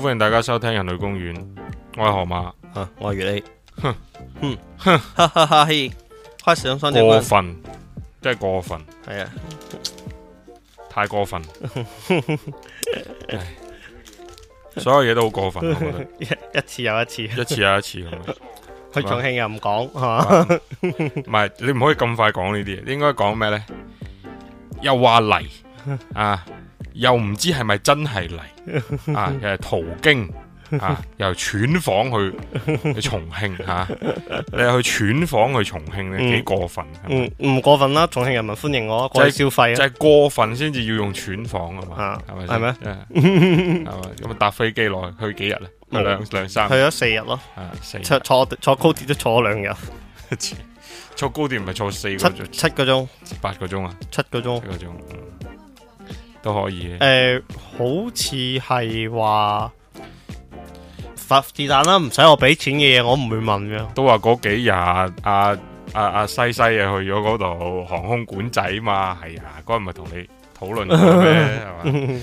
歡迎大家收聽人類公園，我係河馬，我係月 A，哼哼哼，哈哈哈！開閃光燈過分，真係過分，係啊，太過分，唉，所有嘢都好過分，我覺得一一次又一次，一次又一次咁，去重慶又唔講，係咪？唔係，你唔可以咁快講呢啲，應該講咩呢？又話嚟啊！又唔知係咪真係嚟啊？又係途經啊？又串訪去去重慶吓？你去串訪去重慶你幾過分？唔唔過分啦，重慶人民歡迎我，去消費啊，就係過分先至要用串訪啊嘛？係咪？係咩？係咪？咁啊，搭飛機落去幾日咧？兩兩三？去咗四日咯。坐坐高鐵都坐兩日。坐高鐵唔係坐四七七個鐘，八個鐘啊？七個鐘，七個鐘。都可以誒、欸，好似係話發子彈啦，唔使我俾錢嘅嘢，我唔會問嘅。都話嗰幾日阿阿阿西西啊去咗嗰度航空館仔嘛，係啊，嗰日咪同你討論咗咩？係嘛，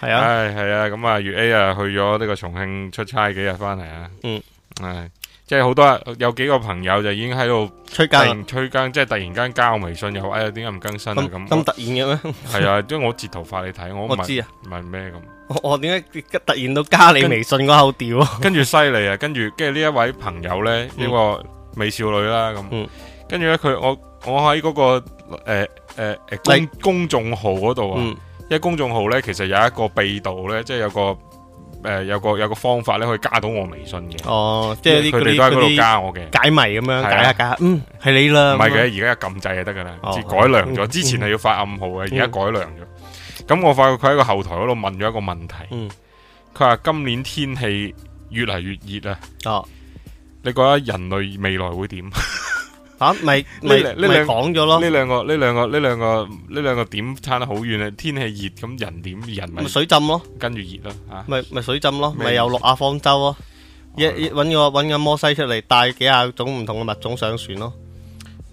係啊，係啊，咁啊，月 A 啊去咗呢個重慶出差幾日翻嚟啊，嗯、哎，係。即係好多有幾個朋友就已經喺度催更，催更，即係突然間加我微信又、嗯、哎呀，點解唔更新咁咁樣突然嘅咩？係 啊，即係我截圖發你睇，我唔知啊，唔係咩咁？我我點解突然到加你微信個後調啊？跟住犀利啊！跟住跟住呢一位朋友咧，呢、嗯、個美少女啦咁，嗯、跟住咧佢我我喺嗰、那個誒誒誒公公眾號嗰度啊，嗯、因為公眾號咧其實有一個秘道咧，即係有個。誒，有個有個方法咧，可以加到我微信嘅。哦，即係佢哋都喺嗰度加我嘅。解謎咁樣解下解下，嗯，係你啦。唔係嘅，而家一撳掣就得噶啦，改良咗。之前係要發暗號嘅，而家改良咗。咁我發覺佢喺個後台嗰度問咗一個問題。佢話今年天氣越嚟越熱啊。哦。你覺得人類未來會點？啊咪咪呢你講咗咯，呢兩你個呢兩個呢兩個呢兩個點差得好遠啊！天氣熱咁人點人咪水浸咯，跟住熱咯，咪咪水浸咯，咪有落亞方舟咯，啊哦，一一搵個搵個摩西出嚟帶幾十種唔同嘅物種上船咯，啊。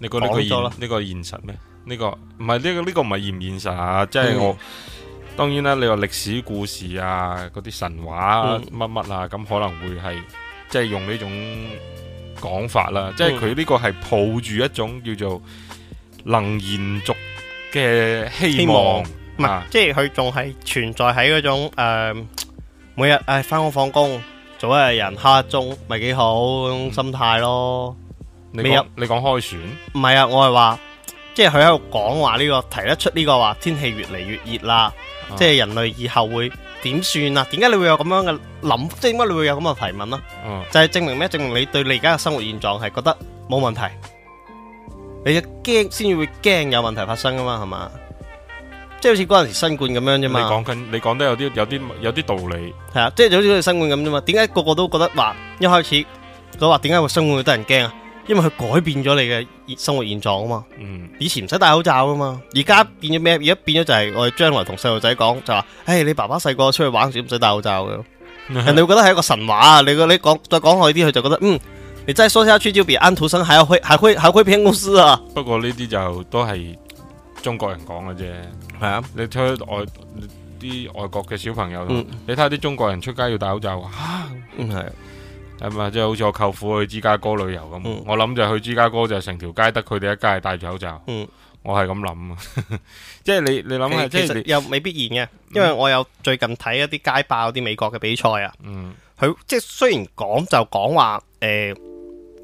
你覺得佢呢個，了個現實咩？呢、這個唔係呢個呢、這個唔係現唔現實啊！即、就、係、是、我、嗯、當然啦，你話歷史故事啊，嗰啲神話乜乜啊，咁、嗯、可能會係即係用呢種，講法啦，即係佢呢個係抱住一種叫做能延續嘅希望，唔係，啊、即係佢仲係存在喺嗰種誒、呃，每日誒返工放工，早一日人一，下一鐘，咪幾好嗰、嗯、種心態咯。你講說入你講開船，唔係啊，我係話，即係佢喺度講話呢、這個提得出呢個話，天氣越嚟越熱啦，啊、即係人類以後會點算啊？點解你會有咁樣嘅？諗，即係點解你會有咁嘅提問啦？就係證明咩？證明你對你而家嘅生活現狀係覺得冇問題，你就驚先至會驚有問題發生噶嘛？係嘛？即係好似嗰陣時新冠咁樣啫嘛。你講緊你講得有啲有啲有啲道理係啊，即係就好似新冠咁啫嘛。點解個個都覺得話一開始佢話點解會新冠會得人驚啊？因為佢改變咗你嘅生活現狀啊嘛。以前唔使戴口罩噶嘛，而家變咗咩？而家變咗就係我哋將來同細路仔講就話，誒，你爸爸細個出去玩時唔使戴口罩嘅。你人哋覺得係一個神話啊！你個你講再講好啲，佢就覺得嗯，你真再說下去就比安徒生還要會，還會還會編故事啊！不過呢啲就都係中國人講嘅啫，係啊的！你睇外啲外國嘅小朋友，嗯、你睇下啲中國人出街要戴口罩啊，係、啊。嗯係嘛，即係好似我舅父去芝加哥旅遊咁，嗯、我諗就去芝加哥就成條街得佢哋一家係戴住口罩。嗯、我係咁諗， 即係你你諗下，實即係又未必然嘅，嗯、因為我有最近睇一啲街霸啲美國嘅比賽啊，佢、嗯、即係雖然講就講話誒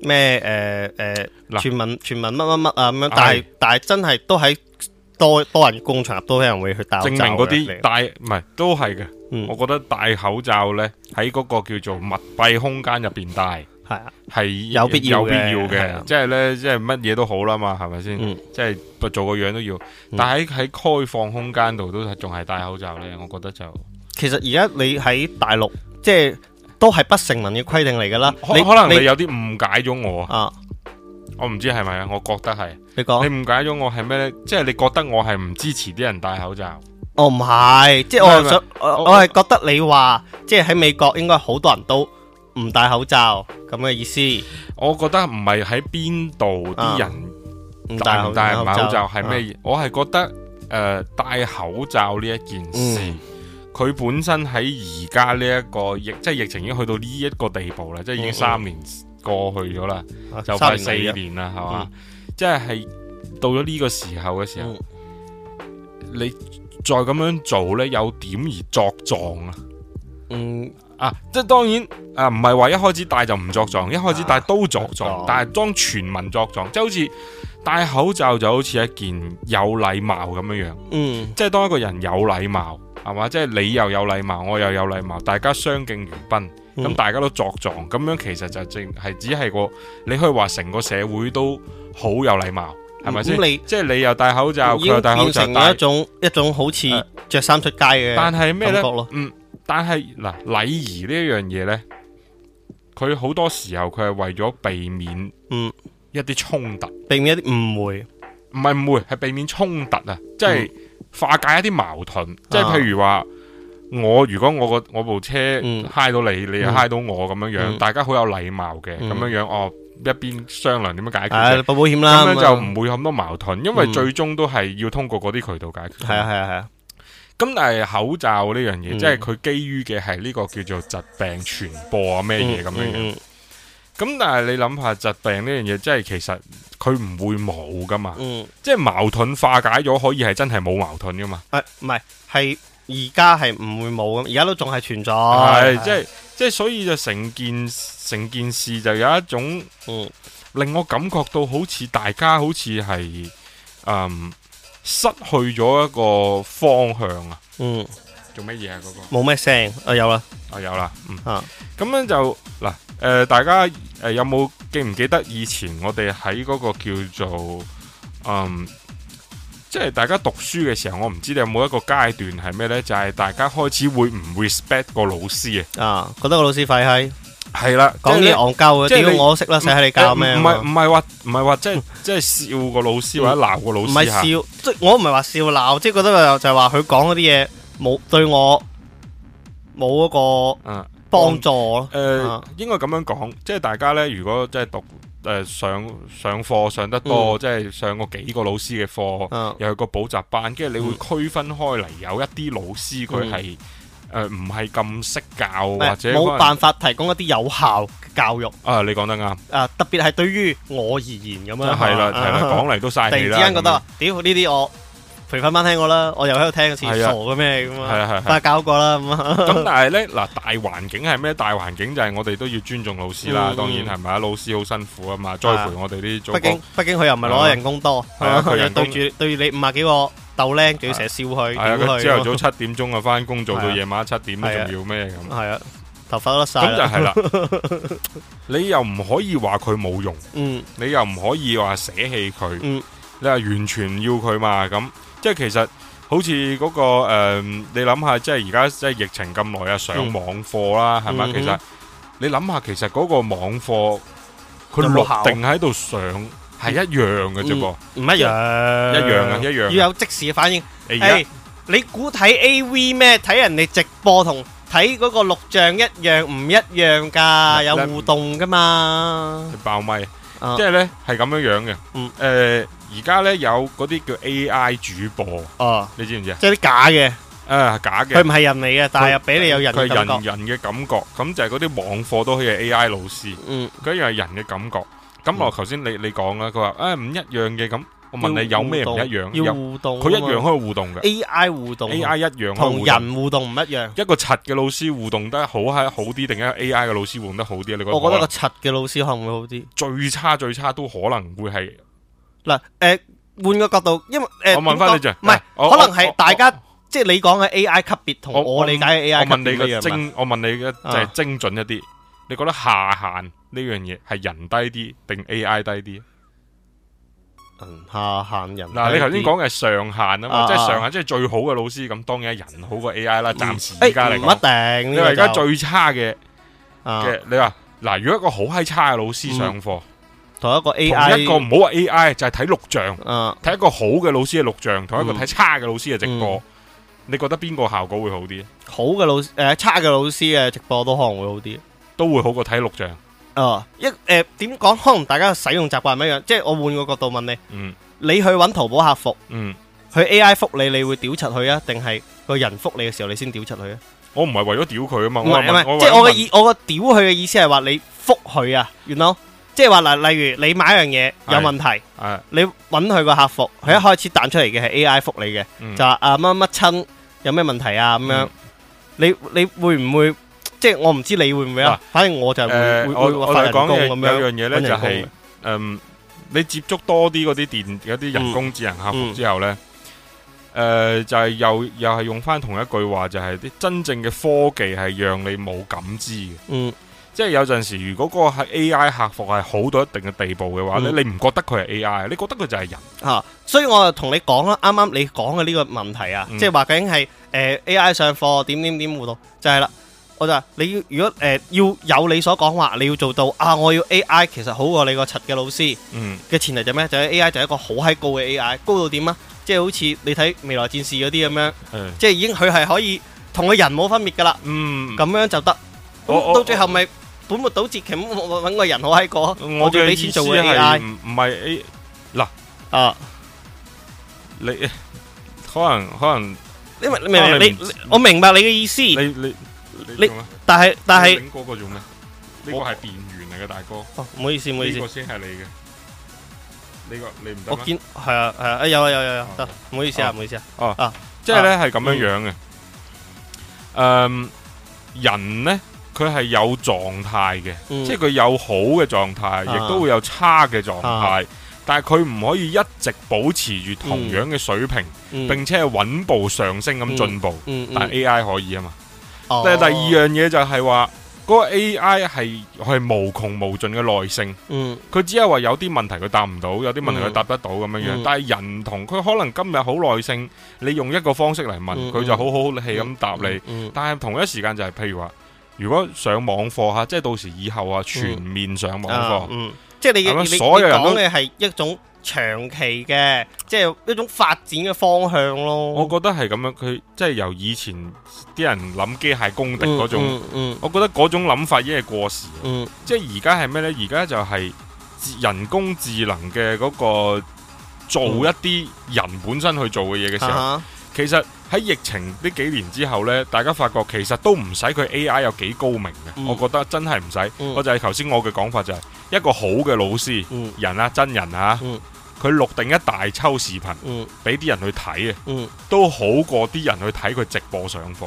咩誒誒全民全民乜乜乜啊咁樣，但係唉但係真係都喺多多人共場都，都有人會去打。口證明嗰啲戴唔係都係嘅。我覺得戴口罩呢，喺嗰個叫做密閉空間入邊戴係、啊、是有必要有必要嘅。即係的呢，即係乜嘢都好啦嘛，係咪先？即係、嗯、做個樣都要。但係喺開放空間度都仲係戴口罩呢。我覺得就其實而家你喺大陸，即係都係不成文嘅規定嚟噶啦。可你可能你有啲誤解咗我啊？我唔知係咪啊？我覺得係你講說你誤解咗我係咩呢？即、就、係、是、你覺得我係唔支持啲人戴口罩？我唔係，即係我係想，是我係覺得你話，我即係喺美國應該好多人都唔戴口罩咁嘅意思。我覺得唔係喺邊度啲人唔戴唔、啊、戴口罩係咩？啊、我係覺得誒、呃，戴口罩呢一件事，佢、嗯、本身喺而家呢一個疫，即係疫情已經去到呢一個地步啦，即係已經三年過去咗啦，嗯嗯就快四年啦，係嘛？吧嗯、即係係到咗呢個時候嘅時候，你、嗯。嗯再咁樣做呢，有點而作狀啊？嗯啊，即係當然啊，唔係話一開始戴就唔作狀，嗯、一開始戴都作狀，啊、但係當全民作狀，即係好似戴口罩就好似一件有禮貌咁樣樣。嗯，即係當一個人有禮貌，係嘛？即係你又有禮貌，我又有禮貌，大家相敬如賓，咁、嗯、大家都作狀，咁樣其實就正係只係個，你可以話成個社會都好有禮貌。係咪先？即係你又戴口罩，佢又戴口罩，變成一種一種好似着衫出街嘅，但係咩咧？嗯，但係嗱，禮儀呢一樣嘢咧，佢好多時候佢係為咗避免，嗯，一啲衝突，避免一啲誤會，唔係誤會，係避免衝突啊！即係化解一啲矛盾，即係譬如話，我如果我個我部車揩到你，你又揩到我咁樣樣，大家好有禮貌嘅咁樣樣哦。一邊商量點樣解決，報保險啦，就唔會咁多矛盾，嗯、因為最終都係要通過嗰啲渠道解決。係啊係啊係啊，咁、嗯、但係口罩呢樣嘢，嗯、即係佢基於嘅係呢個叫做疾病傳播啊咩嘢咁樣樣。咁、嗯嗯嗯、但係你諗下疾病呢樣嘢，即係其實佢唔會冇噶嘛，嗯、即係矛盾化解咗可以係真係冇矛盾噶嘛？誒唔係係。而家係唔會冇，而家都仲係存在。係，即係即係，所以就成件成件事就有一種，嗯，令我感覺到好似大家好似係，嗯，失去咗一個方向、嗯、啊。嗯。做乜嘢啊？嗰個。冇咩聲啊？有啦。啊，有啦、啊。嗯。啊。咁樣就嗱，誒、呃，大家誒、呃呃、有冇記唔記得以前我哋喺嗰個叫做，嗯。即係大家讀書嘅時候，我唔知你有冇一個階段係咩咧？就係大家開始會唔 respect 個老師啊？啊，覺得個老師廢閪係啦，講嘢戇鳩嘅，只要我識啦，使你教咩？唔係唔係話唔係話即係即係笑個老師或者鬧個老師？唔係笑，即我唔係話笑鬧，即係覺得就就係話佢講嗰啲嘢冇對我冇嗰個嗯幫助咯。誒，應該咁樣講，即係大家咧，如果即係讀。誒、呃，上上課上得多，嗯、即係上過幾個老師嘅課，又係、嗯、個補習班，跟住你會區分開嚟，有一啲老師佢係誒，唔係咁識教，或者冇辦法提供一啲有效教育。啊，你講得啱。啊，特別係對於我而言咁啊，係啦，係啦，講嚟都嘥氣啦。突然之間覺得，屌呢啲我。培訓班聽過啦，我又喺度聽個廁所嘅咩咁啊，都係搞過啦咁啊。咁但係咧嗱，大環境係咩？大環境就係我哋都要尊重老師啦，當然係嘛，老師好辛苦啊嘛，栽培我哋啲。畢竟，畢竟佢又唔係攞人工多，係啊，佢要對住對你五啊幾個斗僆，仲要成日燒佢。係啊，朝頭早七點鐘啊翻工，做到夜晚七點，仲要咩咁？係啊，頭髮甩晒。咁就係啦。你又唔可以話佢冇用，嗯，你又唔可以話捨棄佢，嗯。你係完全要佢嘛？咁即係其實好似嗰個誒，你諗下，即係而家即係疫情咁耐啊，上網課啦係咪？其實你諗下，其實嗰個網課佢錄定喺度上係一樣嘅啫噃，唔一樣，一樣啊，一樣要有即時嘅反應。誒，你估睇 AV 咩？睇人哋直播同睇嗰個錄像一樣唔一樣噶？有互動噶嘛？你爆咪！即係咧，係咁樣樣嘅。嗯、呃，誒，而家咧有嗰啲叫 A I 主播。哦，你知唔知啊？即係啲假嘅。誒、呃，假嘅。佢唔係人嚟嘅，但係又俾你有人。佢係人人嘅感覺。咁就係嗰啲網課都可以係 A I 老師。嗯。一樣係人嘅感覺。咁、嗯、我頭先你你講啦，佢話誒唔一樣嘅咁。我問你有咩唔一樣？要互動，佢一樣可以互動嘅。A I 互動，A I 一樣同人互動唔一樣。一個柒嘅老師互動得好係好啲，定一個 A I 嘅老師互動得好啲？你覺得？我覺得個柒嘅老師可能會好啲。最差最差都可能會係嗱誒，換個角度，因為誒，我問翻你啫，唔係可能係大家即係你講嘅 A I 級別同我理解 A I 級別。我問你個精，我問你嘅就係精準一啲。你覺得下限呢樣嘢係人低啲定 A I 低啲？下限人嗱，你頭先講係上限啊嘛，啊即係上限即係最好嘅老師咁，當然人 AI 好過 A I 啦，暫時而家嚟講。唔一、欸、定，你話而家最差嘅嘅，啊、你話嗱，如果一個好閪差嘅老師上課、嗯，同一個 A I 一個唔好話 A I 就係睇錄像，睇、啊、一個好嘅老師嘅錄像，同一個睇差嘅老師嘅直播，嗯、你覺得邊個效果會好啲？好嘅老師誒、呃，差嘅老師嘅直播都可能會好啲，都會好過睇錄像。哦，一、呃、誒，點講可能大家嘅使用習慣係乜樣？即係我換個角度問你，嗯，你去揾淘寶客服，嗯，佢 A I 覆你，你會屌出去啊？定係個人覆你嘅時候你，你先屌出去？啊？我唔係為咗屌佢啊嘛，唔係，即係我嘅意，我嘅屌佢嘅意思係話你覆佢啊，原 you 咯 know?，即係話例例如你買樣嘢有問題，你揾佢個客服，佢一開始彈出嚟嘅係 A I 覆你嘅，嗯、就話啊乜乜親有咩問題啊咁樣，嗯、你你，你會唔會？即係我唔知你會唔會啊，反正我就係會。我我講嘢有樣嘢咧就係，嗯，你接觸多啲嗰啲電嗰啲人工智能客服之後咧，誒，就係又又係用翻同一句話，就係啲真正嘅科技係讓你冇感知嘅。嗯，即係有陣時，如果個係 AI 客服係好到一定嘅地步嘅話咧，你唔覺得佢係 AI，你覺得佢就係人吓。所以我就同你講啦，啱啱你講嘅呢個問題啊，即係話究竟係誒 AI 上課點點點互動，就係啦。我就話你要如果誒要有你所講，話你要做到啊，我要 A.I. 其實好過你個柒嘅老師嘅前提就咩？就係 A.I. 就係一個好閪高嘅 A.I. 高到點啊？即係好似你睇未來戰士嗰啲咁樣，即係已經佢係可以同個人冇分別噶啦。咁樣就得。咁到最後咪本末倒置，咁我搵個人好閪過。我仲俾錢做嘅 A.I. 唔唔係 A 嗱啊，你可能可能因為你明你，我明白你嘅意思。你你。你但係但係拎個做咩？呢個係電源嚟嘅大哥。哦，唔好意思，唔好意思。呢個先係你嘅。呢個你唔得。我見係啊係啊，有啊，有有有得。唔好意思啊，唔好意思啊。哦哦，即係咧係咁樣樣嘅。誒，人咧佢係有狀態嘅，即係佢有好嘅狀態，亦都會有差嘅狀態。但係佢唔可以一直保持住同樣嘅水平，並且係穩步上升咁進步。但係 A I 可以啊嘛。但係、哦、第二樣嘢就係話，嗰、那個 A I 係係無窮無盡嘅耐性，嗯，佢只係話有啲問題佢答唔到，有啲問題佢答得到咁樣、嗯、樣。但係人同佢可能今日好耐性，你用一個方式嚟問佢、嗯、就好好氣咁答你。嗯、但係同一時間就係、是，譬如話如果上網課吓，即係到時以後啊全面上網課、嗯嗯嗯，即係你嘅你你講嘅係一種。長期嘅，即係一種發展嘅方向咯。我覺得係咁樣，佢即係由以前啲人諗機械公敵嗰種，嗯嗯嗯、我覺得嗰種諗法已經係過時。嗯、即係而家係咩呢？而家就係人工智能嘅嗰個做一啲人本身去做嘅嘢嘅時候，嗯嗯、其實喺疫情呢幾年之後呢，大家發覺其實都唔使佢 AI 有幾高明嘅。嗯、我覺得真係唔使。嗯、我就係頭先我嘅講法就係一個好嘅老師，人啦、嗯嗯，真人呀、啊。佢錄定一大抽視頻，嗯，俾啲人去睇啊，嗯、都好過啲人去睇佢直播上課。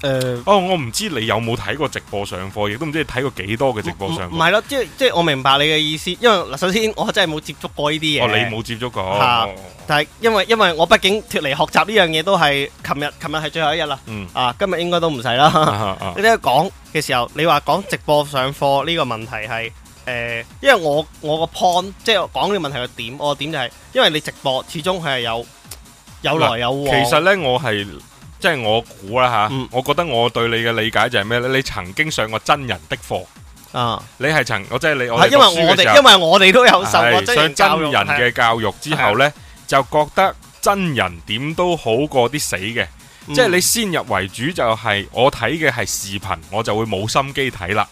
誒、呃，哦，我唔知你有冇睇過直播上課，亦都唔知你睇過幾多嘅直播上課。唔係咯，即係即係我明白你嘅意思，因為首先我真係冇接觸過呢啲嘢。哦，你冇接觸過，但係因為因為我畢竟脫離學習呢樣嘢，都係琴日，琴日係最後一日、嗯啊、啦啊。啊，今日應該都唔使啦。你喺講嘅時候，你話講直播上課呢個問題係？誒，因為我我個 point 即係講呢個問題個點，我個點就係，因為你直播始終佢係有有來有往。其實呢，我係即係我估啦吓，嗯、我覺得我對你嘅理解就係咩咧？你曾經上過真人的課啊？你係曾，即係你我係因為我哋，因為我哋都有受過真人嘅教，教育之後呢，啊、就覺得真人點都好過啲死嘅，嗯、即係你先入為主就係、是、我睇嘅係視頻，我就會冇心機睇啦。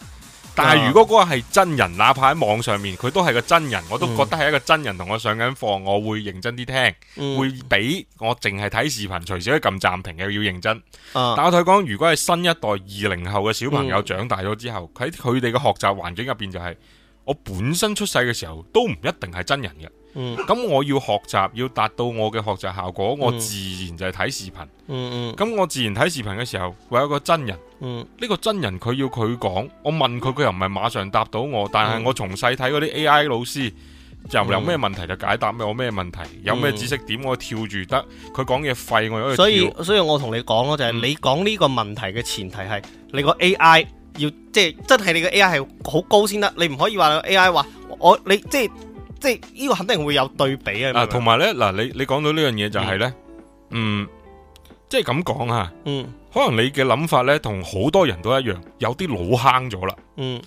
但係如果嗰個係真人，哪怕喺網上面，佢都係個真人，我都覺得係一個真人同我上緊課，我會認真啲聽，會俾我淨係睇視頻，隨時可以撳暫停嘅，要認真。但我同佢講，如果係新一代二零後嘅小朋友長大咗之後，喺佢哋嘅學習環境入邊就係、是，我本身出世嘅時候都唔一定係真人嘅。嗯，咁我要學習，要達到我嘅學習效果，嗯、我自然就係睇視頻、嗯。嗯嗯，咁我自然睇視頻嘅時候，會有個真人。嗯，呢個真人佢要佢講，我問佢，佢又唔係馬上答到我。但係我從細睇嗰啲 A I 老師，就有咩問題就解答咩，我咩問題，嗯、有咩知識點我跳住得。佢講嘢廢，我以所以所以我同你講咯、就是，就係、嗯、你講呢個問題嘅前提係你個 A I 要即係真係你個 A I 係好高先得，你唔、就是、可以話 A I 話我你即係。就是即係呢個肯定會有對比啊！同埋咧，嗱、啊，你你講到呢樣嘢就係、是、咧，嗯，即係咁講吓，嗯，就是、嗯可能你嘅諗法咧同好多人都一樣，有啲老坑咗啦，嗯，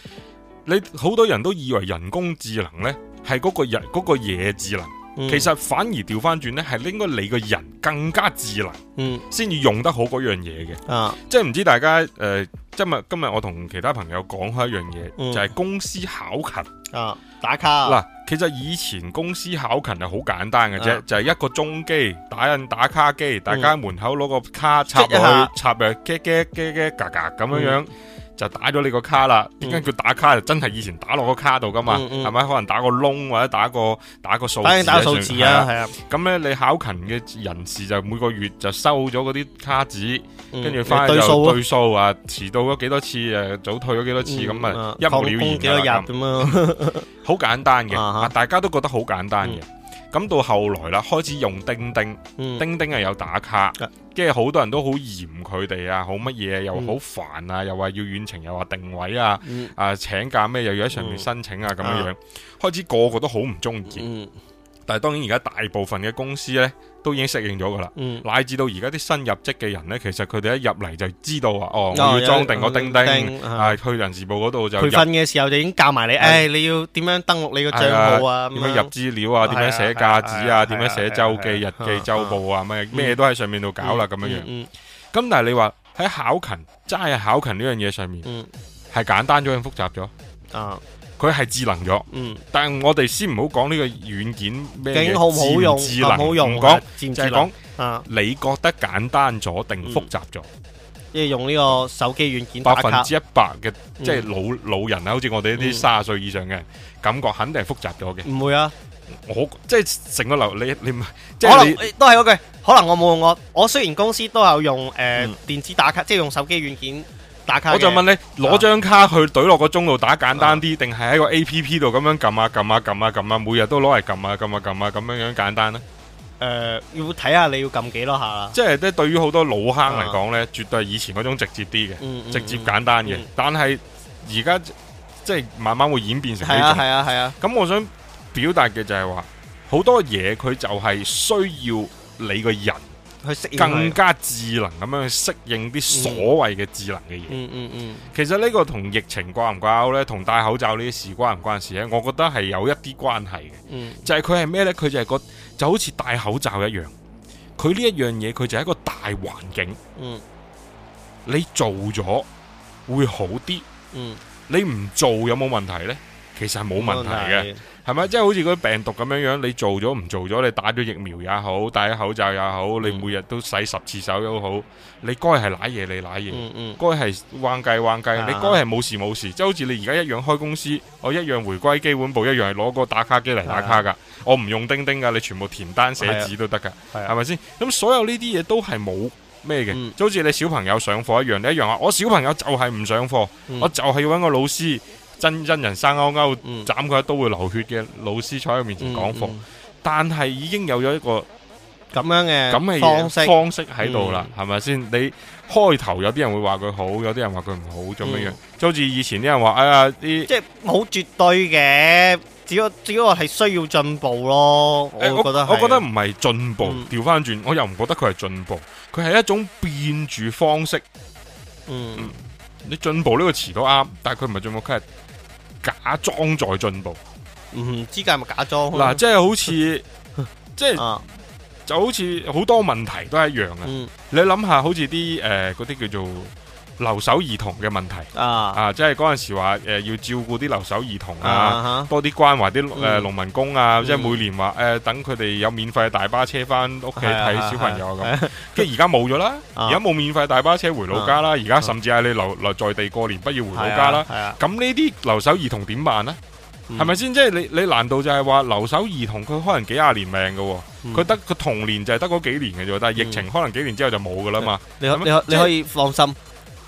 你好多人都以為人工智能咧係嗰個人、嗰、嗰個嘢智能，嗯、其實反而調翻轉咧係應該你個人更加智能，嗯，先至用得好嗰樣嘢嘅，啊，即係唔知大家誒、呃，今日今日我同其他朋友講開一樣嘢、嗯，就係、是、公司考勤。啊！打卡嗱，其實以前公司考勤係好簡單嘅啫，啊、就係一個鐘機、打印打、打卡機，大家門口攞個卡插落去，插入嘅嘅嘅嘅，格格咁樣樣。就打咗你個卡啦，點解叫打卡？就真係以前打落個卡度噶嘛，係咪？可能打個窿或者打個打個數，反正打數字啊，係啊。咁咧，你考勤嘅人士就每個月就收咗嗰啲卡紙，跟住翻去就對數啊，遲到咗幾多次誒，早退咗幾多次咁啊，一目了然啦，曠工幾多日咁咯，好簡單嘅，大家都覺得好簡單嘅。咁到後來啦，開始用釘釘，嗯、釘釘啊有打卡，跟住好多人都好嫌佢哋啊，好乜嘢，又好煩啊，嗯、又話要遠程，又話定位啊，嗯、啊請假咩又要喺上面申請啊咁樣樣，嗯、開始個個都好唔中意。嗯嗯。但係當然，而家大部分嘅公司咧都已經適應咗噶啦，乃至到而家啲新入職嘅人咧，其實佢哋一入嚟就知道啊，哦，我要裝定個釘釘，啊，去人事部嗰度就培訓嘅時候就已經教埋你，誒，你要點樣登錄你個賬號啊，點樣入資料啊，點樣寫價紙啊，點樣寫周記、日記、周報啊，咪咩都喺上面度搞啦，咁樣樣。咁但係你話喺考勤、真齋考勤呢樣嘢上面，係簡單咗定複雜咗啊？佢係智能咗，嗯、但係我哋先唔好講呢個軟件咩嘢智能好用，唔講就係講，你覺得簡單咗定複雜咗？即係、嗯、用呢個手機軟件百分之一百嘅，即係、就是、老、嗯、老人啊，好似我哋呢啲三十歲以上嘅、嗯、感覺，肯定係複雜咗嘅。唔會啊，我即係成個樓你你，即係、就是、可能、欸、都係嗰句，可能我冇用我，我雖然公司都有用誒、呃、電子打卡，即係用手機軟件。我就問你，攞張卡去懟落個中路打簡單啲，定係喺個 A P P 度咁樣撳啊撳啊撳啊撳啊，每日都攞嚟撳啊撳啊撳啊咁樣樣簡單呢？誒、呃，要睇下你要撳幾多下啦。即係咧，對於好多老坑嚟講呢，啊、絕對係以前嗰種直接啲嘅，嗯嗯、直接簡單嘅。嗯嗯嗯、但係而家即係慢慢會演變成呢種。係係啊係啊。咁、嗯、我想表達嘅就係話，好多嘢佢就係需要你個人。去適應更加智能，咁樣去適應啲所謂嘅智能嘅嘢、嗯。嗯嗯嗯，嗯，其實呢個同疫情掛唔掛鈎咧？同戴口罩呢啲事關唔關事呢，我覺得係有一啲關係嘅、嗯。就係佢係咩呢？佢就係個就好似戴口罩一樣。佢呢一樣嘢，佢就係一個大環境。嗯，你做咗會好啲。嗯，你唔做有冇問題呢？其實係冇問題嘅。嗯嗯嗯嗯嗯嗯嗯係咪？即係好似個病毒咁樣樣，你做咗唔做咗？你打咗疫苗也好，戴咗口罩也好，嗯、你每日都洗十次手都好，你該係瀨嘢你瀨嘢，該係玩計玩計，你該係冇事冇事，即係、好似你而家一樣開公司，我一樣回歸基本步，一樣係攞個打卡機嚟打卡噶，嗯、我唔用釘釘噶，你全部填單寫、嗯、寫字都得噶，係咪先？咁所有呢啲嘢都係冇咩嘅，嗯、就好似你小朋友上課一樣，你一樣話我小朋友就係唔上課，我就係要搵個老師。真真人生勾勾，斬佢一刀會流血嘅老師坐喺佢面前講課，嗯嗯、但係已經有咗一個咁樣嘅咁嘅方式喺度啦，係咪先？你開頭有啲人會話佢好，有啲人話佢唔好，做乜嘢？嗯、就好似以前啲人話，哎呀，啲即係好絕對嘅，只要只要係需要進步咯。欸、我我覺得我覺得唔係進步，調返轉，我又唔覺得佢係進步，佢係一種變住方式。嗯、嗯，你進步呢個詞都啱，但係佢唔係進步，佢係。假裝在進步，嗯，嗯唔知係咪假裝。嗱，即係好似， 即係、啊、就好似好多問題都係一樣嘅、嗯。你諗下，好似啲誒嗰啲叫做留守兒童嘅問題啊，即係嗰陣時話誒要照顧啲留守兒童啊，多啲關懷啲誒農民工啊，即係每年話誒等佢哋有免費大巴車翻屋企睇小朋友咁，即係而家冇咗啦，而家冇免費大巴車回老家啦，而家甚至係你留留在地過年，不要回老家啦。咁呢啲留守兒童點辦呢？係咪先？即係你你難道就係話留守兒童佢可能幾廿年命嘅？佢得個童年就係得嗰幾年嘅啫，但係疫情可能幾年之後就冇嘅啦嘛。你你可以放心。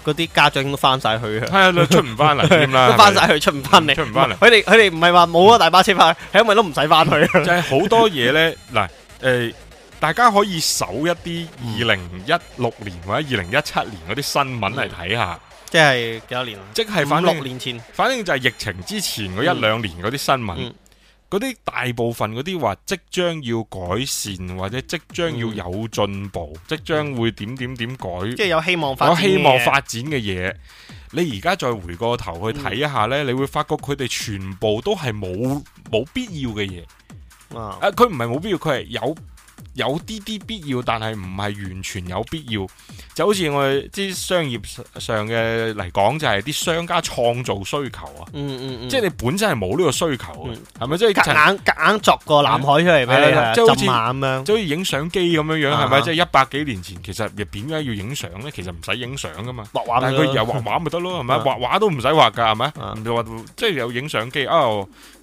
嗰啲家長都翻晒去，係啊 出唔翻嚟添啦，翻曬去出唔翻嚟，出唔翻嚟。佢哋佢哋唔係話冇啊大巴車翻，係因為都唔使翻去。就係好多嘢咧，嗱誒，大家可以搜一啲二零一六年或者二零一七年嗰啲新聞嚟睇下。嗯、即係幾多年？即係反六年前，反正就係疫情之前嗰一、嗯、兩年嗰啲新聞。嗯嗰啲大部分嗰啲話即將要改善或者即將要有進步，嗯、即將會點點點改，即係有希望發展。有希望發展嘅嘢，西你而家再回過頭去睇一下呢，嗯、你會發覺佢哋全部都係冇冇必要嘅嘢。哇啊，佢唔係冇必要，佢係有。有啲啲必要，但係唔係完全有必要。就好似我哋啲商業上嘅嚟講，就係啲商家創造需求啊。即係你本身係冇呢個需求，係咪即係夾硬硬作個南海出嚟？係啊，即係好似咁樣，即係影相機咁樣樣，係咪？即係一百幾年前，其實又點解要影相咧？其實唔使影相噶嘛，畫畫，但係佢由畫畫咪得咯，係咪？畫畫都唔使畫噶，係咪？即係有影相機啊？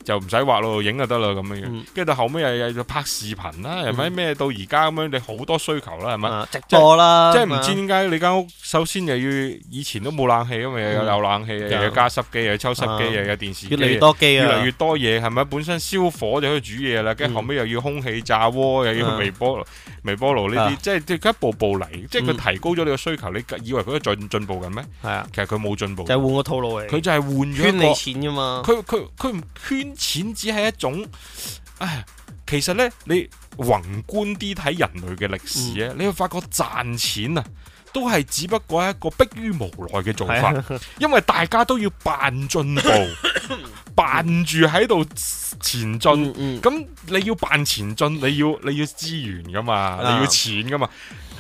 就唔使畫咯，影就得啦咁樣樣。跟住到後尾又又拍視頻啦，係咪咩？到而家咁樣，你好多需求啦，係咪？直播啦，即係唔知點解你間屋首先又要以前都冇冷氣，咁咪又有冷氣，又要加濕機，又要抽濕機，又有電視機，越嚟越多機啊，越嚟越多嘢，係咪？本身燒火就可以煮嘢啦，跟住後尾又要空氣炸鍋，又要微波爐，微波爐呢啲，即係即係一步步嚟，即係佢提高咗你個需求。你以為佢都進步緊咩？係啊，其實佢冇進步，就係換個套路嚟。佢就係換咗圈你錢噶嘛。佢佢佢唔圈。錢只係一種，唉，其實呢，你宏觀啲睇人類嘅歷史咧，嗯、你會發覺賺錢啊，都係只不過一個迫於無奈嘅做法，啊、因為大家都要扮進步，扮住喺度前進，咁、嗯嗯、你要扮前進，你要你要資源噶嘛，你要錢噶嘛，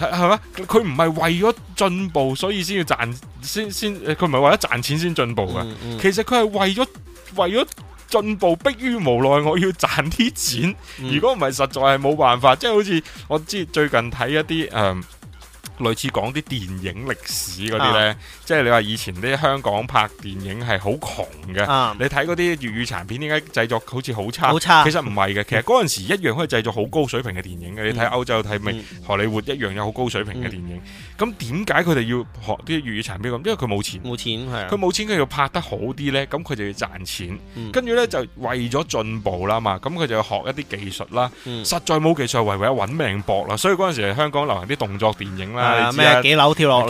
係，係佢唔係為咗進步，所以先要賺，先先，佢唔係為咗賺錢先進步㗎，嗯嗯嗯、其實佢係為咗為咗。進步迫於無奈，我要賺啲錢。如果唔係，實在係冇辦法。即係好似我知最近睇一啲誒。嗯類似講啲電影歷史嗰啲呢，即係你話以前啲香港拍電影係好窮嘅。你睇嗰啲粵語殘片，點解製作好似好差？好差。其實唔係嘅，其實嗰陣時一樣可以製作好高水平嘅電影嘅。你睇歐洲、睇美、荷里活一樣有好高水平嘅電影。咁點解佢哋要學啲粵語殘片咁？因為佢冇錢。冇錢係。佢冇錢，佢要拍得好啲呢。咁佢就要賺錢。跟住呢，就為咗進步啦嘛，咁佢就要學一啲技術啦。實在冇技術，唯咗揾命搏啦。所以嗰陣時香港流行啲動作電影啦。咩？幾樓跳落嚟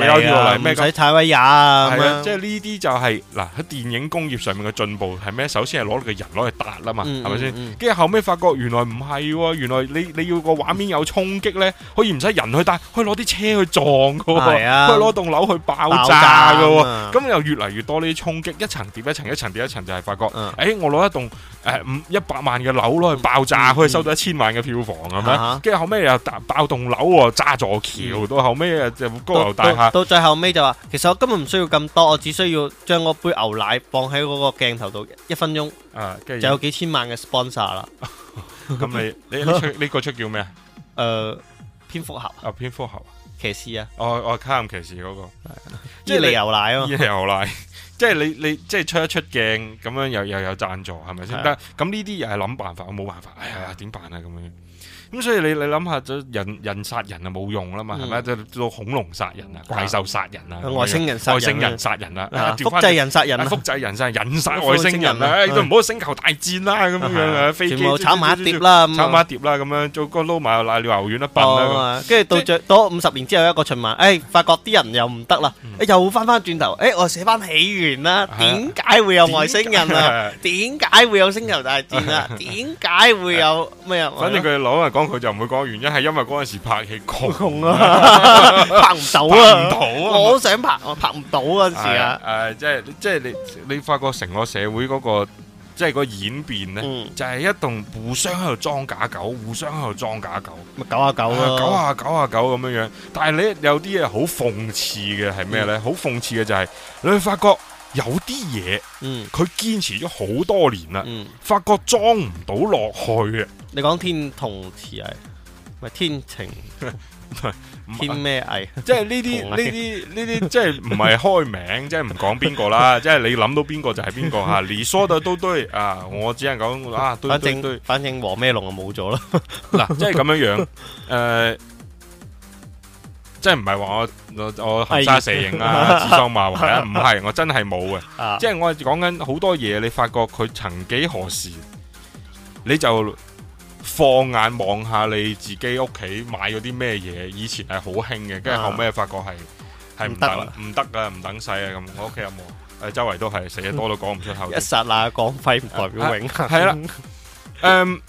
咩，唔使踩位啊？咁樣，即係呢啲就係嗱喺電影工業上面嘅進步係咩？首先係攞你個人攞去搭啦嘛，係咪先？跟住後尾發覺原來唔係，原來你你要個畫面有衝擊咧，可以唔使人去搭，可以攞啲車去撞噶，去攞棟樓去爆炸噶，咁又越嚟越多呢啲衝擊，一層疊一層，一層疊一層就係發覺，誒，我攞一棟誒五一百萬嘅樓攞去爆炸，可以收到一千萬嘅票房，係咪？跟住後尾又爆爆棟樓，炸座橋，到後尾。就高樓大廈，到最後尾就話，其實我根本唔需要咁多，我只需要將嗰杯牛奶放喺嗰個鏡頭度，一分鐘，啊，跟住就有幾千萬嘅 sponsor 啦。咁你呢出呢個出叫咩啊？誒、 呃，蝙蝠俠啊，蝙蝠俠，騎士啊，我我、哦啊、卡暗騎士嗰、那個， 即係你牛奶咯、啊， 你牛奶，即係你你，你即係出一出鏡咁樣又又有贊助，係咪先？得咁呢啲又係諗辦法，我冇辦法，哎呀，點辦啊？咁樣。咁所以你你諗下就人人殺人啊，冇用啦嘛，係咪？就做恐龍殺人啊，怪獸殺人啊，外星人殺人，外星人殺人啦，複製人殺人啦，複製人殺人，人殺外星人啦，都唔好星球大戰啦咁樣啊，全部炒埋一碟啦，炒埋一碟啦咁樣做個撈埋瀨尿牛丸啦笨啦，跟住到最到五十年之後一個循環，誒發覺啲人又唔得啦，又翻翻轉頭，誒我寫翻起源啦，點解會有外星人啊？點解會有星球大戰啊？點解會有咩啊？反正佢攞佢就唔會講原因，係因為嗰陣時拍戲窮啊， 拍唔到啊，唔到啊我好想拍，我拍唔到嗰陣時啊。誒、啊，即係即係你你發覺成個社會嗰、那個即係、就是、個演變咧，嗯、就係一棟互相喺度裝假狗，互相喺度裝假狗，咪搞下搞啊，搞下搞下狗咁樣樣。但係你有啲嘢好諷刺嘅係咩咧？好諷、嗯、刺嘅就係、是、你會發覺。有啲嘢，嗯，佢堅持咗好多年啦，發覺裝唔到落去啊！你講天同慈藝咪天晴，天咩藝？即係呢啲呢啲呢啲，即係唔係開名，即係唔講邊個啦，即係你諗到邊個就係邊個吓，你疏到都堆，啊！我只能講啊，反正反正黃咩龍就冇咗啦，嗱，即係咁樣樣誒。即係唔係話我我行差蛇影啊，紫桑 麻圍啊？唔係，我真係冇嘅。即係 我講緊好多嘢，你發覺佢曾幾何時，你就放眼望下你自己屋企買咗啲咩嘢，以前係好興嘅，跟住後尾發覺係係唔得啦，唔得噶，唔、啊、等使啊咁。我屋企有冇？誒，周圍都係，死嘢多到講唔出口。 一剎那光輝唔代表永恒。係啦 啊啊，嗯。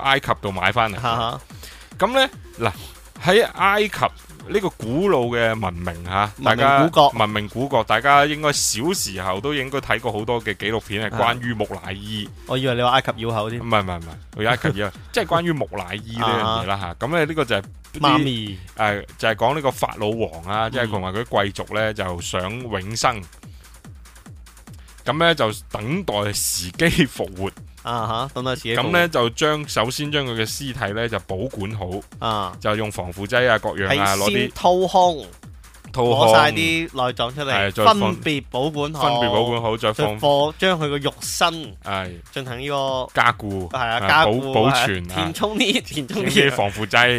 埃及度買翻嚟，咁哈呢，嗱喺埃及呢，這個古老嘅文明吓，大家文明古國，文明古國，大家應該小時候都應該睇過好多嘅紀錄片係、啊、關於木乃伊。我以為你話埃及妖后添，唔係唔係唔係，佢埃及嘅， 即係關於木乃伊呢樣嘢啦吓。咁咧呢個就係、是、媽咪，誒、呃、就係講呢個法老王啊，即係同埋佢貴族呢，就想永生，咁呢，就等待時機復活。啊吓，咁咧、uh huh, 就將首先將佢嘅屍體咧就保管好，uh huh. 就用防腐劑啊各樣啊攞啲掏空。提心 攞晒啲內臟出嚟，分別保管好，分別保管好再放貨，將佢個肉身係進行呢個加固，係加固啊，保存，填充呢，填充啲防腐劑，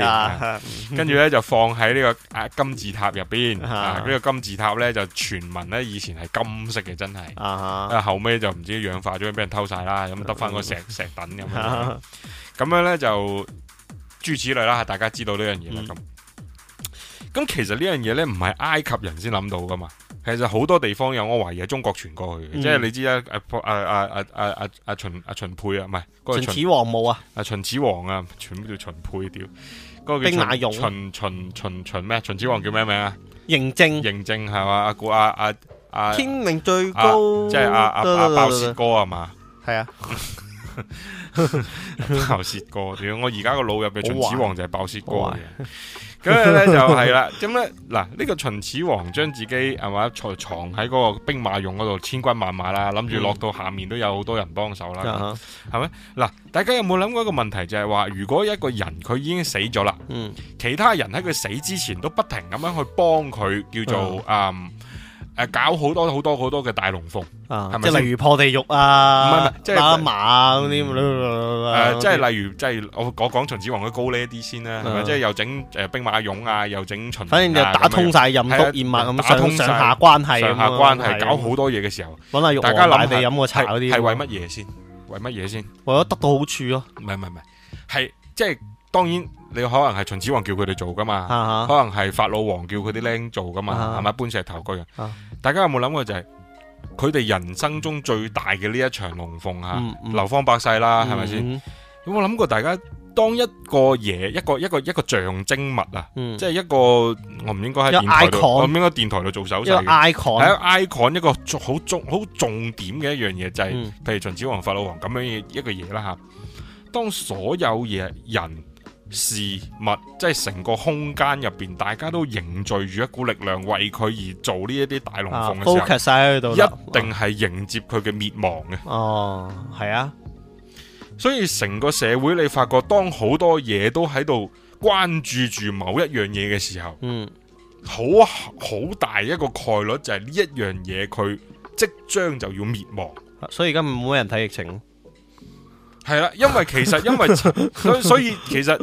跟住咧就放喺呢個啊金字塔入邊，呢個金字塔咧就傳聞咧以前係金色嘅，真係啊，後尾就唔知氧化咗，俾人偷晒啦，咁得翻個石石品咁樣，咁樣咧就諸此類啦，大家知道呢樣嘢啦咁。咁其實呢樣嘢咧，唔係埃及人先諗到噶嘛，其實好多地方有，我懷疑係中國傳過去嘅，即係你知啦，阿阿阿阿阿阿阿秦阿秦檜啊，唔係秦始皇墓啊，阿秦始皇啊，全名叫秦檜調，嗰個叫秦秦秦秦咩？秦始皇叫咩名啊？嬴政，嬴政係嘛？阿古阿阿阿天命最高，即係阿阿阿爆雪哥啊嘛？係啊，爆雪哥，主我而家個腦入邊秦始皇就係爆雪哥咁咧 就係啦，咁咧嗱，呢、這個秦始皇將自己係嘛藏喺嗰個兵馬俑嗰度，千軍萬馬啦，諗住落到下面都有好多人幫手啦，係咪？嗱，大家有冇諗過一個問題就，就係話如果一個人佢已經死咗啦，嗯、其他人喺佢死之前都不停咁樣去幫佢，叫做嗯。嗯誒，搞好多好多好多嘅大龍鳳啊！即係例如破地獄啊，唔係唔係，即係馬咁啲。即係例如，即係我講秦始皇佢高呢啲先啦。係咪？即係又整誒兵馬俑啊，又整秦。反正就打通晒任督二脈咁，打通上下關係。上下關係搞好多嘢嘅時候，大家諗下飲個茶嗰啲係為乜嘢先？為乜嘢先？為咗得到好處咯。唔係唔係唔係，係即係。當然，你可能係秦始皇叫佢哋做噶嘛，可能係法老王叫佢啲靚做噶嘛，係咪搬石頭嗰樣？大家有冇諗過就係佢哋人生中最大嘅呢一場龍鳳吓，流芳百世啦，係咪先？有冇諗過大家當一個嘢，一個一個一個象徵物啊，即係一個我唔應該喺電台，我唔應該喺電台度做手勢，一個 icon，係一個 icon，一個好重好重點嘅一樣嘢就係，譬如秦始皇、法老王咁樣嘢一個嘢啦吓，當所有嘢人。事物即係成個空間入邊，大家都凝聚住一股力量，為佢而做呢一啲大龍鳳嘅事。啊、一定係迎接佢嘅滅亡嘅、啊。哦，係啊，所以成個社會，你發覺當好多嘢都喺度關注住某一樣嘢嘅時候，嗯，好好大一個概率就係呢一樣嘢，佢即將就要滅亡、啊。所以而家冇咩人睇疫情，係啦、啊，因為其實因為 所以，所以其實。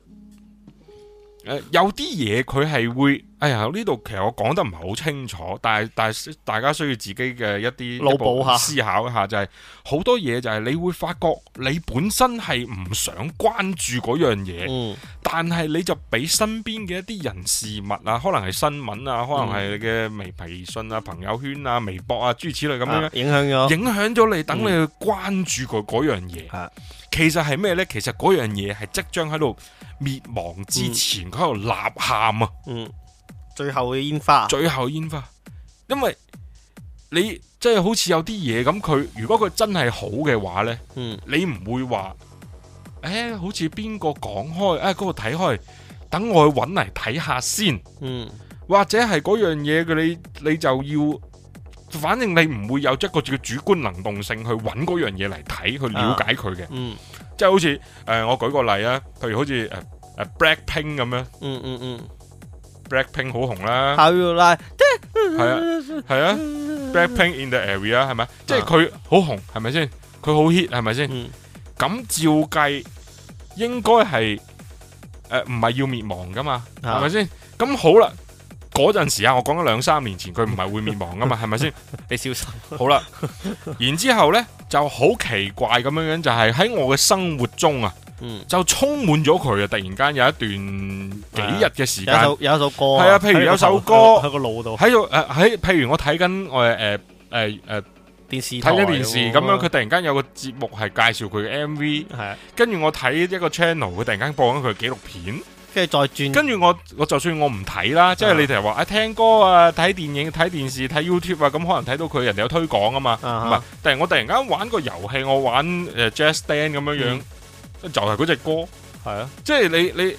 呃、有啲嘢佢係會，哎呀，呢度其實我講得唔係好清楚，但係但係大家需要自己嘅一啲思考一下，就是，就係好多嘢就係你會發覺你本身係唔想關注嗰樣嘢，嗯、但係你就俾身邊嘅一啲人事物啊，可能係新聞啊，可能係你嘅微微信啊、朋友圈啊、微博啊諸如此類咁樣、啊，影響咗，你等你去關注佢嗰、嗯、樣嘢，啊、其實係咩呢？其實嗰樣嘢係即將喺度。滅亡之前，佢喺度吶喊啊！嗯，最後嘅煙花，最後煙花，因為你即係、就是、好似有啲嘢咁，佢如果佢真係好嘅話呢，嗯，你唔會話，誒、欸，好似邊個講開，誒、哎，嗰、那個睇開，等我去揾嚟睇下先，嗯，或者係嗰樣嘢嘅你，你就要，反正你唔會有一個嘅主觀能動性去揾嗰樣嘢嚟睇，去了解佢嘅、啊，嗯。即係好似誒、呃，我舉個例，例、嗯嗯嗯、啊，譬如好似誒誒，Blackpink 咁樣，嗯嗯嗯，Blackpink 好紅啦，好啦，係啊係啊，Blackpink in the area 係咪？即係佢好紅係咪先？佢好 hit 係咪先？咁、嗯、照計應該係誒，呃，唔係要滅亡噶嘛，係咪先？咁好啦。嗰陣時啊，我講咗兩三年前，佢唔係會滅亡㗎嘛，係咪先？你小心！好啦， 然之後呢就好奇怪咁樣樣，就係、是、喺我嘅生活中啊，嗯、就充滿咗佢啊！突然間有一段幾日嘅時間、嗯，有一首有一首歌係啊，啊，譬如有首歌喺個腦度，喺度誒喺譬如我睇緊我誒誒誒電視睇緊電視咁樣，佢突然間有個節目係介紹佢嘅 MV，、嗯啊、跟住我睇一個 channel，佢突然間播緊佢嘅紀錄片。跟住再轉，跟住我我就算我唔睇啦，uh huh. 即係你哋話啊，聽歌啊、睇電影、睇電視、睇 YouTube 啊，咁可能睇到佢人哋有推廣啊嘛，唔係、uh？但、huh. 係我突然間玩個遊戲，我玩誒、uh, Jazz Dance 咁樣樣，嗯、就係嗰隻歌，係啊、uh，huh. 即係你你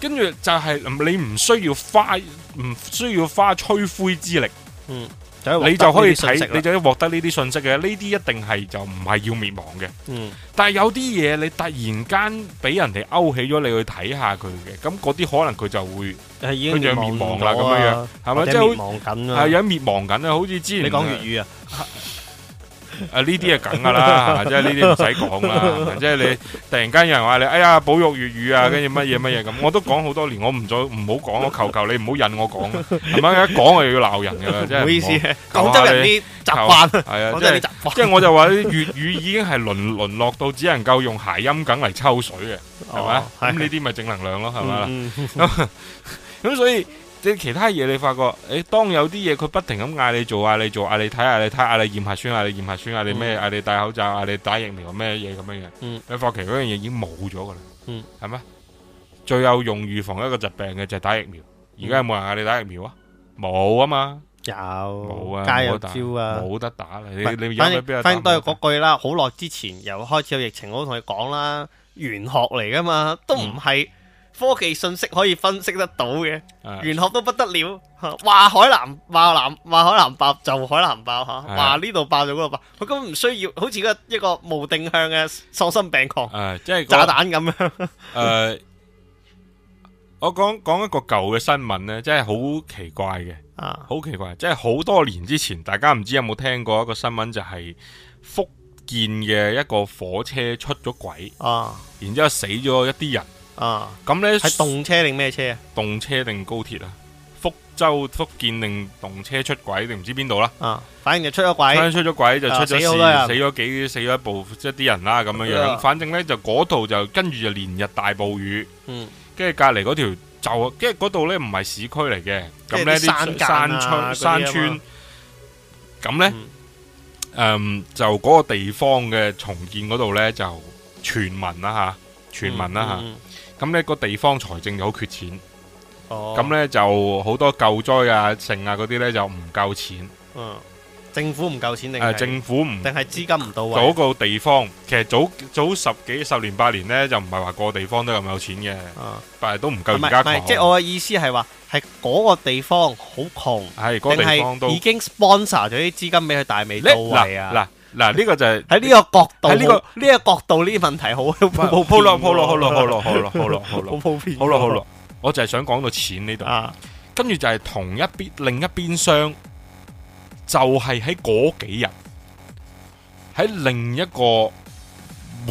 跟住就係你唔需要花唔需要花吹灰之力，嗯、uh。Huh. 就你就可以睇，你就可以獲得呢啲信息嘅，呢啲一定係就唔係要滅亡嘅。嗯，但係有啲嘢你突然間俾人哋勾起咗你去睇下佢嘅，咁嗰啲可能佢就會，係已經滅亡啦咁樣樣，係咪即係好？係有滅亡緊、就是、啊，在在好似之前你講粵語啊。 啊！呢啲係梗噶啦，即係呢啲唔使講啦。即係你突然間有人話你，哎呀，保育粵語啊，跟住乜嘢乜嘢咁，我都講好多年，我唔再唔好講，我求求你唔好引我講，係咪啊？一講啊又要鬧人噶啦，即係。唔好意思，廣州人啲習慣係啊，我真係啲習慣。即係我就話啲粵語已經係淪淪落到只能夠用諧音梗嚟抽水嘅，係嘛？咁呢啲咪正能量咯，係咪啊？咁所以。即係其他嘢，你發覺，誒，當有啲嘢佢不停咁嗌你做嗌你做嗌你睇下，你睇啊，你驗核酸啊，你驗核酸啊，你咩嗌你戴口罩嗌你打疫苗咩嘢咁樣嘅。你發覺嗰樣嘢已經冇咗噶啦。嗯，係咩？最有用預防一個疾病嘅就係打疫苗，而家有冇人嗌你打疫苗啊？冇啊嘛，有，冇啊，皆有啊，冇得打啦。你你有去邊度打？都係嗰句啦，好耐之前由開始有疫情，我同你講啦，玄學嚟噶嘛，都唔係。科技信息可以分析得到嘅，玄、啊、學都不得了。話、啊、海南話南話海南爆就海南爆吓，話呢度爆就嗰度爆，佢根本唔需要，好似一個一個無定向嘅喪心病狂，誒、啊，即、就、係、是、炸彈咁樣。誒、啊，我講講一個舊嘅新聞呢，真係好奇怪嘅，啊，好奇怪，即係好多年之前，大家唔知有冇聽過一個新聞，就係、是、福建嘅一個火車出咗軌啊，然之後死咗一啲人。啊！咁咧係動車定咩車啊？動車定高鐵啊？福州福建定動車出軌定唔知邊度啦？反正就出咗軌，出咗軌就出咗事，死咗幾死咗一部即啲人啦咁樣樣。反正咧就嗰度就跟住就連日大暴雨，跟住隔籬嗰條就，跟住嗰度咧唔係市區嚟嘅，咁咧啲山山村山村，咁咧誒，就嗰個地方嘅重建嗰度咧就傳聞啦吓，傳聞啦吓。咁呢個地方財政就好缺錢，咁呢、oh. 就好多救災啊、剩啊嗰啲呢就唔夠錢。嗯、政府唔夠錢定係、呃、政府唔定係資金唔到位？嗰個地方其實早早十幾十年八年呢，就唔係話個地方都咁有，有錢嘅，嗯、但係都唔夠而家。唔係，即係我嘅意思係話係嗰個地方好窮，係嗰、嗰個地方已經 sponsor 咗啲資金俾佢，大美未啊！嗱，呢個就係喺呢個角度、這個，喺呢個呢個角度呢啲問題普好普，鋪好鋪落鋪好鋪落鋪落鋪落鋪落鋪落，好普遍。好咯好咯， 我就係想講到錢呢度啊，跟住就係同一邊另一邊雙，就係喺嗰幾日喺另一個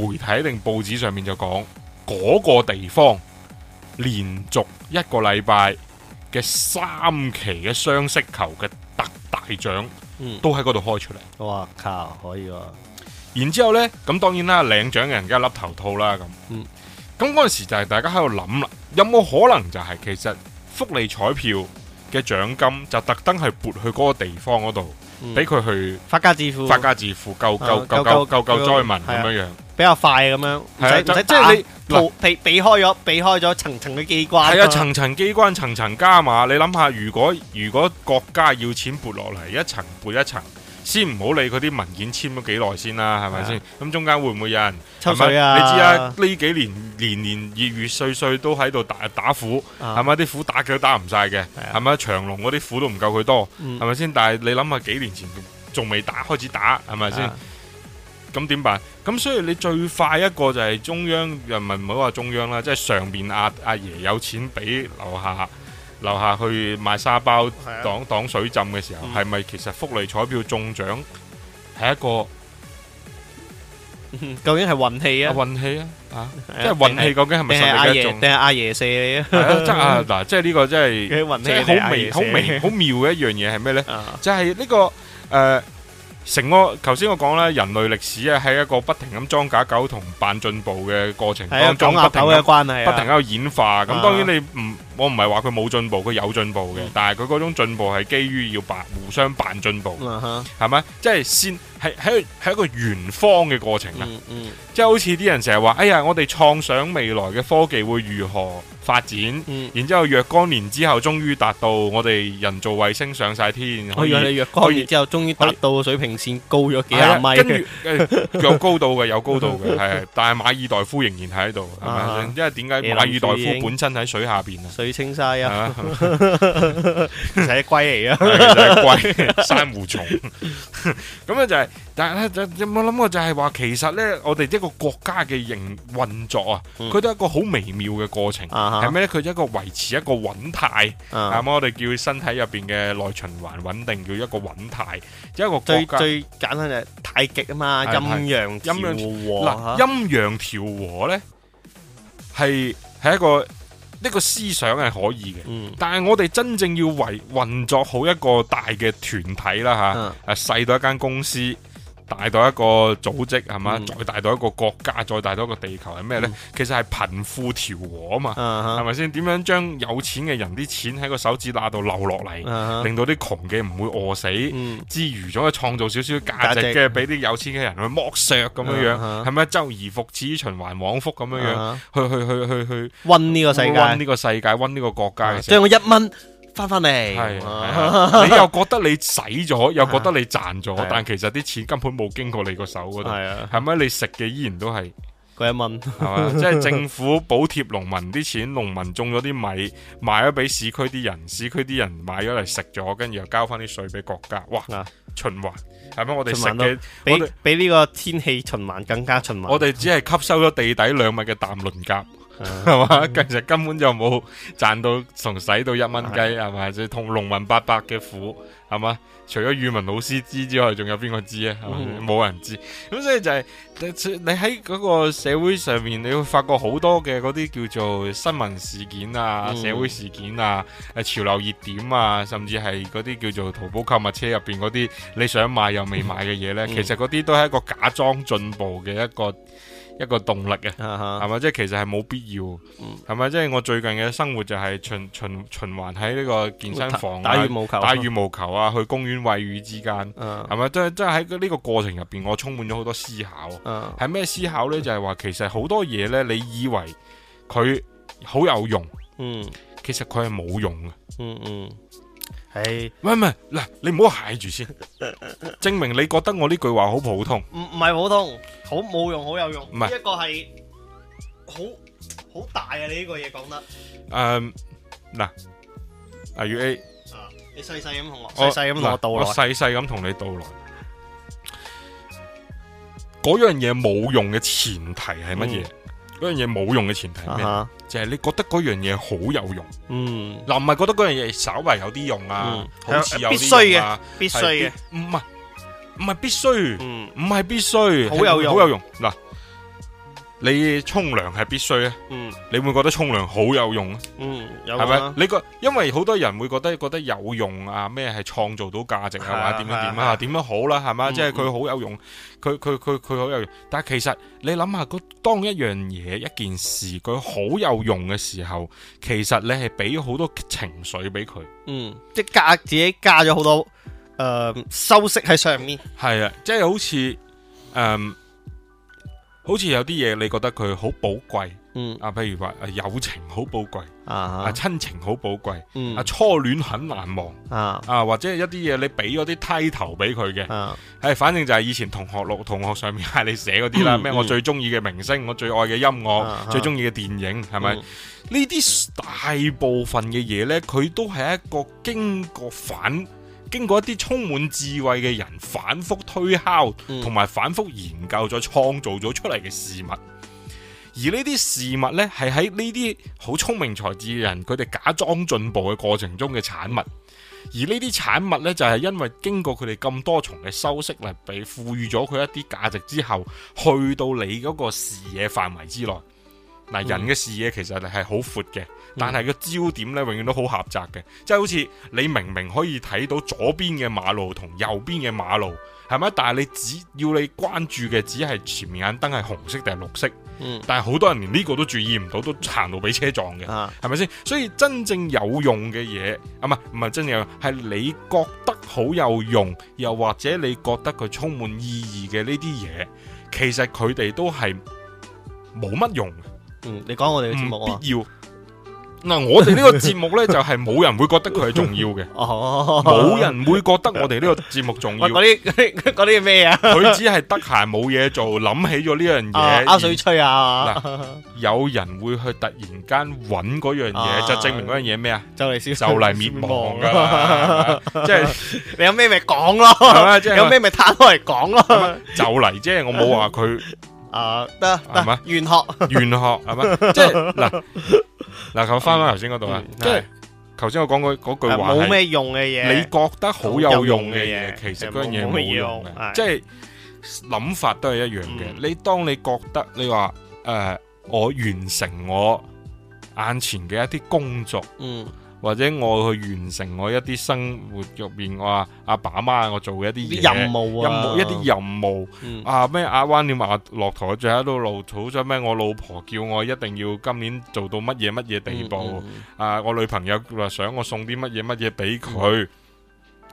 媒體定 報紙上面就講嗰、那個地方連續一個禮拜嘅三期嘅雙色球嘅特大獎。都喺嗰度開出嚟。哇靠，可以啊！然之後呢，咁當然啦，領獎嘅人梗係笠頭套啦咁。咁嗰陣時就係大家喺度諗啦，有冇可能就係其實福利彩票嘅獎金就特登係撥去嗰個地方嗰度？俾佢去發家致富，發家致富，救救救救救救災民咁樣樣，比較快咁樣，唔使唔使即係你避避開咗，避開咗層層嘅機關，係啊，層層機關，層層加碼。你諗下，如果如果國家要錢撥落嚟一層撥一層。先唔好理佢啲文件簽咗幾耐先啦，係咪先？咁、啊、中間會唔會有人抽水啊？你知啦，呢幾年年年月月歲歲都喺度打打虎，係咪啲虎打佢都打唔晒嘅？係咪、啊、長龍嗰啲虎都唔夠佢多？係咪先？但係你諗下幾年前仲未打開始打，係咪先？咁點、啊、辦？咁所以你最快一個就係中央，又唔係唔好話中央啦，即係上邊阿阿爺有錢俾樓下。樓下去賣沙包擋擋水浸嘅時候，係咪其實福利彩票中獎係一個？究竟係運氣啊？運氣啊！啊，即係運氣，究竟係咪實力嘅？定係阿爺？定係阿爺射你？啊，真係嗱，即係呢個，即係運氣好微、好微、好妙嘅一樣嘢，係咩咧？就係呢個誒。成我頭先我講啦，人類歷史啊，係一個不停咁裝假狗同扮進步嘅過程的當中，不停不斷不停喺度演化。咁、啊、當然你唔，我唔係話佢冇進步，佢有進步嘅。嗯、但係佢嗰種進步係基於要扮互相扮進步，係咪、嗯啊？即係先係喺係一個圓方嘅過程啦。嗯嗯、即係好似啲人成日話，哎呀，我哋創想未來嘅科技會如何？發展，然之後若干年之後，終於達到我哋人造衛星上晒天，可以，然之後終於達到水平線高咗幾廿米，跟住有高度嘅，有高度嘅係 ，但係馬爾代夫仍然喺度、啊，因為點解馬爾代夫本身喺水下邊啊，啊水？水清晒呀，死龜嚟啊，龜珊瑚蟲，咁 湖松 樣就係、是。但係咧，有冇諗過就係話，其實咧，我哋一個國家嘅營運作啊，佢都係一個好微妙嘅過程，係咩咧？佢一個維持一個穩態，咁我哋叫身體入邊嘅內循環穩定叫一個穩態，一個最最簡單就太極啊嘛，陰陽陰陽調和。嗱，陰陽調和咧，係係一個呢個思想係可以嘅，但係我哋真正要維運作好一個大嘅團體啦，吓，誒細到一間公司。大到一個組織係嘛，再大到一個國家，再大到一個地球係咩呢？其實係貧富調和啊嘛，係咪先？點樣將有錢嘅人啲錢喺個手指罅度流落嚟，令到啲窮嘅唔會餓死，之餘仲去創造少少價值嘅，俾啲有錢嘅人去剝削咁樣樣，係咪周而復始循環往復咁樣樣去去去去去温呢個世界温呢個世界温呢個國家嘅？即係我一蚊。翻翻嚟，你又覺得你使咗，又覺得你賺咗，但其實啲錢根本冇經過你個手嗰度，係啊，係咪你食嘅依然都係嗰一蚊，係嘛？即係政府補貼農民啲錢，農民種咗啲米賣咗俾市區啲人，市區啲人買咗嚟食咗，跟住又交翻啲稅俾國家，哇！循環係咪？我哋食嘅比比呢個天氣循環更加循環。我哋只係吸收咗地底兩米嘅氮磷鉀。係嘛，uh, 其實根本就冇賺到，從使到一蚊雞，係咪的？即係同農民伯伯嘅苦，係嘛？除咗語文老師知之外知，仲有邊個知啊？係嘛，冇、mm hmm. 人知。咁所以就係、是，你喺嗰個社會上面，你會發覺好多嘅嗰啲叫做新聞事件啊、mm hmm. 社會事件啊、潮流熱點啊，甚至係嗰啲叫做淘寶購物車入邊嗰啲你想買又未買嘅嘢呢。Mm hmm. 其實嗰啲都係一個假裝進步嘅一個。一個動力嘅，係咪、uh？即、huh. 係其實係冇必要，係咪、嗯？即係我最近嘅生活就係循循循環喺呢個健身房、啊、打羽毛球、打羽毛球啊，球啊嗯、去公園餵魚之間，係咪、uh？即係都係喺呢個過程入邊，我充滿咗好多思考。係咩、uh huh. 思考呢？就係、是、話其實好多嘢呢，你以為佢好有用，嗯，其實佢係冇用嘅、嗯，嗯嗯。唔喂喂，嗱你唔好蟹住先， 證明你覺得我呢句話好普,普通？唔唔係普通，好冇用，好有用。唔係一個係好好大啊！你呢個嘢講得誒、呃，嗱、啊，例如 A 啊，你細細咁同我細細咁同我道來，我細細咁同你道來，嗰樣嘢冇用嘅前提係乜嘢？嗰、嗯、樣嘢冇用嘅前提係咩？Uh huh. 就係你覺得嗰樣嘢好有用，嗯，嗱唔係覺得嗰樣嘢稍微有啲用啊，好似有啲用啊，必須嘅，必須嘅，唔係唔係必須，唔係必須，好有用，好有用，嗱。你沖涼係必須啊！嗯、你會覺得沖涼好有用啊！係咪、嗯啊？你覺因為好多人會覺得覺得有用啊咩係創造到價值啊或者點、啊、樣點啊點、啊、樣好啦係嘛？嗯、即係佢好有用，佢佢佢佢好有用。但係其實你諗下，個當一樣嘢一件事佢好有用嘅時候，其實你係俾咗好多情緒俾佢、嗯呃啊就是。嗯，即係加自己加咗好多誒修飾喺上面。係啊，即係好似誒。好似有啲嘢，你覺得佢好寶貴，啊，譬如話友情好寶貴，啊親情好寶貴，啊初戀很難忘，啊或者係一啲嘢你俾嗰啲 title 頭俾佢嘅，係反正就係以前同學錄、同學上面係你寫嗰啲啦，咩我最中意嘅明星，我最愛嘅音樂，最中意嘅電影，係咪？呢啲大部分嘅嘢呢，佢都係一個經過反。經過一啲充滿智慧嘅人反覆推敲同埋反覆研究再創造咗出嚟嘅事物，而呢啲事物呢，係喺呢啲好聰明才智嘅人佢哋假裝進步嘅過程中嘅產物，而呢啲產物呢，就係因為經過佢哋咁多重嘅修飾，嚟俾賦予咗佢一啲價值之後，去到你嗰個視野範圍之內。嗱，人嘅視野其實係好闊嘅。但係個焦點咧，永遠都狹，就是，好狹窄嘅，即係好似你明明可以睇到左邊嘅馬路同右邊嘅馬路，係咪？但係你只要你關注嘅，只係前面眼燈係紅色定係綠色。嗯。但係好多人連呢個都注意唔到，都行路俾車撞嘅，係咪先？所以真正有用嘅嘢，啊，唔係唔係真正有用係你覺得好有用，又或者你覺得佢充滿意義嘅呢啲嘢，其實佢哋都係冇乜用。嗯，你講我哋嘅節目啊。必要。嗱，我哋呢個節目咧就係冇人會覺得佢係重要嘅，冇人會覺得我哋呢個節目重要。嗰啲嗰啲嗰啲係咩啊？佢只係得閒冇嘢做，諗起咗呢樣嘢。阿水吹啊！嗱，有人會去突然間揾嗰樣嘢，就證明嗰樣嘢咩啊？就嚟消就嚟滅亡噶，即係你有咩咪講咯，有咩咪攤開嚟講咯，就嚟即係我冇話佢。啊，得係咪？玄學玄學係咪？即係嗱嗱，頭翻翻頭先嗰度啊，跟住頭先我講句嗰句話，冇咩用嘅嘢，你覺得好有用嘅嘢，其實嗰樣嘢冇用嘅，即係諗法都係一樣嘅。你當你覺得你話誒，我完成我眼前嘅一啲工作，嗯。或者我去完成我一啲生活入邊我阿、啊、爸阿媽，我做嘅一啲嘢，任務一啲任務啊，咩、嗯啊、阿彎啲馬落台，仲喺度露草，咗咩我老婆叫我一定要今年做到乜嘢乜嘢地步嗯嗯啊！我女朋友話想我送啲乜嘢乜嘢俾佢，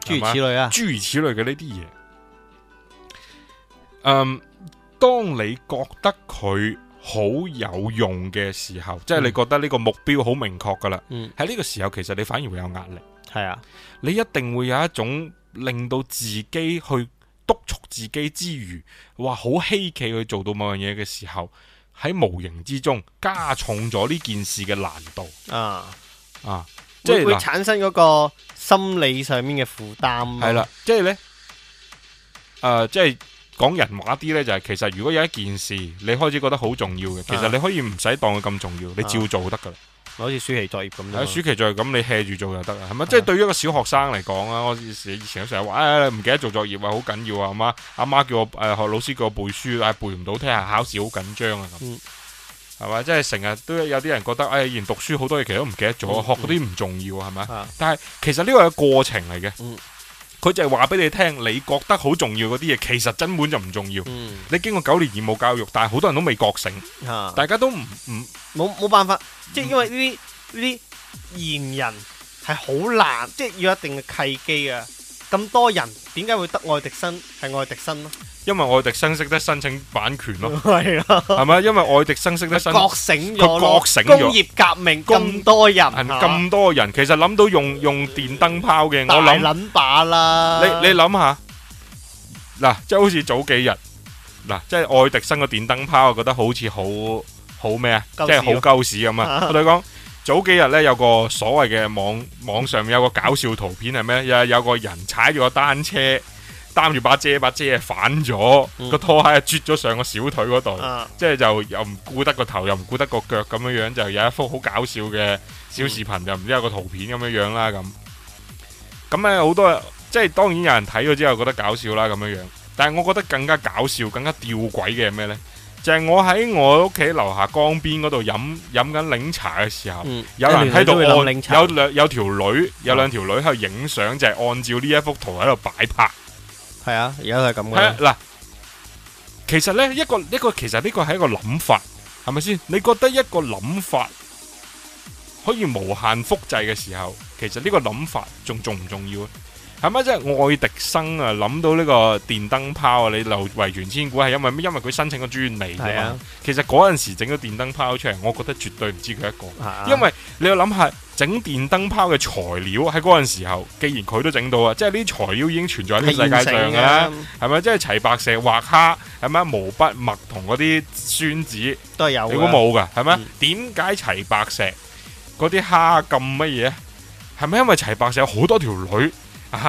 諸、嗯、吧如此類啊，諸如此類嘅呢啲嘢。嗯，當你覺得佢，好有用嘅時候，即係你覺得呢個目標好明確㗎喇，喺呢、嗯、個時候其實你反而會有壓力，係是啊，你一定會有一種令到自己去督促自己之餘，哇，好稀奇去做到某樣嘢嘅時候，喺無形之中加重咗呢件事嘅難度，啊啊，即係是會，會產生嗰個心理上面嘅負擔，係啦、啊，即係、啊、呢？啊，即係。講人話啲咧、就是，就係其實如果有一件事你開始覺得好重要嘅，其實你可以唔使當佢咁重要，你照做得噶啦，好似暑期作業咁。係暑、啊、期作業咁，你歇住做就得啦，係咪？即係、啊、對於一個小學生嚟講啊，我以前以前成日話啊，唔、哎、記得做作業啊，好、哎、緊要啊，阿媽阿媽叫我誒學、呃、老師叫我背書啊、哎，背唔到，聽日考試好緊張啊，咁係咪？即係成日都有啲人覺得，哎，以前讀書好多嘢其實都唔記得咗，嗯嗯、學嗰啲唔重要係咪？」啊、但係其實呢個係過程嚟嘅。嗯佢就係話俾你聽，你覺得好重要嗰啲嘢，其實根本就唔重要。嗯、你經過九年義務教育，但係好多人都未覺醒，啊、大家都唔唔冇冇辦法，嗯、即係因為呢啲呢啲嫌人係好難，即係要有一定嘅契機啊。咁多人，點解會得愛迪生係愛迪生咯？因為愛迪生識得申請版權咯，係咯，係咪？因為愛迪生識得申請佢 覺醒咗了工業革命咁工多人，咁多人其實諗到用用電燈泡嘅， 我諗想把啦。你你諗下嗱，即係好似早幾日嗱，即係愛迪生個電燈泡，我覺得好似好好咩啊？即係好鳩屎咁啊！我同你講。早幾日呢，有個所謂嘅網網上面有個搞笑圖片係咩？有有個人踩住個單車，擔住把遮，把遮反咗，個、嗯、拖鞋啊跌咗上個小腿嗰度，啊、即係就又唔顧得個頭，又唔顧得個腳咁樣樣，就有一幅好搞笑嘅小視頻，嗯、又唔知有個圖片咁樣樣啦咁。咁啊，好多即係當然有人睇咗之後覺得搞笑啦咁樣樣，但係我覺得更加搞笑、更加吊詭嘅係咩呢？就係我喺我屋企樓下江邊嗰度飲飲緊檸茶嘅時候，嗯、有人喺度按，茶有兩有條女，有兩條女喺度影相，就係、是、按照呢一幅圖喺度擺拍。係、嗯、啊，而家係咁嘅。嗱、啊，其實呢，一個一個，一個，其實呢個係一個諗法，係咪先？你覺得一個諗法可以無限複製嘅時候，其實呢個諗法仲重唔重要啊？係咪即係愛迪生啊？諗到呢個電燈泡啊？你留遺傳千古係因為咩？因為佢申請個專利㗎是、啊、其實嗰陣時整咗電燈泡出嚟，我覺得絕對唔止佢一個。是啊、因為你要諗下整電燈泡嘅材料喺嗰陣時候，既然佢都整到啊，即係呢啲材料已經存在喺世界上㗎啦。係咪、啊、即係齊白石畫蝦？係咪毛筆墨同嗰啲宣紙，都係有，你有。如果冇㗎，係咪？點解齊白石嗰啲蝦咁乜嘢？係咪因為齊白石有好多條女？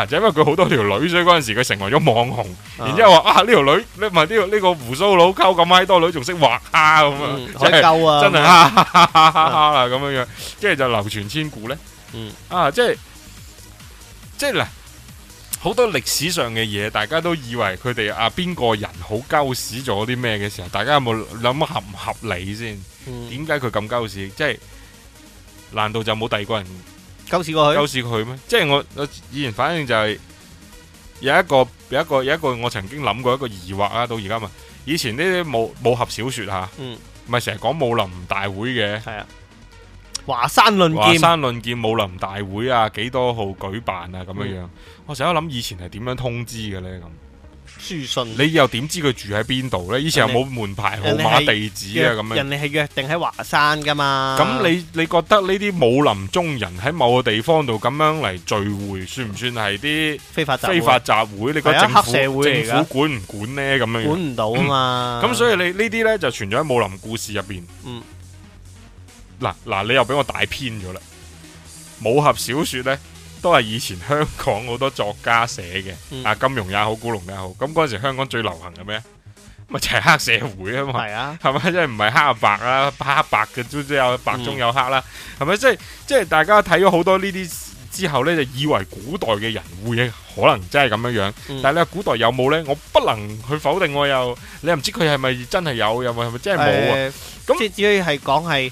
就因為佢好多條女，所以嗰陣時佢成為咗網紅。然之後話啊，呢條女，你唔係呢，呢個鬍鬚佬溝咁閪多女，仲識畫蝦咁啊，真係溝啊，真係蝦啦，咁樣樣，即係就流傳千古咧。啊，即係即係嗱，好多歷史上嘅嘢，大家都以為佢哋啊邊個人好鳩屎咗啲咩嘅時候，大家有冇諗合唔合理先？點解佢咁鳩屎？即係難道就冇第二個人？鳩屎過去，鳩屎過去咩？即係我我以前，反正就係有一個有一個有一個我曾經諗過一個疑惑啊，到而家嘛，以前呢啲武武俠小說吓、嗯，唔係成日講武林大會嘅，係啊、華山論劍，華山論劍，武林大會啊，幾多號舉辦啊，咁樣樣，嗯、我成日諗以前係點樣通知嘅咧咁。你又點知佢住喺邊度呢？以前有冇門牌號碼地址啊，咁樣。人哋係約定喺華山噶嘛。咁你你覺得呢啲武林中人喺某個地方度咁樣嚟聚會，算唔算係啲非法集非法集會？非法集會，你覺得政府、啊、政府管唔管呢？咁樣管唔到嘛？咁、嗯、所以你呢啲呢就存在喺武林故事入邊。嗱嗱、嗯，你又俾我大偏咗啦！武俠小說呢。都係以前香港好多作家寫嘅，啊、嗯、金庸也好，古龍也好，咁嗰陣時香港最流行嘅咩？咪就係、是、黑社會啊嘛，係啊，係咪即係唔係黑白啊，黑白嘅，都都有白中有黑啦，係咪即係即係大家睇咗好多呢啲之後呢，就以為古代嘅人會可能真係咁樣樣，嗯、但係你話古代有冇呢？我不能去否定我又，你唔知佢係咪真係有，是是有冇？係咪真係冇啊？咁即係只可以係講係。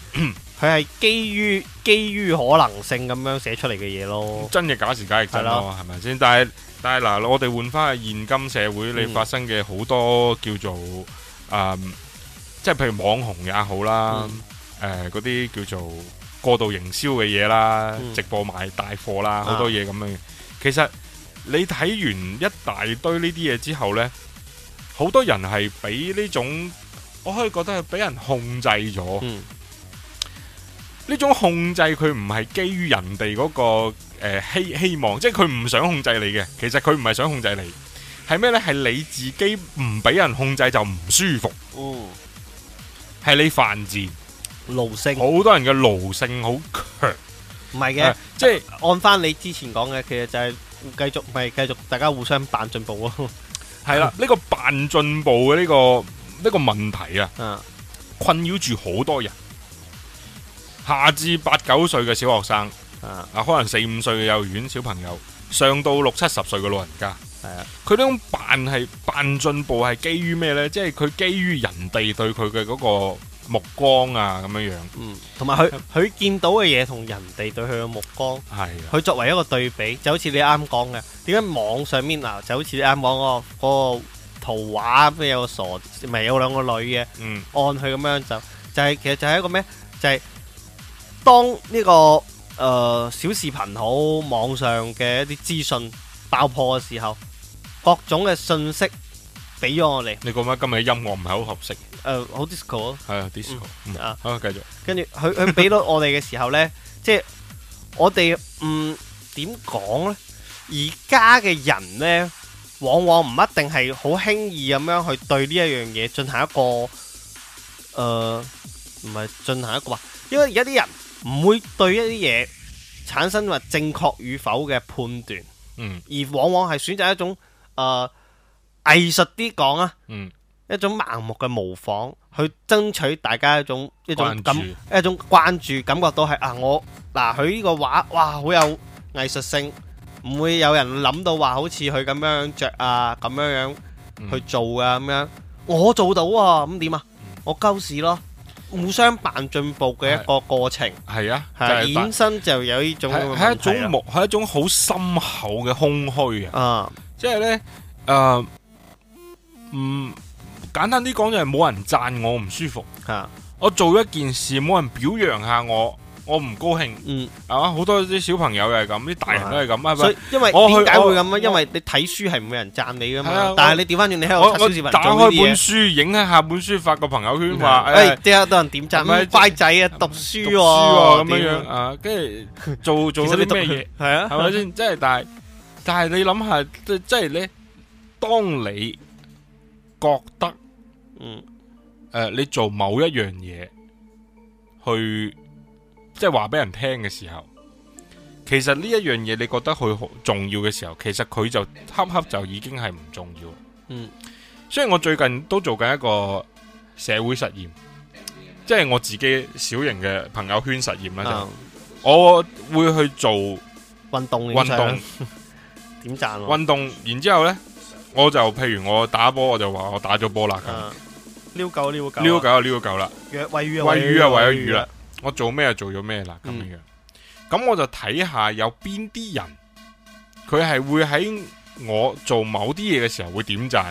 佢係基於基於可能性咁樣寫出嚟嘅嘢咯，真嘅假時假亦真咯，係咪先？但係但係嗱，我哋換翻去現今社會，你發生嘅好多叫做啊、呃，即係譬如網紅也好啦，誒嗰啲叫做過度營銷嘅嘢啦，嗯、直播賣大貨啦，好、嗯、多嘢咁樣嘅。其實你睇完一大堆呢啲嘢之後咧，好多人係俾呢種，我可以覺得係俾人控制咗。嗯呢種控制佢唔係基於人哋嗰、那個誒希、呃、希望，即係佢唔想控制你嘅。其實佢唔係想控制你，係咩呢？係你自己唔俾人控制就唔舒服。嗯、哦，係你犯賤，奴性。好多人嘅奴性好強。唔係嘅，即係、啊就是、按翻你之前講嘅，其實就係繼續咪繼續，續大家互相扮進步咯。係 啦，呢、這個扮進步嘅呢、這個呢、這個問題啊，啊困擾住好多人。下至八九歲嘅小學生，啊啊，可能四五歲嘅幼兒園小朋友，上到六七十歲嘅老人家，係啊，佢呢種扮係扮進步係基於咩呢？即係佢基於人哋對佢嘅嗰個目光啊，咁樣樣，嗯，同埋佢佢見到嘅嘢，同人哋對佢嘅目光，係，佢作為一個對比，就好似你啱講嘅，點解網上面嗱，就好似你啱講個嗰個圖畫，咩有個傻，咪有兩個女嘅，嗯，按佢咁樣就就係其實就係一個咩，就係。當呢、這個誒、呃、小視頻好網上嘅一啲資訊爆破嘅時候，各種嘅信息俾咗我哋。你覺唔覺得今日嘅音樂唔係好合適？誒、呃，好 disco 咯。係啊，disco 啊，好繼續。跟住佢佢俾到我哋嘅時候咧， 即係我哋唔點講咧？而家嘅人咧，往往唔一定係好輕易咁樣去對呢一樣嘢進行一個誒唔係進行一個話，因為而家啲人。唔會對一啲嘢產生話正確與否嘅判斷，嗯，而往往係選擇一種誒藝術啲講啊，呃、嗯，一種盲目嘅模仿，去爭取大家一種一種感一種關注，感覺到係啊我嗱佢呢個畫哇好有藝術性，唔會有人諗到話好似佢咁樣着啊咁樣樣去做啊，嗯，咁樣，我做到啊咁點啊，我鳩屎咯。互相扮進步嘅一個過程，係啊，衍生就有呢種係一種目，係一種好深厚嘅空虛啊！即係呢，誒、呃，嗯，簡單啲講就係冇人讚我，唔舒服啊！我做一件事，冇人表揚下我。我唔高興，嗯，係嘛？好多啲小朋友又係咁，啲大人都係咁，係咪？所以因為點解會咁啊？因為你睇書係冇人讚你噶嘛，但係你調翻轉，你喺度刷短視頻呢啲啊！打開本書，影下本書，發個朋友圈話，哎，即刻多人點讚，乖仔啊，讀書喎，咁樣樣啊，跟住做做嗰啲咩嘢？係啊，係咪先？即係但係，但係你諗下，即係你當你覺得，嗯，誒，你做某一樣嘢去。即係話俾人聽嘅時候，其實呢一樣嘢你覺得佢好重要嘅時候，其實佢就恰恰就已經係唔重要。嗯。所以我最近都做緊一個社會實驗，即係我自己小型嘅朋友圈實驗啦。嗯。就我會去做運動，運動點讚。運動，然之後呢，我就譬如我打波，我就話我打咗波啦。嗯。遛狗，溜狗，溜狗就遛狗啦。餵魚，餵魚啊，餵魚啊，餵咗魚啦。我做咩就做咗咩啦，咁樣，咁我就睇下有邊啲人，佢係會喺我做某啲嘢嘅時候會點讚，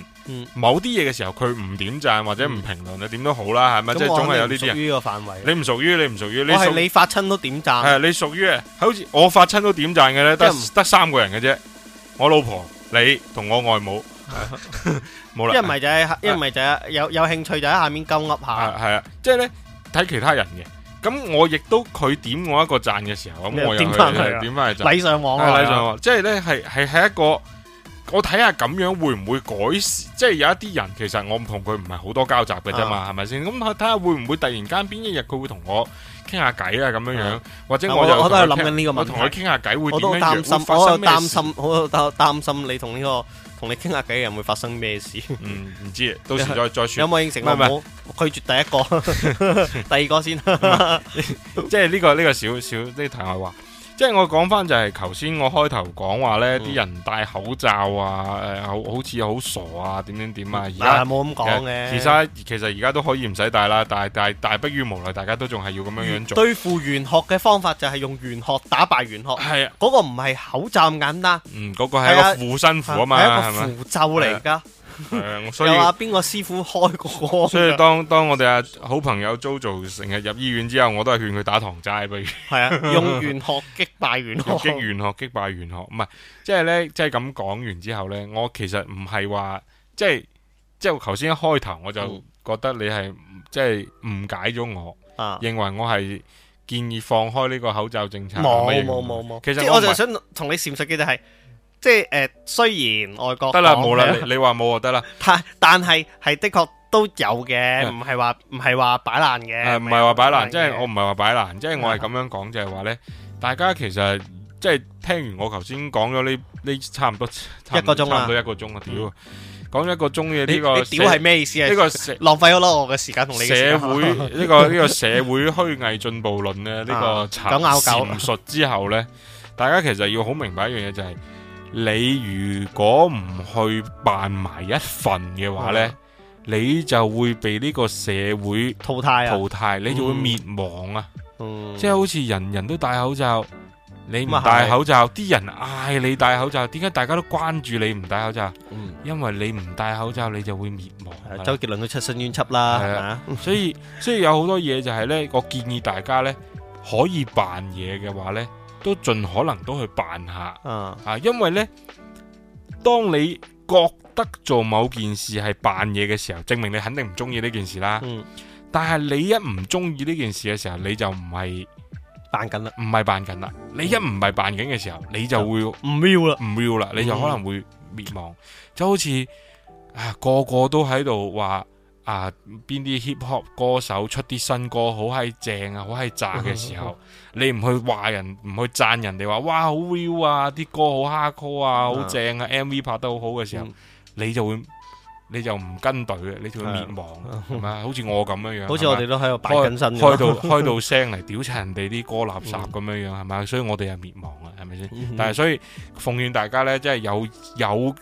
某啲嘢嘅時候佢唔點讚或者唔評論咧，點都好啦，係咪？即係總係有呢啲人。你唔屬於，你唔屬於，我係你發親都點讚。係啊，你屬於啊，好似我發親都點讚嘅咧，得得三個人嘅啫，我老婆、你同我外母，冇啦。一唔係就係，一唔係就有有興趣就喺下面鳩噏下。係啊，即係咧睇其他人嘅。咁我亦都佢點我一個贊嘅時候，咁我又點翻嚟，點翻嚟贊，禮尚往啊，禮尚往，即係咧係係係一個，我睇下咁樣會唔會改善，即係有一啲人其實我唔同佢唔係好多交集嘅啫嘛，係咪先？咁我睇下會唔會突然間邊一日佢會同我傾下偈啊？咁樣樣，或者我我都係諗緊呢個問題，同佢傾下偈會點樣？我擔心，我有擔心，我有擔擔心你同呢個。同你傾下偈嘅人會發生咩事、嗯？唔唔知， 到時再 再算說。有冇應承我？是我拒絕第一個 第二個先是。即係呢個呢、呢個小小呢、呢個、題外話。即係我講翻就係，頭先我開頭講話呢啲人戴口罩啊，誒，好好似好傻啊，點點點啊，而家冇咁講嘅。啊、其實而家其實而家都可以唔使戴啦，但係但係但係迫於無奈，大家都仲係要咁樣樣做。對付玄學嘅方法就係用玄學打敗玄學。係啊，嗰個唔係口罩咁簡單。嗯、啊，嗰個係個護身符啊嘛，係嘛、啊。個符咒嚟噶。係、嗯，所以又話邊個師傅開過光？所以當當我哋阿、啊、好朋友 JoJo 成日入醫院之後，我都係勸佢打堂齋，不如係啊， 用玄學擊敗玄學，用玄學擊敗玄學，唔係即係咧，即係咁講完之後咧，我其實唔係話即係即係頭先一開頭我就覺得你係即係誤解咗我，啊、嗯，認為我係建議放開呢個口罩政策，冇冇冇冇，嗎其實我，我就想同你闡述嘅就係。即係誒，雖然外國得啦，冇啦，你你話冇就得啦。但但係係的確都有嘅，唔係話唔係話擺爛嘅。唔係話擺爛，即係我唔係話擺爛，即係我係咁樣講就係話咧，大家其實即係聽完我頭先講咗呢呢差唔多一個鐘，差唔多一個鐘啊！屌，講咗一個鐘嘅呢個屌係咩意思啊？呢個浪費咗我嘅時間同你嘅時間。社會呢個呢個社會虛偽進步論咧，呢個殘學術之後咧，大家其實要好明白一樣嘢就係。你如果唔去辦埋一份嘅話咧，你就會被呢個社會淘汰淘汰，你就會滅亡啊！嗯，即係好似人人都戴口罩，你唔戴口罩，啲人嗌你戴口罩，點解大家都關注你唔戴口罩？嗯，因為你唔戴口罩，你就會滅亡。周杰倫都出新專輯啦，係咪啊？所以所以有好多嘢就係咧，我建議大家咧可以辦嘢嘅話咧。都盡可能都去扮下，啊，因為呢，當你覺得做某件事係扮嘢嘅時候，證明你肯定唔中意呢件事啦。但係你一唔中意呢件事嘅時候，你就唔係扮緊啦，唔係扮緊啦。你一唔係扮緊嘅時候，你就會唔 real 啦，唔 real 啦，你就可能會滅亡。就好似啊，個個都喺度話啊，邊啲 hip hop 歌手出啲新歌好閪正啊，好閪炸嘅時候。你唔去話人，唔去贊人哋話哇好 real 啊，啲歌好 hardcore 啊，好正啊、嗯、MV 拍得好好嘅時候，嗯、你就會，你就唔跟隊你就滅亡啦、嗯，好似我咁樣樣， 吧好似我哋都喺度擺緊身，開到開到聲嚟屌柒人哋啲歌垃圾咁樣樣係咪？所以我哋又滅亡啊，係咪先？嗯、哼 但係所以奉勸大家呢，即係有有。有有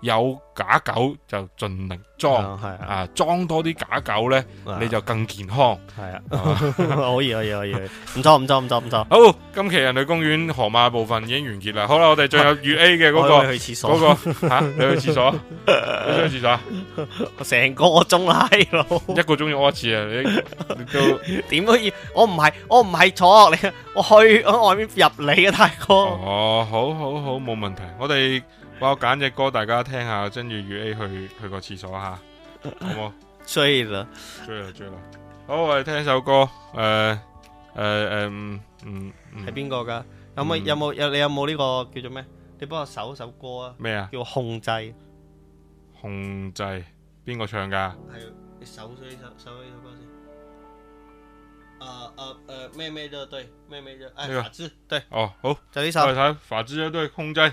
有假狗就盡力裝，啊裝多啲假狗咧，你就更健康。係啊，可以可以可以，唔錯唔錯唔錯唔錯。好，今期人類公園河馬部分已經完結啦。好啦，我哋最後粵 A 嘅嗰個，嗰個吓，你去廁所，你去廁所，成個鐘啦，一個鐘要屙一次啊，你都點可以？我唔係我唔係坐你，我去外面入你嘅大哥。哦，好，好，好，冇問題，我哋。幫我揀隻歌大家聽下，跟住月 A 去去個廁所吓，好冇？追啦，追啦，追啦！好，我哋聽首歌，誒誒誒，嗯嗯，係邊個噶？有冇有冇有？你有冇呢個叫做咩？你幫我搜首歌啊？咩啊？叫控制。控制，邊個唱噶？係，你搜咗呢首，搜咗呢首歌先。誒誒誒，咩咩嘢，對，咩咩嘢，法治，對，哦好，就呢首，法治，對，控制。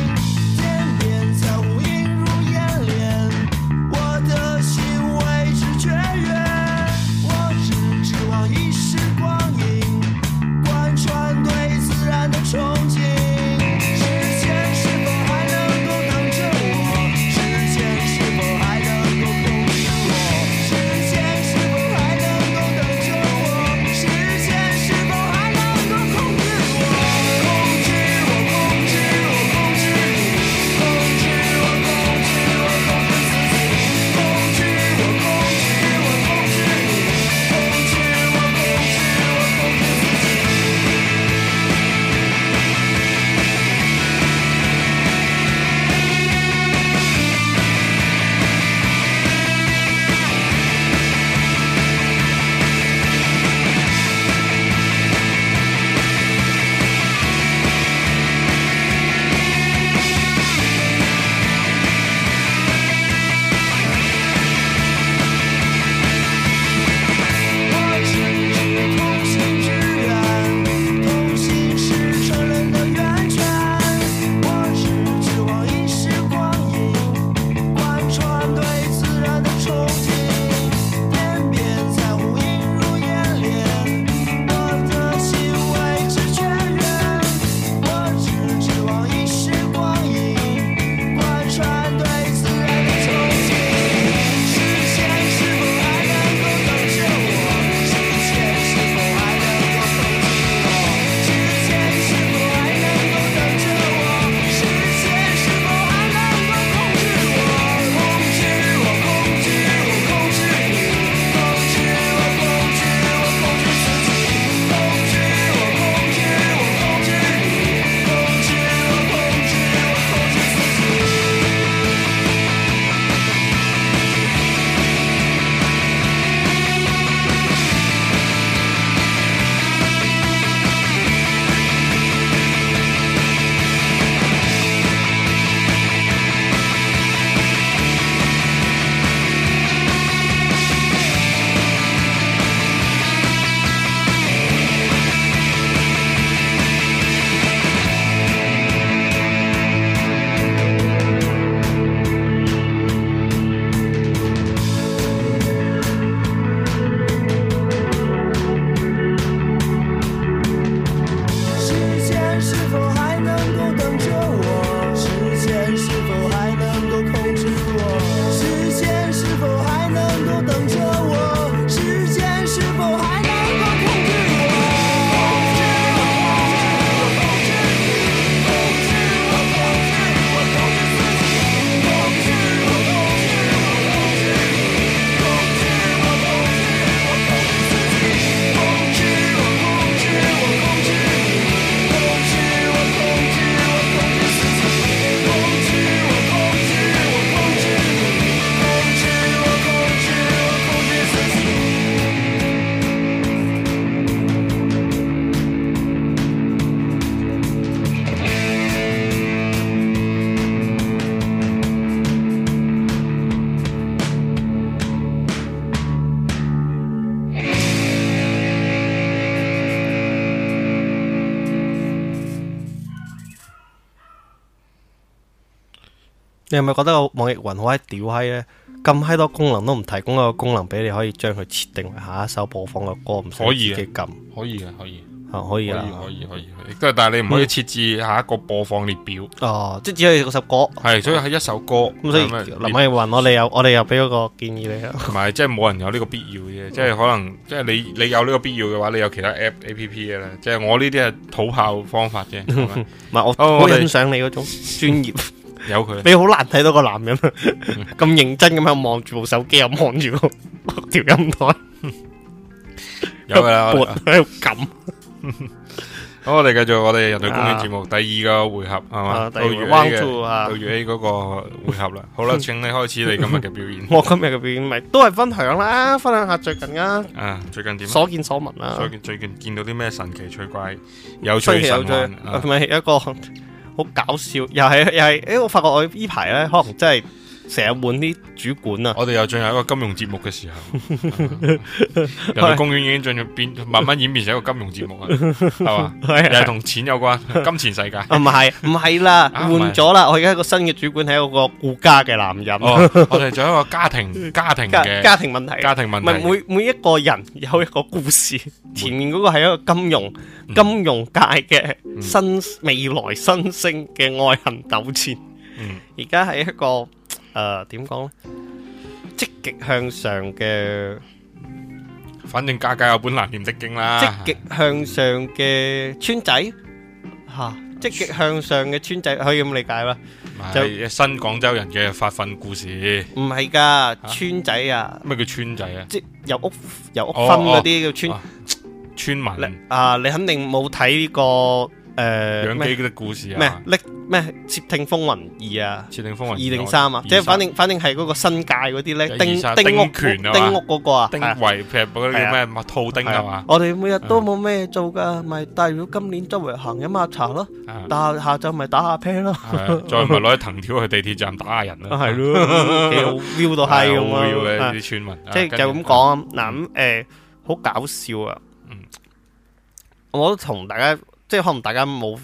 係咪覺得個網易雲好閪屌閪咧？咁閪多功能都唔提供一個功能俾你，可以將佢設定為下一首播放嘅歌，唔使自己撳，可以嘅，可以啊，可以啦，可以，可以，但係你唔可以設置下一個播放列表哦，即係只可以一首歌，係，所以係一首歌咁，所以林網易雲，我哋又我哋又俾咗個建議你啊，同埋即係冇人有呢個必要嘅。即係可能，即係你你有呢個必要嘅話，你有其他 A P P 嘅啦，即係我呢啲係土炮方法啫，唔係我我欣賞你嗰種專業。有佢，你好難睇到個男人咁認真咁樣望住部手機，又望住條音台，有佢啦，喺度撳。好，我哋繼續我哋人類公園節目第二個回合係嘛？到 One Two 啊，到 A 嗰個回合啦。好啦，請你開始你今日嘅表演。我今日嘅表演咪都係分享啦，分享下最近啊，啊最近點？所見所聞啦，最最近見到啲咩神奇趣怪有趣嘅新聞，唔係一個。好搞笑，又係又係，誒、欸，我發覺我呢排咧，可能真係。成日換啲主管啊！我哋又進入一個金融節目嘅時候，人哋公園已經進入變，慢慢演變成一個金融節目啊，係嘛？又係同錢有關，金錢世界。唔係唔係啦，換咗啦！我而家一個新嘅主管係一個顧家嘅男人。我哋仲有一個家庭家庭嘅家庭問題，家庭問題。每每一個人有一個故事。前面嗰個係一個金融金融界嘅新未來新星嘅愛恨糾纏。嗯，而家係一個。誒，點講呢？積極向上嘅，反正家家有本難念的經啦。積極向上嘅村仔吓，積極向上嘅村仔可以咁理解啦。就新廣州人嘅發奮故事，唔係噶，村仔啊，咩叫村仔啊？即有屋有屋分嗰啲叫村村民啊，你肯定冇睇過。誒，養雞嘅故事啊，咩？拎咩？竊聽風雲二啊，竊聽風雲二零三啊，即係反正，反正係嗰個新界嗰啲咧，丁丁屋權啊，丁屋嗰個啊，丁偉，譬如嗰啲叫咩？麥兔丁係嘛？我哋每日都冇咩做噶，咪代表今年周圍行飲下茶咯，下下晝咪打下 pair 咯，再咪攞啲藤條去地鐵站打下人咯，係咯，幾好 view 到係噶嘛？啲村民即係就咁講嗱咁誒，好搞笑啊！嗯，我都同大家。即係可能大家冇，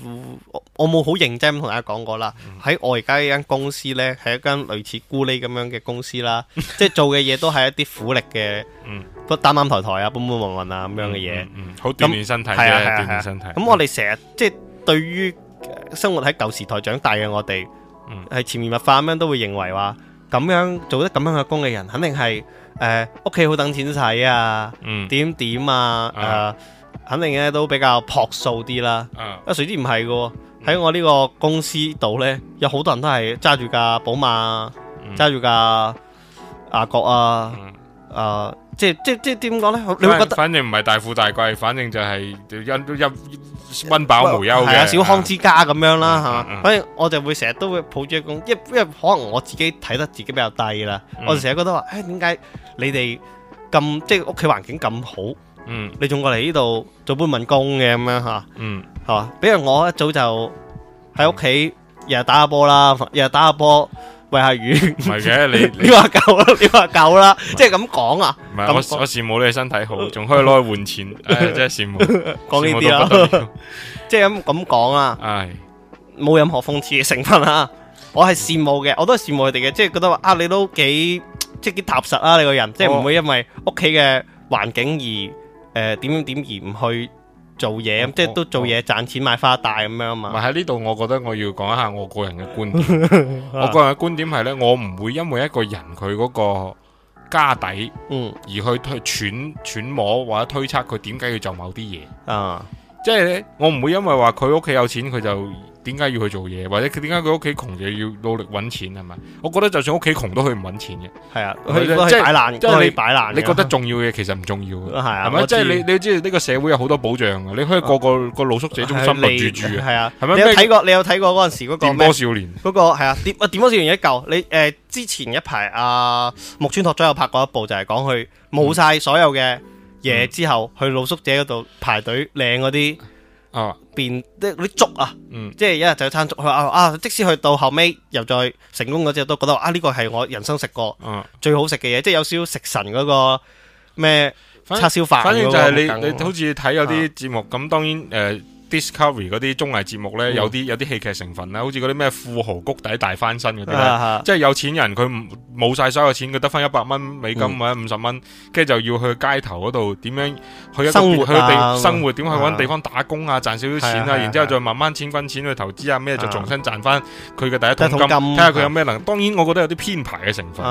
我冇好認真咁同大家講過啦。喺我而家呢間公司呢，係一間類似咕喱咁樣嘅公司啦。即係做嘅嘢都係一啲苦力嘅，個擔擔抬抬啊，搬搬運運啊咁樣嘅嘢。好鍛煉身體嘅，鍛煉身體。咁我哋成日即係對於生活喺舊時代長大嘅我哋，係潛移默化咁樣都會認為話，咁樣做得咁樣嘅工嘅人，肯定係誒屋企好等錢使啊，點點啊，誒。肯定咧都比較樸素啲啦。啊，誰知唔係嘅喎，喺我呢個公司度咧，有好多人都係揸住架寶馬，揸住架阿國啊，啊，即即即點講咧？你會覺得？反正唔係大富大貴，反正就係就溫溫溫飽無憂嘅，小康之家咁樣啦嚇。反正我就會成日都會抱住一個，因為可能我自己睇得自己比較低啦。我就成日覺得話，誒點解你哋咁即係屋企環境咁好？嗯，你仲過嚟呢度做搬運工嘅咁樣吓，嗯，係嘛？比如我一早就喺屋企，日日打下波啦，日日打下波，餵下魚，唔係嘅，你你話夠啦，你話夠啦，即係咁講啊？唔係，我我羨慕你身體好，仲可以攞去換錢，即係羨慕。講呢啲啦，即係咁咁講啊，唉，冇任何諷刺嘅成分啊！我係羨慕嘅，我都係羨慕佢哋嘅，即係覺得話啊，你都幾即係幾踏實啊！你個人，即係唔會因為屋企嘅環境而。誒，點點、呃、而唔去做嘢，咁、啊、即係都做嘢賺錢買花戴咁樣啊嘛。唔係喺呢度，我覺得我要講一下我個人嘅觀點。 我個人嘅觀點係呢：我唔會因為一個人佢嗰個家底，嗯，而去去揣揣摩或者推測佢點解要做某啲嘢。啊，即係呢，我唔會因為話佢屋企有錢，佢就點解要去做嘢，或者佢點解佢屋企窮，就要努力揾錢係咪？我覺得就算屋企窮都去唔揾錢嘅，係啊，佢即係擺爛，即係你擺爛。你覺得重要嘅嘢其實唔重要，係啊，係咪？即係你你知道呢個社會有好多保障，你可以個個個露宿者中心住住啊，係啊，係咪？你睇過你有睇過嗰陣時嗰個？《電波少年》嗰個係啊，電《電波少年》一嚿，你誒之前一排阿木村拓哉有拍過一部，就係講佢冇晒所有嘅嘢之後，去露宿者嗰度排隊領嗰啲。哦，變啲啲粥啊，嗯、即係一日就一餐粥去啊，即使去到後尾又再成功嗰隻，都覺得啊呢個係我人生食過最好食嘅嘢，嗯、即係有少少食神嗰、嗰個咩叉燒飯、嗰個，反正就係你你，你好似睇有啲節目咁，嗯、當然誒。呃 Discovery 嗰啲綜藝節目咧，有啲有啲戲劇成分啦，好似嗰啲咩富豪谷底大翻身嗰啲，即係有錢人，佢冇晒所有錢，佢得翻一百蚊美金或者五十蚊，跟住就要去街頭嗰度點樣去一個去地生活，點去揾地方打工啊，賺少少錢啊，然之後再慢慢錢分錢去投資啊，咩就重新賺翻佢嘅第一桶金，睇下佢有咩能。當然我覺得有啲編排嘅成分，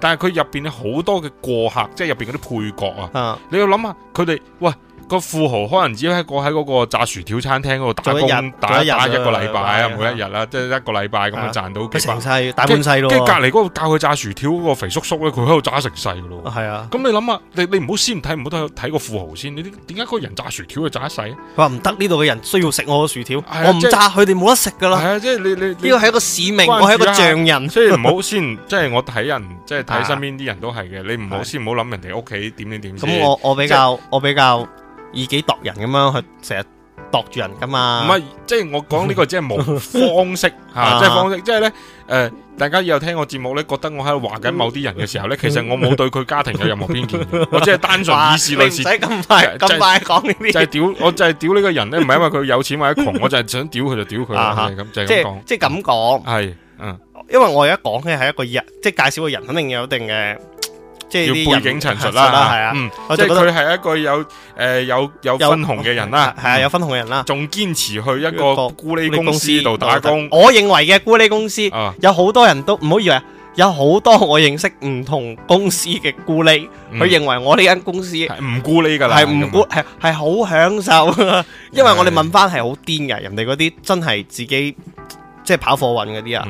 但係佢入邊好多嘅過客，即係入邊嗰啲配角啊，你要諗下佢哋喂。個富豪可能只要喺過喺嗰個炸薯條餐廳嗰度打工，打一日一個禮拜啊，每一日啦，即係一個禮拜咁啊賺到幾萬。炸半細咯。即係隔籬嗰個教佢炸薯條嗰個肥叔叔咧，佢喺度炸食細噶咯。係啊。咁你諗下，你你唔好先睇唔好睇個富豪先，你點解嗰個人炸薯條去炸細？佢話唔得，呢度嘅人需要食我嘅薯條，我唔炸，佢哋冇得食噶啦。係啊，即係你你呢個係一個使命，我係一個匠人。即係唔好先，即係我睇人，即係睇身邊啲人都係嘅。你唔好先唔好諗人哋屋企點點點。咁我我比較，我比較。以己度人咁樣去成日度住人噶嘛？唔係，即係我講呢個只係冇方式吓，即係方式，即係咧誒，大家以後聽我節目咧，覺得我喺度話緊某啲人嘅時候咧，其實我冇對佢家庭有任何偏見，我只係單純以事類事。使咁快咁快講呢啲。就係屌，我就係屌呢個人咧，唔係因為佢有錢或者窮，我就係想屌佢就屌佢，係咁，就係咁講。即係咁講。係，嗯，因為我而家講嘅係一個人，即係介紹個人，肯定有一定嘅。即係要背景陳述啦，係啊，嗯，即佢係一個有誒有有分紅嘅人啦，係啊，有分紅嘅人啦，仲堅持去一個孤呢公司度打工。我認為嘅孤呢公司，有好多人都唔好以為，有好多我認識唔同公司嘅孤呢，佢認為我呢間公司唔孤呢噶啦，係唔孤係係好享受，因為我哋問翻係好癲嘅，人哋嗰啲真係自己即係跑貨運嗰啲啊，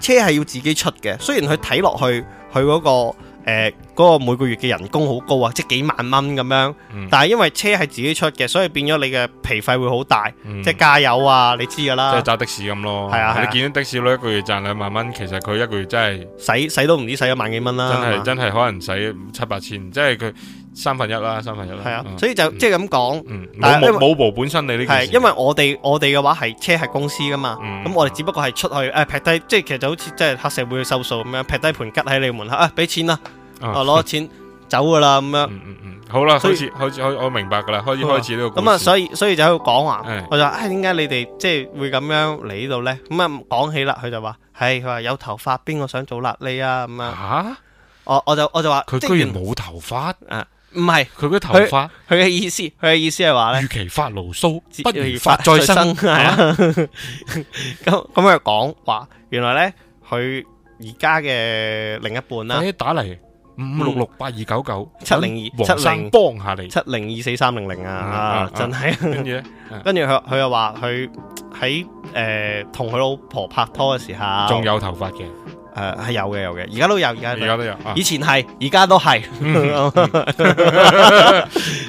車係要自己出嘅，雖然佢睇落去佢嗰個。誒，個每個月嘅人工好高啊，即係幾萬蚊咁樣。嗯、但係因為車係自己出嘅，所以變咗你嘅皮費會好大，嗯、即係加油啊，你知㗎啦。即係揸的士咁咯。係啊，係啊，你見到的士佬一個月賺兩萬蚊，其實佢一個月真係使使都唔知使咗萬幾蚊啦。真係真係可能使七八千，即係佢。三分一啦，三分一啦。係啊，所以就即係咁講。嗯，冇冇無，本身你呢件事，因為我哋我哋嘅話係車係公司噶嘛，咁我哋只不過係出去誒劈低，即係其實就好似即係黑社會去收數咁樣，劈低盤吉喺你門口啊，俾錢啦，啊攞錢走噶啦咁樣。嗯嗯嗯，好啦，開始開始我明白噶啦，開始開始呢咁啊，所以所以就喺度講話，我就話，點解你哋即係會咁樣嚟呢度呢？咁啊，講起啦，佢就話，係佢話有頭髮，邊個想做喇你啊？咁啊？我我就我就話，佢居然冇頭髮。唔係佢嘅頭髮，佢嘅意思，佢嘅意思係話咧，與其發牢騷，不如發再生。咁咁佢講，話原來咧，佢而家嘅另一半啦，打嚟五六六八二九九七零二七零幫下你七零二四三零零啊，真係。跟住咧，跟住佢佢又話佢喺誒同佢老婆拍拖嘅時候，仲有頭髮嘅。誒，係有嘅，有嘅，而家都有，而家都有，都有以前係，而家、啊、都係。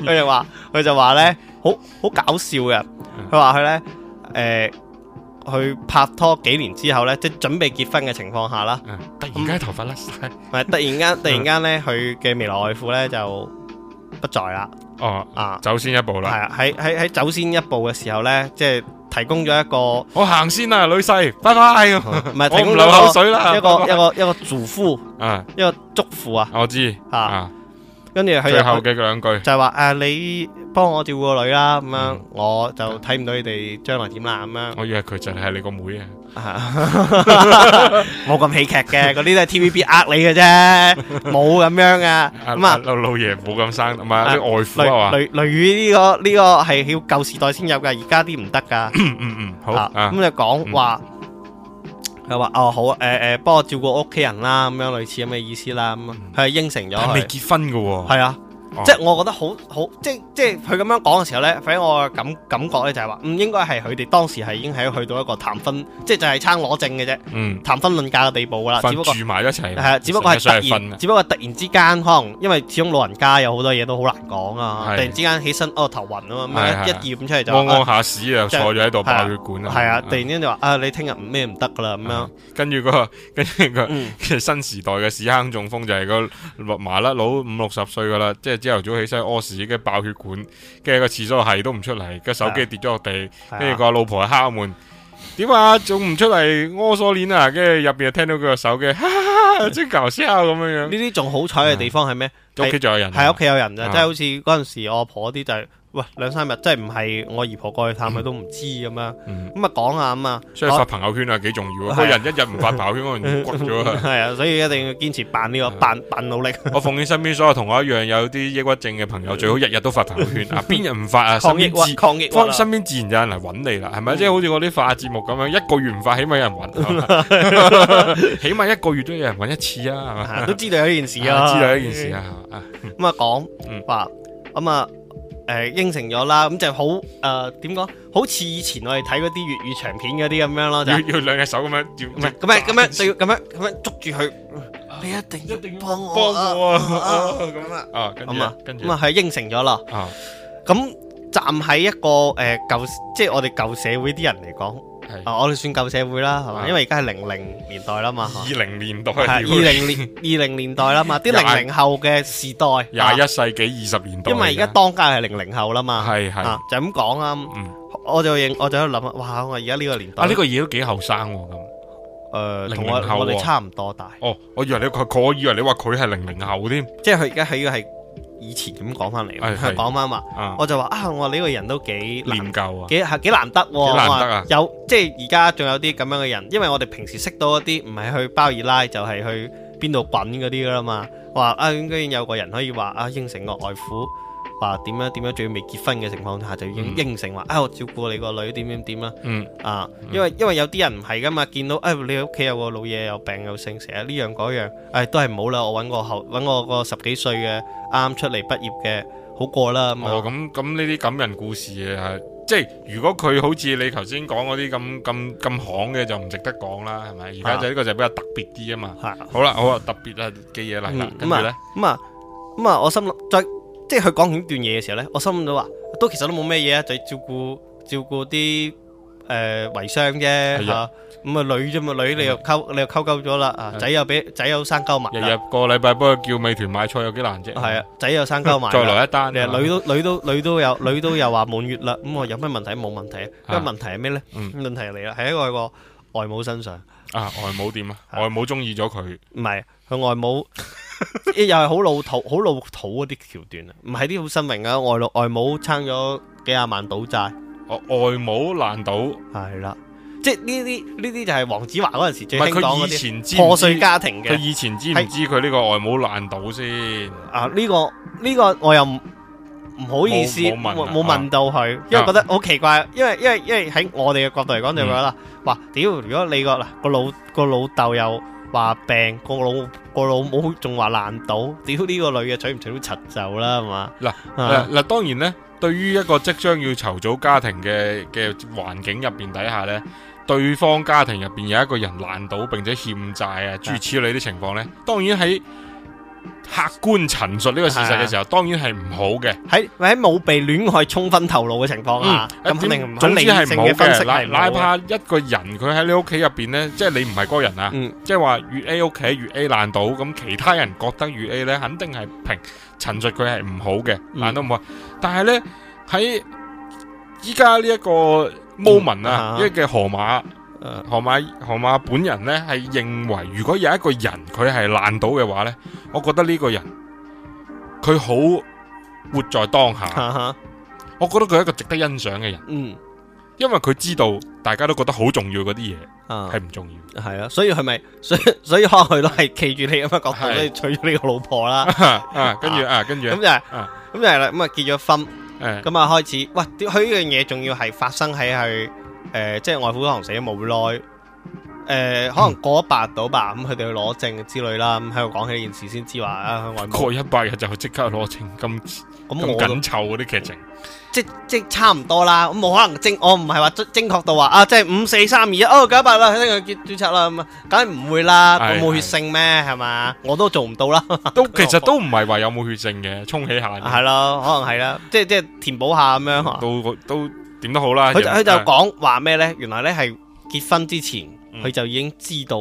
佢就話佢就話咧，好好搞笑嘅。佢話佢咧，誒，去、呃、拍拖幾年之後咧，即、就、係、是、準備結婚嘅情況下啦、嗯，突然間頭髮甩晒，係、嗯、 突然間，突然間咧，佢嘅未來外父咧就不在啦。哦啊，走先一步啦！係啊，喺喺喺走先一步嘅時候咧，即係提供咗一個我行先啦，女婿。拜拜， 唔係停流口水啦個拜拜，一個一個、啊、一個祝福啊，一個祝福啊，我知吓。跟住係最後嘅兩句，就係話誒，你幫我照顧個女啦，咁樣我就睇唔到你哋將來點啦，咁樣。我以為佢就係你個妹啊，冇咁喜劇嘅，嗰啲都係 TVB 呃你嘅啫，冇咁樣嘅。咁啊，老老爺冇咁生，唔係啲外父啊嘛。雷雷雨呢個呢個係要舊時代先有嘅，而家啲唔得噶。嗯嗯嗯，好。咁就講話。佢話：哦，好啊，誒、呃、誒，幫、呃、我照顧屋企人啦，咁樣類似咁嘅意思啦，咁啊，佢、係、應承咗。佢未結婚嘅喎、係。啊。即係我覺得好好，即係即係佢咁樣講嘅時候咧，反正我感感覺咧就係話，唔應該係佢哋當時係已經喺去到一個談婚，即係就係撐攞證嘅啫，談婚論嫁嘅地步噶啦，只不過住埋一齊，係啊，只不過係突然，只不過突然之間，可能因為始終老人家有好多嘢，都好難講啊，突然之間起身，哦，頭暈啊嘛，一驗出嚟就，屙下屎啊，坐咗喺度拔血管啊，係啊，突然間就話啊，你聽日咩唔得噶啦咁樣，跟住嗰個，跟住個新時代嘅屎坑中風就係個麻甩佬五六十歲噶啦，即係朝頭早起身屙屎，嘅爆血管，跟住個廁所係都唔出嚟，個手機跌咗落地，跟住個老婆敲門，點啊，仲唔出嚟屙鎖鏈啊？跟住入邊就聽到佢個手機，哈哈，即係搞笑咁樣樣。呢啲仲好彩嘅地方係咩？屋企仲有人，係屋企有人咋，即係好似嗰陣時我婆啲就。喂，兩三日即係唔係我姨婆過去探佢都唔知咁樣，咁啊講下啊嘛，所以發朋友圈啊幾重要，啊。個人一日唔發朋友圈，我人鬱咗。係啊，所以一定要堅持扮呢個扮扮努力。我奉勸身邊所有同我一樣有啲抑鬱症嘅朋友，最好日日都發朋友圈啊！邊日唔發啊？抗抑鬱，抗抑鬱。身邊自然有人嚟搵你啦，係咪？即係好似我啲化節目咁樣，一個月唔發，起碼有人搵，起碼一個月都有人搵一次啊，係咪？都知道有呢件事啊，知道呢件事啊。咁啊講，嗯，唔發咁啊。誒應承咗啦，咁就好誒點講？好似以前我哋睇嗰啲粵語長片嗰啲咁樣咯，就係，要，要兩隻手咁樣，唔係咁樣咁樣，就要咁樣咁樣捉住佢，啊、你一定一定幫我啊咁啊啊，咁啊，跟住咁啊，佢樣、啊、應承咗啦。咁、啊、站喺一個誒、呃、舊，即係我哋舊社會啲人嚟講。啊！我哋算舊社會啦，係嘛？因為而家係零零年代啦嘛，二零年代，二零年，二零年代啦嘛，啲零零後嘅時代，廿一世紀二十年代，因為而家當屆係零零後啦嘛，係係就咁講啊。我就認，我就喺度諗哇！我而家呢個年代呢個嘢，都幾後生喎，咁。誒，同我，我哋差唔多大。哦，我以為你，佢，我以為你話佢係零零後添，即係佢而家喺個係。以前咁講翻嚟，講翻話，嘛嗯、我就話啊，我呢個人都幾念舊舊啊幾，幾係幾難得、啊，話、啊、有即係而家仲有啲咁樣嘅人，因為我哋平時識到一啲唔係去包二奶，就係、是、去邊度滾嗰啲啦嘛，話啊居然有個人可以話啊應承個外父。話點樣點樣，仲要未結婚嘅情況下就應應承話，啊我照顧你個女，點點點啦，啊，因為因為有啲人唔係噶嘛，見到誒，你屋企有個老嘢有病有性，成日呢樣嗰樣，誒都係唔好啦，我搵個後搵我個十幾歲嘅啱出嚟畢業嘅好過啦。哦，咁咁呢啲感人故事啊，即係如果佢好似你頭先講嗰啲咁咁咁行嘅就唔值得講啦，係咪？而家就呢個就比較特別啲啊嘛。係，好啦，好啊特別啊嘅嘢嚟啦，跟住咧，咁啊咁啊，我心諗再。即係佢講呢段嘢嘅時候咧，我心諗到話，都其實都冇咩嘢啊，就照顧照顧啲誒遺孀啫吓，咁啊女啫嘛，女你又溝你又溝溝咗啦啊，仔又俾仔又生溝埋，日日個禮拜幫佢叫美團買菜有幾難啫，係啊，仔又生溝埋，再來一單，你女都女都女都有，女都有話滿月啦，咁我有咩問題？冇問題，個問題係咩咧？問題嚟啦，係喺一個外母身上啊，外母點啊？外母中意咗佢，唔係佢外母。又係好老土好老土嗰啲橋段啊，唔係啲好新穎啊，外外母撐咗幾廿萬賭債，外外母爛賭係啦，即係呢啲呢啲就係黃子華嗰陣時最聽講嗰啲破碎家庭嘅。佢以前知唔知佢呢個外母爛賭先啊？呢、呢個呢個我又唔好意思冇冇問，問到佢，因為覺得好奇怪，因為因為因為喺我哋嘅角度嚟講、嗯、就覺得：哇「哇屌！如果你個嗱、嗰個老、嗰個老豆又。話病個老個老母仲話爛賭，屌呢個女嘅娶唔娶到柒就啦係嘛？嗱嗱、啊啊啊、當然呢，對於一個即將要籌組家庭嘅嘅環境入邊底下呢，對方家庭入邊有一個人爛賭並且欠債啊諸是的 如此類啲情況呢，當然喺。客觀陳述呢個事實嘅時候，啊、當然係唔好嘅。喺喺冇被戀愛沖昏頭腦嘅情況下，咁、嗯、肯定唔理性嘅分析係。哪怕一個人佢喺你屋企入邊咧，嗯、即係你唔係嗰個人啊，嗯、即係話越 A 屋、OK, 企越 A 爛到，咁其他人覺得越 A 咧，肯定係評陳述佢係唔好嘅爛到唔好。但係咧喺依家呢一個 moment 啊，呢個河馬。嗯啊啊誒，河馬河馬本人咧係認為，如果有一個人佢係爛到嘅話咧，我覺得呢個人佢好活在當下。我覺得佢係一個值得欣賞嘅人。嗯，因為佢知道大家都覺得好重要嗰啲嘢係唔重要。係啊，所以係咪？所所以，可能佢都係企住你咁嘅角度，所以娶咗呢個老婆啦。跟住啊，跟住咁就咁就係啦。咁啊結咗婚，咁啊開始，喂，佢呢樣嘢仲要係發生喺佢。誒、呃，即係外父可能死咗冇耐，誒、呃，可能過咗八日到吧，咁佢哋去攞證之類啦，咁喺度講起呢件事先知話啊，外父過一百日就去即刻攞證，咁咁緊湊嗰啲劇情即，即即差唔多啦，咁冇可能精，我唔係話精確到話啊，即係五四三二一哦，九一八啦，肯定去注冊啦，咁梗係唔會啦，有冇血性咩係嘛，我都做唔到啦，都 其實都唔係話有冇血性嘅，沖起下係咯，可能係啦，即即填補下咁樣都都。都點都好啦，佢就佢就講話咩呢？原來呢係結婚之前，佢、嗯、就已經知道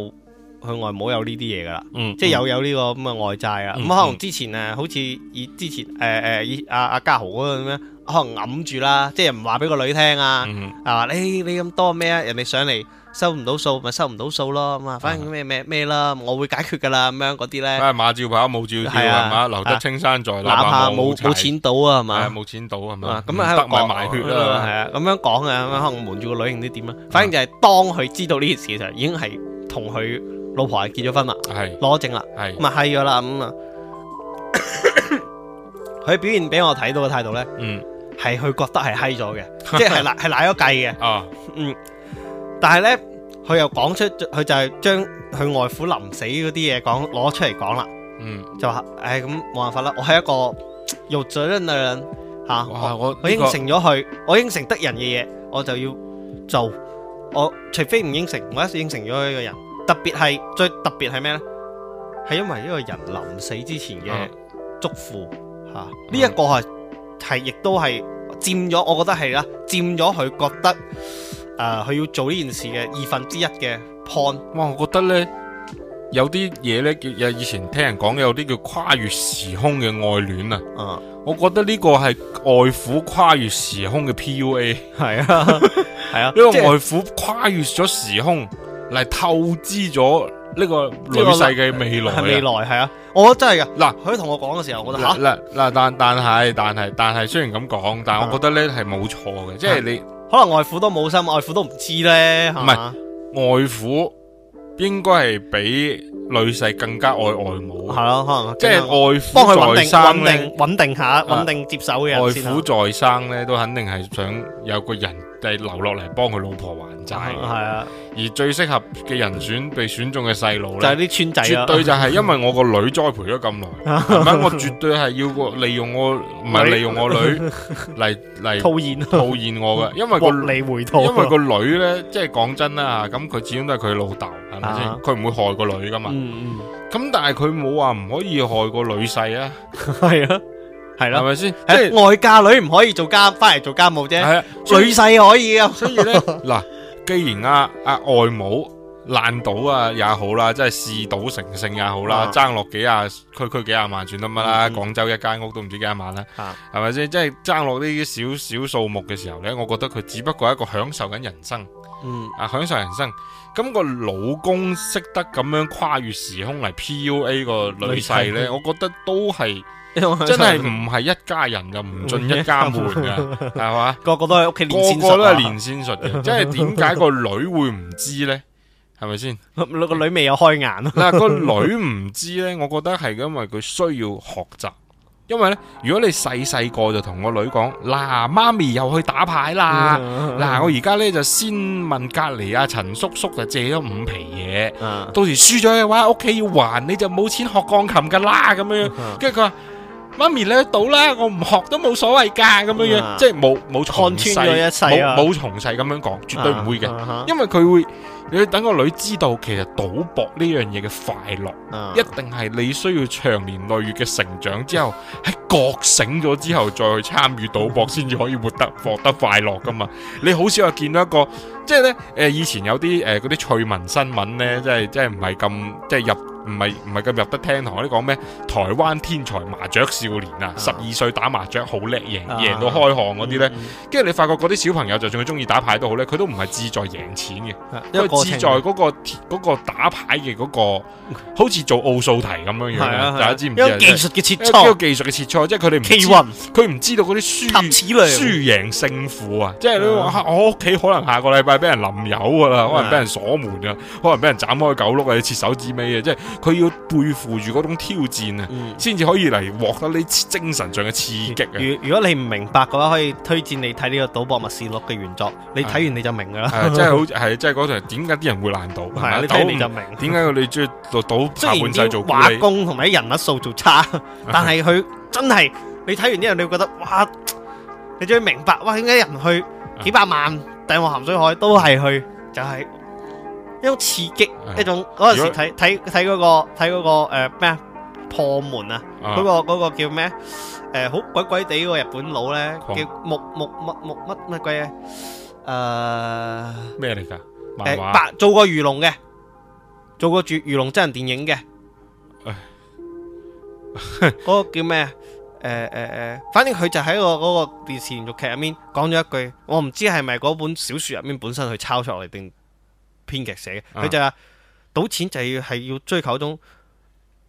佢外母有呢啲嘢噶啦，嗯嗯、即係有有呢個咁嘅外債啊。咁可能之前誒，好似以之前誒誒、呃、以阿、啊、阿家豪嗰個咁樣，可能揞住啦，嗯、即係唔話俾個女聽啊。啊、嗯嗯，你你咁多咩啊？人哋上嚟。收唔到數咪收唔到數咯，咁啊，反正咩咩咩啦，我會解決噶啦，咁樣嗰啲咧。啊，馬照跑，舞照跳，係，留得青山在，哪怕冇冇錢賭啊，係嘛，冇錢賭係嘛，咁啊，得賣賣血啦，係啊，咁樣講啊，咁樣我瞞住個女型啲點啊？反正就係當佢知道呢件事嘅時候，已經係同佢老婆係結咗婚啦，攞咗證啦，係咪嗨咗啦？咁啊，佢表現俾我睇到嘅態度咧，嗯，係佢覺得係嗨咗嘅，即係賴係賴咗計嘅，但係咧。佢又講出，佢就係將佢外父臨死嗰啲嘢講攞出嚟講啦。嗯，就話，誒咁冇辦法啦，我係一個有責任嘅人嚇，我應承咗佢，這個、我應承得人嘅嘢我就要做，我除非唔應承，我一應承咗佢呢個人，特別係最特別係咩咧？係因為呢個人臨死之前嘅祝福嚇，呢一、啊啊嗯、個係係亦都係佔咗，我覺得係啦，佔咗佢覺得。誒，佢、呃、要做呢件事嘅二分之一嘅 point。哇，我覺得呢，有啲嘢呢，叫有以前聽人講有啲叫跨越時空嘅愛戀啊。嗯，我覺得呢個係外父跨越時空嘅 PUA。係啊，係啊，呢個外父跨越咗時空嚟透支咗呢個女婿嘅未來。未來係啊，我覺得真係噶。嗱，佢同我講嘅時候，我覺得吓。嗱、啊啊，但但係，但係，但係，雖然咁講，但係我覺得呢係冇錯嘅，即、就、係、是、你。啊可能外父都冇心，外父都唔知咧。唔係外父應該係比女婿更加愛外母，係咯、啊，可能，即係外父在生，幫佢穩定穩定，穩定下，穩定接手嘅外父在生咧，都肯定係想有個人，就係留落嚟幫佢老婆還債，係啊。而最適合嘅人選被選中嘅細路咧，就係啲村仔，絕對就係因為我個女栽培咗咁耐，唔該我絕對係要個利用我，唔係利用我女嚟嚟套現套現我嘅，因為個利回因為個女咧，即係講真啦，咁佢始終都係佢老豆，係咪先？佢唔會害個女噶嘛，咁但係佢冇話唔可以害個女婿啊，係啊。係啦，係咪先？即是外嫁女唔可以做家，翻嚟做家務啫。係啊的，女婿可以啊。所以咧，嗱，既然阿、啊、阿、啊、外母爛賭啊也好啦，即係嗜賭成性也好啦，爭、啊、落幾廿區區幾廿萬，算得乜啦？廣州一間屋都唔知幾廿萬啦，係咪先？即係爭落呢啲少少數目嘅時候咧，我覺得佢只不過係一個享受緊人生，嗯，啊，享受人生。咁個老公識得咁樣跨越時空嚟 PUA 個女婿咧，女婿呢我覺得都係。真係唔係一家人就唔進一家門噶，係嘛 吧？個個都喺屋企練線術，個個都係練線術嘅。 即係點解個女會唔知呢？係咪先？個女未有開眼咯。個女唔知呢，我覺得係因為佢需要學習。 因為呢，如果你細細個就同個女講嗱，媽 咪又去打牌啦，嗱、嗯嗯啊，我而家呢就先問隔籬阿陳叔叔就借咗五皮嘢，啊、到時輸咗嘅話，屋企要還，你就冇錢學鋼琴噶啦咁樣樣。跟住佢話。媽咪你去賭啦，我唔學都冇所謂㗎，咁樣樣、uh huh. 即係冇冇看穿一世、啊，冇冇從細咁樣講，絕對唔會嘅，uh huh. 因為佢會你要等個女知道其實賭博呢樣嘢嘅快樂，uh huh. 一定係你需要長年累月嘅成長之後，喺覺醒咗之後再去參與賭博先至可以獲得獲得快樂㗎嘛。你好少有見到一個，即係咧誒，以前有啲誒嗰啲趣聞新聞咧，即係即係唔係咁即係入。唔係唔係咁入得廳堂，同我哋講咩？台灣天才麻雀少年啊，十二歲打麻雀好叻贏，贏到開巷嗰啲呢。跟住你發覺嗰啲小朋友，就算佢中意打牌都好咧，佢都唔係志在贏錢嘅，因為志在嗰個打牌嘅嗰個，好似做奧數題咁樣樣。大家知唔知？技術嘅切磋，技術嘅切磋，即係佢哋唔知，佢唔知道嗰啲輸輸贏勝負啊！即係你話我屋企可能下個禮拜俾人淋油噶啦，可能俾人鎖門啊，可能俾人斬開九碌啊，切手指尾啊，即係。佢要背負住嗰種挑戰啊，先至、嗯、可以嚟獲得呢精神上嘅刺激啊。如如果你唔明白嘅話，可以推薦你睇呢個《賭博默示錄》嘅原作，你睇完你就明噶啦。係真係好，係真係嗰陣，點解啲人會爛賭？係啊，你睇完你就明。點解我哋鍾意賭跑滿晒做工，同埋啲人物塑造差？但係佢真係，你睇完之後，你會覺得哇，你最明白哇，點解人去幾百萬掟往咸水海都係去就係、是。就是一種刺激，一種嗰陣時睇睇睇嗰個睇、那個誒咩、呃、破門啊，嗰、啊那個、那個叫咩誒好鬼鬼地個日本佬咧，嗯、叫木木木木乜乜鬼嘢誒咩嚟噶？誒、啊呃欸、白做過魚龍嘅，做過住魚龍真人電影嘅，嗰、哎、呀 個叫咩？誒誒誒，反正佢就喺個嗰個電視連續劇入面講咗一句，我唔知係咪嗰本，本小說入面本身去抄出嚟定。編劇寫嘅，佢就話賭錢就要係要追求一種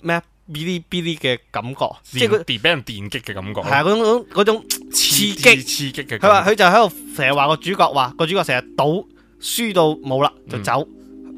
咩嗶哩嗶哩嘅感覺，即係佢俾人電擊嘅感覺，係嗰種嗰種刺激刺激嘅。佢話佢就喺度成日話個主角話個主角成日賭輸到冇啦就走，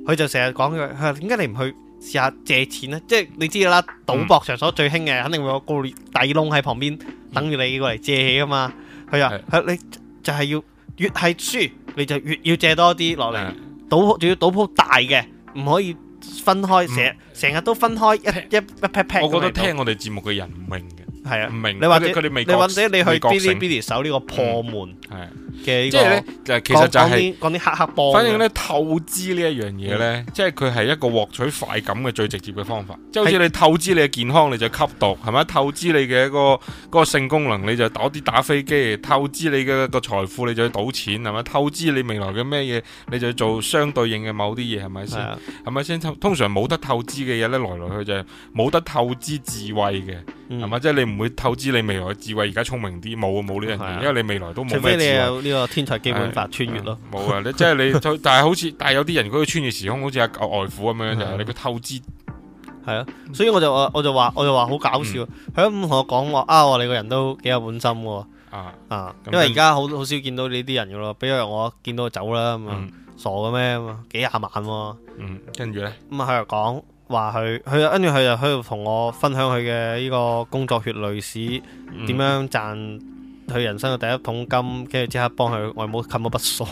佢就成日講佢佢點解你唔去試下借錢呢？即係你知道啦，賭博場所最興嘅，肯定會有個高利貸窿喺旁邊，等住你過嚟借起噶嘛。佢話，你就係要越係輸，你就越要借多啲落嚟。賭仲要賭鋪大嘅，唔可以分開寫，成、嗯、日，成日都分開一匹一一 pat pat 我覺得聽我哋節目嘅人唔明嘅，係啊，唔明。你或者你去 bilibili 搜呢個破門，係、嗯。即係咧，就其實就係講啲黑黑波。反正咧，透支呢一樣嘢咧，嗯、即係佢係一個獲取快感嘅最直接嘅方法。即係好似你透支你嘅健康，你就吸毒，係咪是？透支你嘅一、嗰個、嗰個性功能，你就打啲打飛機；透支你嘅個財富，你就去賭錢，係咪？透支你未來嘅咩嘢，你就要做相對應嘅某啲嘢，係咪先？係咪先？通常冇得透支嘅嘢咧，來來去就係冇得透支智慧嘅。係嘛，即係你唔會透支你未來嘅智慧，而家聰明啲冇啊？冇呢樣嘢，因為你未來都冇。除非你有呢個天才基本法穿越咯，冇啊！你即係你，但係好似但係有啲人如果穿越時空，好似阿外父咁樣就你個透支係啊，所以我就我就話我就話好搞笑，佢咁同我講話啊，你個人都幾有本心喎。因為而家好好少見到你啲人噶咯，比如我見到走啦咁傻嘅咩？幾廿萬嗯，跟住咧咁啊，喺度講。話佢，佢跟住佢就喺度同我分享佢嘅呢個工作血淚史，點、嗯、樣賺佢人生嘅第一桶金，跟住即刻幫佢外母冚咗筆數，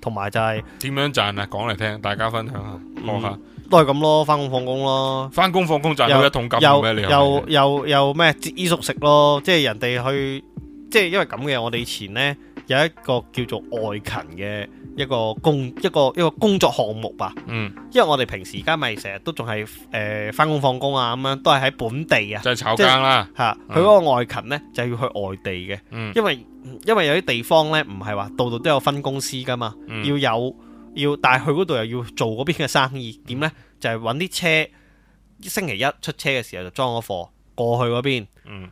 同埋就係、是、點樣賺啊？講嚟聽，大家分享下，講、嗯、下都係咁咯，返工放工咯，返工放工賺有一桶金，又又又又咩？節衣縮食咯，即係人哋去，即係因為咁嘅，我哋以前呢。有一個叫做外勤嘅一個工一個一個工作項目吧。嗯，因為我哋平時而家咪成日都仲係誒翻工放工啊，咁樣都係喺本地啊，就係炒更啦。吓是，佢嗰、嗯、個外勤呢，就是，要去外地嘅、嗯，因為因為有啲地方呢，唔係話度度都有分公司噶嘛，要有要，但係去嗰度又要做嗰邊嘅生意，點呢？就係搵啲車，星期一出車嘅時候就裝咗貨過去嗰邊，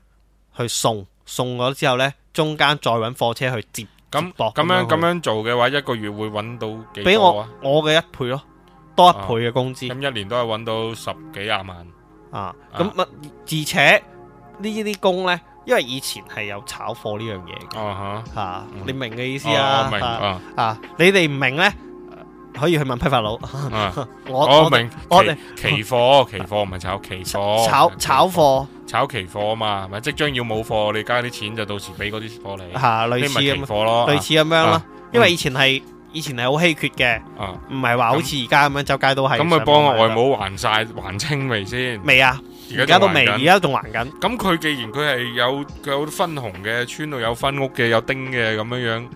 去送送咗之後呢，中間再揾貨車去接，咁咁樣咁樣做嘅話，一個月會揾到幾多啊？畀我，我嘅一倍咯，多一倍嘅工資。咁、啊、一年都係揾到十幾廿萬啊！咁、啊、而且呢啲工呢，因為以前係有炒貨呢樣嘢嘅，你明嘅意思啊？啊，我明，你哋唔明呢？可以去問批發佬。我明，我期貨期貨唔係炒期貨，炒炒貨，炒期貨啊嘛，咪即將要冇貨，你加啲錢就到時俾嗰啲貨你。吓，類似咁，貨咯，類似咁樣咯。因為以前係以前係好稀缺嘅，唔係話好似而家咁樣，周街都係。咁咪幫外母還晒還清未先？未啊，而家都未，而家仲還緊。咁佢既然佢係有佢有分紅嘅，村度有分屋嘅，有丁嘅咁樣樣。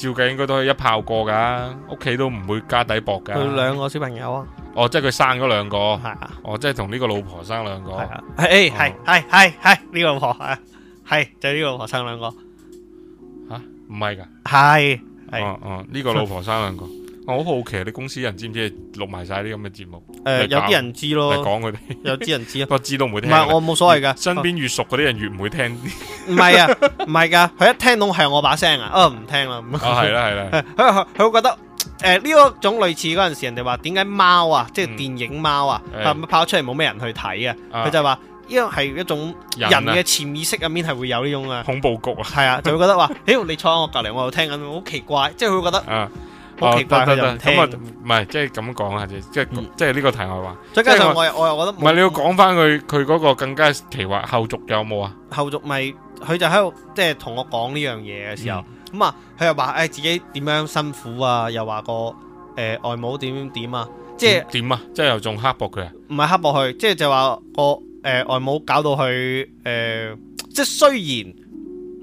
照計應該都可以一炮過噶，屋企都唔會家底薄噶。佢兩個小朋友啊？哦，即係佢生咗兩個。係啊。哦，即係同呢個老婆生兩個。係啊。誒，係係係係，呢個老婆係啊，係就係呢個老婆生兩個。嚇？唔係㗎。係。哦哦，呢個老婆生兩個。我好好奇你公司人知唔知錄埋晒啲咁嘅節目？誒，有啲人知咯，講佢哋有啲人知啊。我知都唔會聽，唔係我冇所謂噶。身邊越熟嗰啲人越唔會聽。唔係啊，唔係噶，佢一聽到係我把聲啊，啊唔聽啦。啊，係啦係啦。佢佢佢會覺得誒呢一種類似嗰陣時人哋話點解貓啊，即係電影貓啊，啊跑出嚟冇咩人去睇啊。佢就話呢個係一種人嘅潛意識入面係會有呢種啊恐怖局啊。係啊，就會覺得話，妖你坐喺我隔籬，我又聽緊，好奇怪，即係佢會覺得哦，奇怪得得得，咁啊，唔係，即係咁講下啫，即係、嗯、即係呢個題外話。再加上我又我又覺得唔係，你要講翻佢佢嗰個更加奇幻。後續有冇啊？後續咪佢就喺度即係同我講呢樣嘢嘅時候，咁、嗯、啊，佢又話誒自己點樣辛苦啊？又話個誒、呃、外母點點點啊？即係點、嗯、啊？即係又仲刻薄佢？啊？唔係刻薄佢，即係就話個誒、呃、外母搞到佢誒、呃，即係雖然。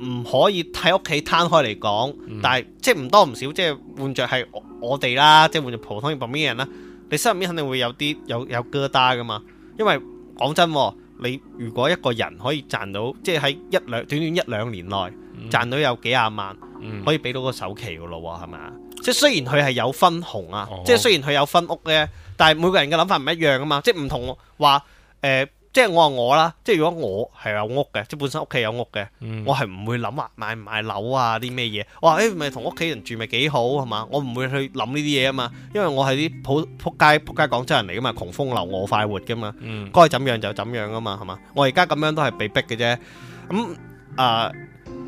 唔可以喺屋企攤開嚟講，嗯、但係即係唔多唔少，即係換着係我哋啦，即係換着普通一般嘅人啦，你心入面肯定會有啲有有疙瘩噶嘛。因為講真、喎，你如果一個人可以賺到，即係喺一兩短短一兩年內、嗯、賺到有幾廿萬，嗯、可以俾到個首期噶咯喎，係咪啊？即係雖然佢係有分紅啊，即係、哦、雖然佢有分屋咧，但係每個人嘅諗法唔一樣啊嘛，即係唔同話誒。即係我話我啦，即係如果我係有屋嘅，即係本身屋企有屋嘅，嗯啊，我係唔會諗話買唔買樓啊啲咩嘢，我話誒，咪同屋企人住咪幾好係嘛，我唔會去諗呢啲嘢啊嘛，因為我係啲普扑街扑街廣州人嚟噶嘛，窮風流我快活噶嘛，該怎樣就怎樣噶嘛係嘛，我而家咁樣都係被逼嘅啫，咁，嗯，啊，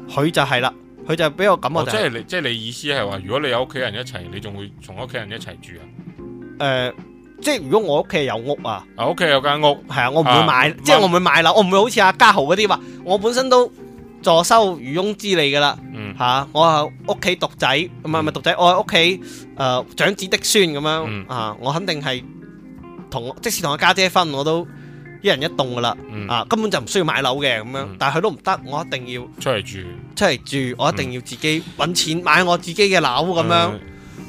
佢，呃，就係，是，啦，佢就俾我感覺就係，是哦，即係你即係你意思係話，如果你有屋企人一齊，你仲會同屋企人一齊住啊？誒，呃。即係如果我屋企有屋啊，屋企有間屋，係啊，我唔會買，啊、即係我唔會買樓，我唔會好似阿家豪嗰啲話，我本身都坐收漁翁之利噶啦，吓、嗯啊，我屋企獨仔，唔係唔係獨仔，嗯、我係屋企誒長子的孫咁樣，吓、嗯啊，我肯定係同即使同我家姐分，我都一人一棟噶啦，嗯、啊，根本就唔需要買樓嘅咁樣，嗯、但係佢都唔得，我一定要出嚟住，出嚟住，我一定要自己揾錢買我自己嘅樓咁樣。嗯嗯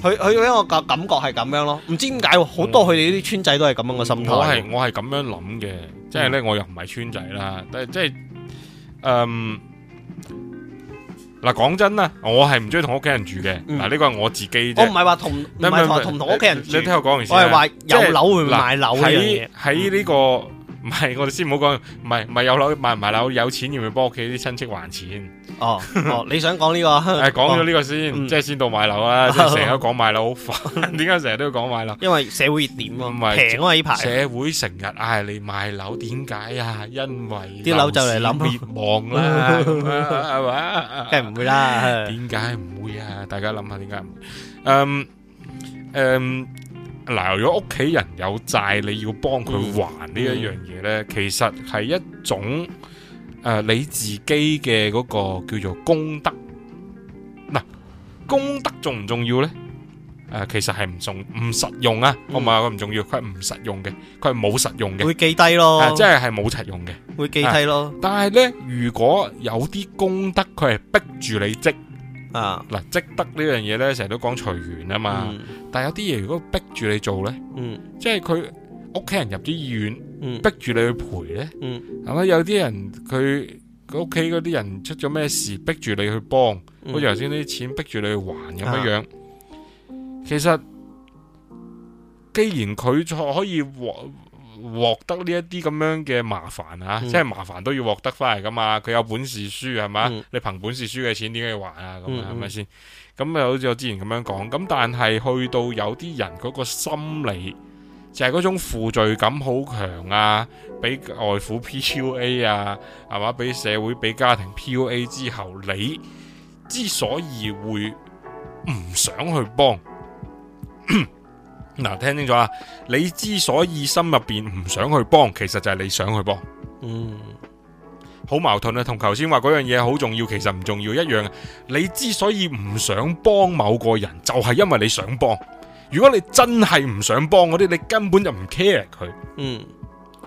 佢佢因為個感覺係咁樣咯，唔知點解好多佢哋啲村仔都係咁樣嘅心態。我係我係咁樣諗嘅，即係咧我又唔係村仔啦，但係即係嗯嗱講真啊，我係唔中意同屋企人住嘅。嗱呢個係我自己啫。我唔係話同唔係話同同屋企人住。你聽我講完先。我係話有樓會唔會買樓呢樣嘢喺呢個。唔係，我哋先唔好講，唔係唔係有樓買唔買樓，有錢要唔要幫屋企啲親戚還錢？哦，你想講呢個？誒，講咗呢個先，即係先到買樓啦，即係成日講買樓好煩，點解成日都要講買樓？因為社會熱點，唔係平啊！依排社會成日嗌你買樓，點解啊？因為啲樓就嚟冧滅亡啦，係嘛？梗係唔會啦，點解唔會啊？大家諗下點解唔會？嗯嗯。嗱，如果屋企人有債，你要幫佢還呢一樣嘢呢，嗯嗯、其實係一種誒、呃、你自己嘅嗰個叫做功德。嗱、呃，功德重唔重要呢？呃、其實係唔重唔實用啊，好唔好？佢唔重要，佢係唔實用嘅，佢係冇實用嘅，會記低咯，即係係冇實用嘅，會記低咯。啊、但係呢，如果有啲功德，佢係逼住你積。啊，嗱，積德呢樣嘢咧，成日都講隨緣啊嘛，嗯、但係有啲嘢如果逼住你做咧，嗯，即係佢屋企人入咗醫院，嗯、逼住你去賠咧，嗯，係咪有啲人佢佢屋企嗰啲人出咗咩事，逼住你去幫，好似頭先啲錢逼住你去還咁樣樣，啊、其實既然佢錯可以獲。獲得呢一啲咁樣嘅麻煩啊，嗯、即係麻煩都要獲得翻嚟噶嘛，佢有本事輸係嘛？嗯、你憑本事輸嘅錢點解要還啊？咁係咪先？咁啊，好似我之前咁樣講，咁但係去到有啲人嗰個心理就係、是、嗰種負罪感好強啊，俾外父 PUA 啊，係嘛？俾社會、俾家庭 PUA 之後，你之所以會唔想去幫，嗱，聽清楚啊！你之所以心入邊唔想去幫，其實就係你想去幫。嗯，好矛盾啊！同頭先話嗰樣嘢好重要，其實唔重要一樣啊！你之所以唔想幫某個人，就係因為你想幫。如果你真係唔想幫嗰啲，你根本就唔 care 佢。嗯。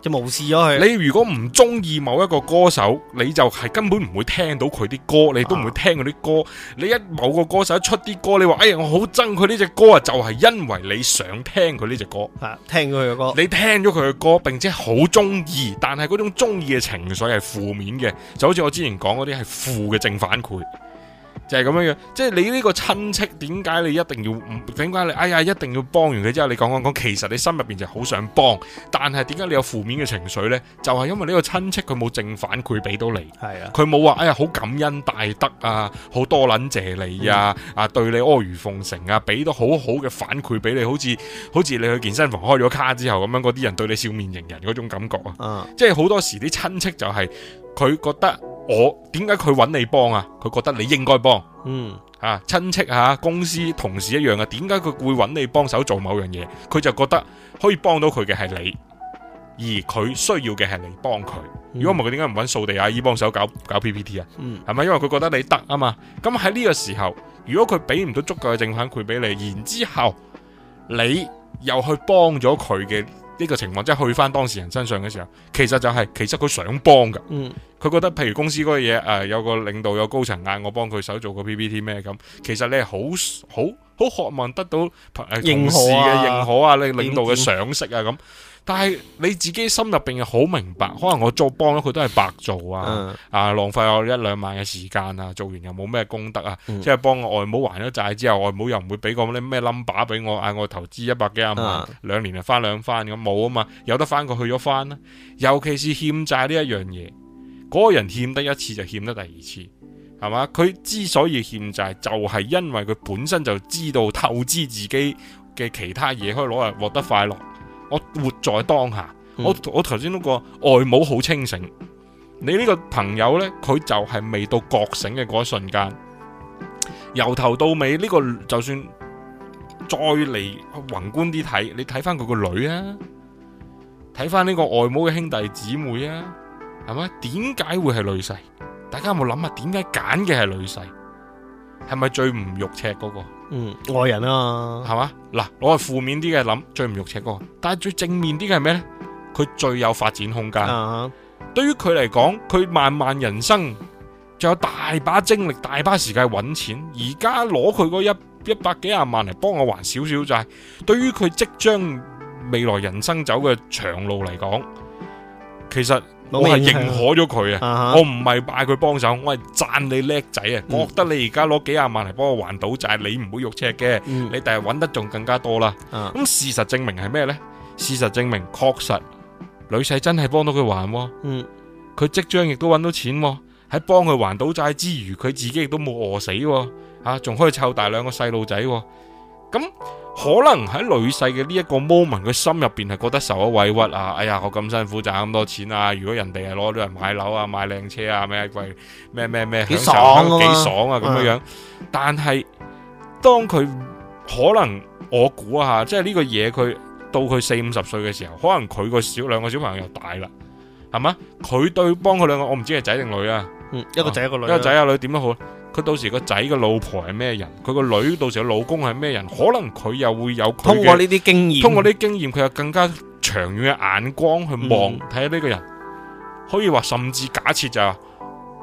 就冇事咯。你如果唔中意某一個歌手，你就係根本唔會聽到佢啲歌，你都唔會聽佢啲歌。你一某個歌手一出啲歌，你話哎呀，我好憎佢呢隻歌啊，就係因為你想聽佢呢隻歌，聽佢嘅歌。你聽咗佢嘅歌，並且好中意，但係嗰種中意嘅情緒係負面嘅，就好似我之前講嗰啲係負嘅正反饋。就係咁樣樣，即係你呢個親戚點解你一定要唔點解你哎呀一定要幫完佢之後你講講講，其實你心入邊就好想幫，但係點解你有負面嘅情緒呢？就係因為呢個親戚佢冇正反饋俾到你，係啊，佢冇話哎呀好感恩大德啊，好多捻謝你啊，嗯、啊對你阿諛奉承啊，俾到好好嘅反饋俾你，好似好似你去健身房開咗卡之後咁樣，嗰啲人對你笑面迎人嗰種感覺啊，即係好多時啲親戚就係佢覺得。我點解佢揾你幫啊？佢覺得你應該幫。嗯，吓、啊、親戚吓、啊、公司同事一樣啊。點解佢會揾你幫手做某樣嘢？佢就覺得可以幫到佢嘅係你，而佢需要嘅係你幫佢。如果唔係，佢點解唔揾掃地阿姨幫手搞搞 PPT 啊？PP 啊嗯，係咪因為佢覺得你得啊嘛？咁喺呢個時候，如果佢俾唔到足夠嘅正反饋俾你，然之後你又去幫咗佢嘅。呢個情況即係去翻當事人身上嘅時候，其實就係、是、其實佢想幫嘅，佢、嗯、覺得譬如公司嗰個嘢誒，有個領導有高層嗌、啊、我幫佢手做個 PPT 咩咁，其實你係好好渴望得到誒同事嘅認可啊，你、啊、領導嘅賞識啊咁。但係你自己心入邊又好明白，可能我做幫咗佢都係白做啊，嗯、啊浪費我一兩萬嘅時間啊，做完又冇咩功德啊，即係幫我外母還咗債之後，外母又唔會俾個咩咩 number 俾我，嗌、啊、我投資一百幾廿萬，兩、嗯、年就兩啊翻兩番咁冇啊嘛，有得翻佢去咗翻啦，尤其是欠債呢一樣嘢，嗰、那個人欠得一次就欠得第二次，係嘛？佢之所以欠債，就係、是、因為佢本身就知道透支自己嘅其他嘢可以攞嚟獲得快樂。我活在當下，我我頭先嗰個外母好清醒。你呢個朋友呢，佢就係未到覺醒嘅嗰一瞬間，由頭到尾呢個就算再嚟宏觀啲睇，你睇翻佢個女啊，睇翻呢個外母嘅兄弟姊妹啊，係咪？點解會係女婿？大家有冇諗下，點解揀嘅係女婿？係咪最唔肉赤嗰個？嗯，愛人啊，係嘛？嗱，我係負面啲嘅諗，最唔肉赤個。但係最正面啲嘅係咩咧？佢最有發展空間。啊、對於佢嚟講，佢漫漫人生，仲有大把精力、大把時間揾錢。而家攞佢嗰一一百幾廿萬嚟幫我還少少債，對於佢即將未來人生走嘅長路嚟講，其實。我係認可咗佢啊。哈我！我唔係拜佢幫手，我係讚你叻仔啊！覺得你而家攞幾廿萬嚟幫我還賭債，你唔會肉赤嘅，嗯、你第日揾得仲更加多啦！咁、啊、事實證明係咩呢？事實證明確實女婿真係幫到佢還、啊，嗯，佢即將亦都揾到錢喎、啊。喺幫佢還賭債之餘，佢自己亦都冇餓死、啊，吓、啊、仲可以湊大兩個細路仔，咁、啊。可能喺女婿嘅呢一個 moment，佢心入邊係覺得受咗委屈啊！哎呀，我咁辛苦賺咁多錢啊！如果人哋係攞嚟買樓啊、買靚車啊、咩鬼咩咩咩，享受都幾爽，爽啊！咁、嗯、樣樣，但係當佢可能我估下，即係呢個嘢，佢到佢四五十歲嘅時候，可能佢個小兩個小朋友又大啦，係嘛？佢對幫佢兩個，我唔知係仔定女啊，嗯、啊一個仔一個女、啊，一個仔一個女，點都好。佢到時個仔嘅老婆係咩人？佢個女到時嘅老公係咩人？可能佢又會有通過呢啲經驗，通過呢啲經驗，佢有更加長遠嘅眼光去望睇下呢個人。可以話甚至假設就話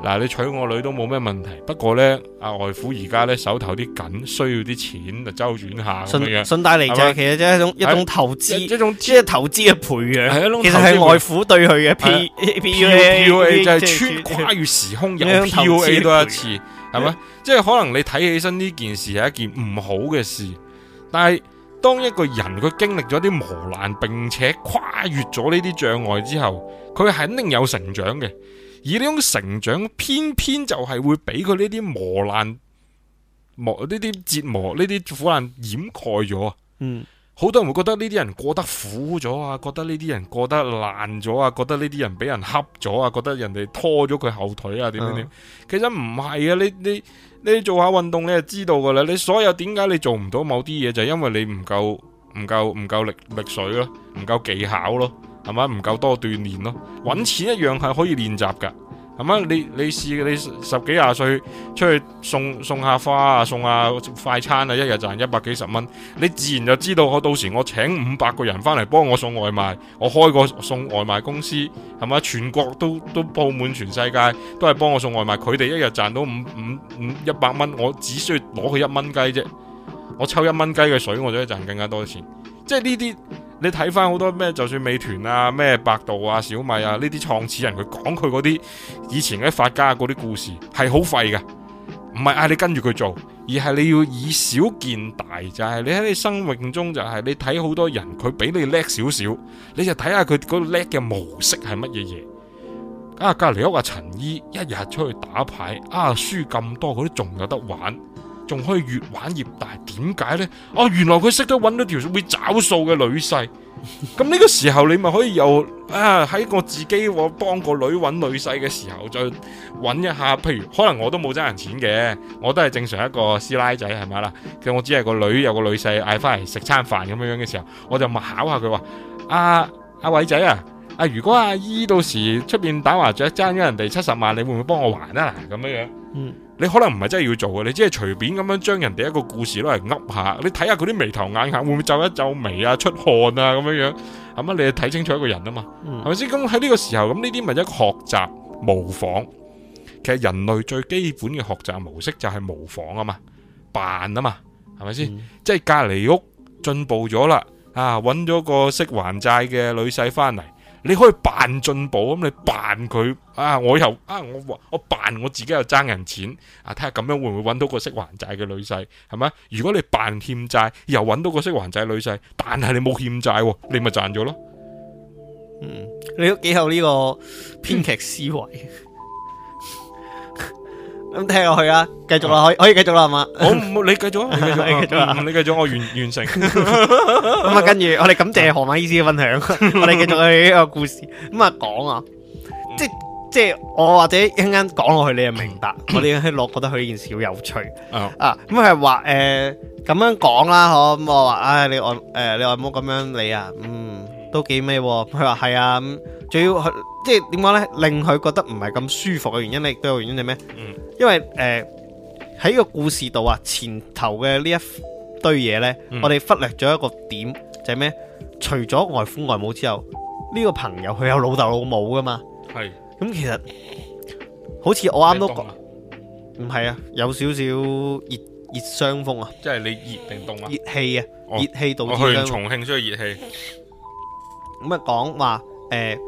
嗱，你娶我女都冇咩問題。不過咧，阿外父而家咧手頭啲緊，需要啲錢啊周轉下咁樣。順帶嚟就其實即係一種一種投資，一種即係投資嘅培養。係啊，其實係外父對佢嘅 P P U A 就係跨越時空又 PUA 多一次。係咪？即係可能你睇起身呢件事係一件唔好嘅事，但係當一個人佢經歷咗啲磨難，並且跨越咗呢啲障礙之後，佢肯定有成長嘅。而呢種成長，偏偏就係會俾佢呢啲磨難、磨呢啲折磨、呢啲苦難掩蓋咗。嗯。好多人會覺得呢啲人過得苦咗啊，覺得呢啲人過得爛咗啊，覺得呢啲人俾人恰咗啊，覺得人哋拖咗佢後腿啊，點點點。其實唔係啊，你你你做下運動你就知道噶啦。你所有點解你做唔到某啲嘢，就係因為你唔夠唔夠唔夠力力水咯，唔夠技巧咯，係咪？唔夠多鍛煉咯。揾錢一樣係可以練習噶。咁你你試你十幾廿歲出去送送下花啊，送下快餐啊，一日賺一百幾十蚊，你自然就知道我到時我請五百個人翻嚟幫我送外賣，我開個送外賣公司，係咪全國都都鋪滿全世界都係幫我送外賣？佢哋一日賺到五五一百蚊，我只需要攞佢一蚊雞啫，我抽一蚊雞嘅水，我就可以賺更加多嘅錢。即係呢啲。你睇翻好多咩？就算美團啊、咩百度啊、小米啊呢啲創始人，佢講佢嗰啲以前嗰啲發家嗰啲故事，係好廢噶，唔係叫你跟住佢做，而係你要以小見大、就是，就係你喺你生命中、就是，就係你睇好多人，佢比你叻少少，你就睇下佢嗰叻嘅模式係乜嘢嘢。啊，隔籬屋個陳姨，一日出去打牌，啊輸咁多，佢都仲有得玩。仲可以越玩越大，點解呢？哦、啊，原來佢識得揾到條會找數嘅女婿。咁呢 個時候，你咪可以又啊喺個自己我幫個女揾女婿嘅時候，再揾一下。譬如可能我都冇爭人錢嘅，我都係正常一個師奶仔，係咪啦？其實我只係個女有個女婿嗌翻嚟食餐飯咁樣樣嘅時候，我就問考下佢話：阿阿偉仔啊！啊！如果阿姨到時出邊打麻雀爭咗人哋七十萬，你會唔會幫我還啊？咁樣樣，嗯，你可能唔係真係要做嘅，你只係隨便咁樣將人哋一個故事攞嚟噏下，你睇下佢啲眉頭眼眼會唔會皺一皺眉啊、出汗啊咁樣樣，咁啊，你睇清楚一個人啊嘛，係咪先？咁喺呢個時候，咁呢啲咪一個學習模仿，其實人類最基本嘅學習模式就係模仿啊嘛，扮啊嘛，係咪先？嗯、即係隔籬屋進步咗啦，啊，搵咗個識還債嘅女婿翻嚟。你可以扮進步咁，你扮佢啊！我又啊，我我扮我自己又爭人錢啊！睇下咁樣會唔會揾到個識還債嘅女婿，係咪？如果你扮欠債又揾到個識還債女婿，但係你冇欠債，啊，你咪賺咗咯。嗯、你都幾有呢個編劇思維。 咁聽落去啊，繼續啦，可以可以繼續啦，係嘛？我唔，你繼續，你繼續，繼續，你繼續，我完完成。咁啊，跟住我哋感謝何馬醫師嘅分享，我哋繼續去呢個故事。咁啊，講啊，即係即係我或者一陣間講落去，你就明白。我哋落覺得佢呢件事好有趣。啊啊，咁係話誒，咁樣講啦，好。咁我話，唉，你外誒，你外母咁樣你啊，嗯。都幾咩喎？佢話係啊，咁仲要佢即係點講呢？令佢覺得唔係咁舒服嘅原因，你都有原因係咩？嗯、因為誒喺、呃、個故事度啊，前頭嘅呢一堆嘢呢，嗯、我哋忽略咗一個點，就係、是、咩？除咗外父外母之後，呢、這個朋友佢有老豆老母㗎嘛？係咁是、嗯，其實好似我啱都講，唔係啊，有少少熱熱傷風啊，即係你熱定凍啊？熱氣啊，熱氣到我去重慶，需要熱氣。咁啊，講話誒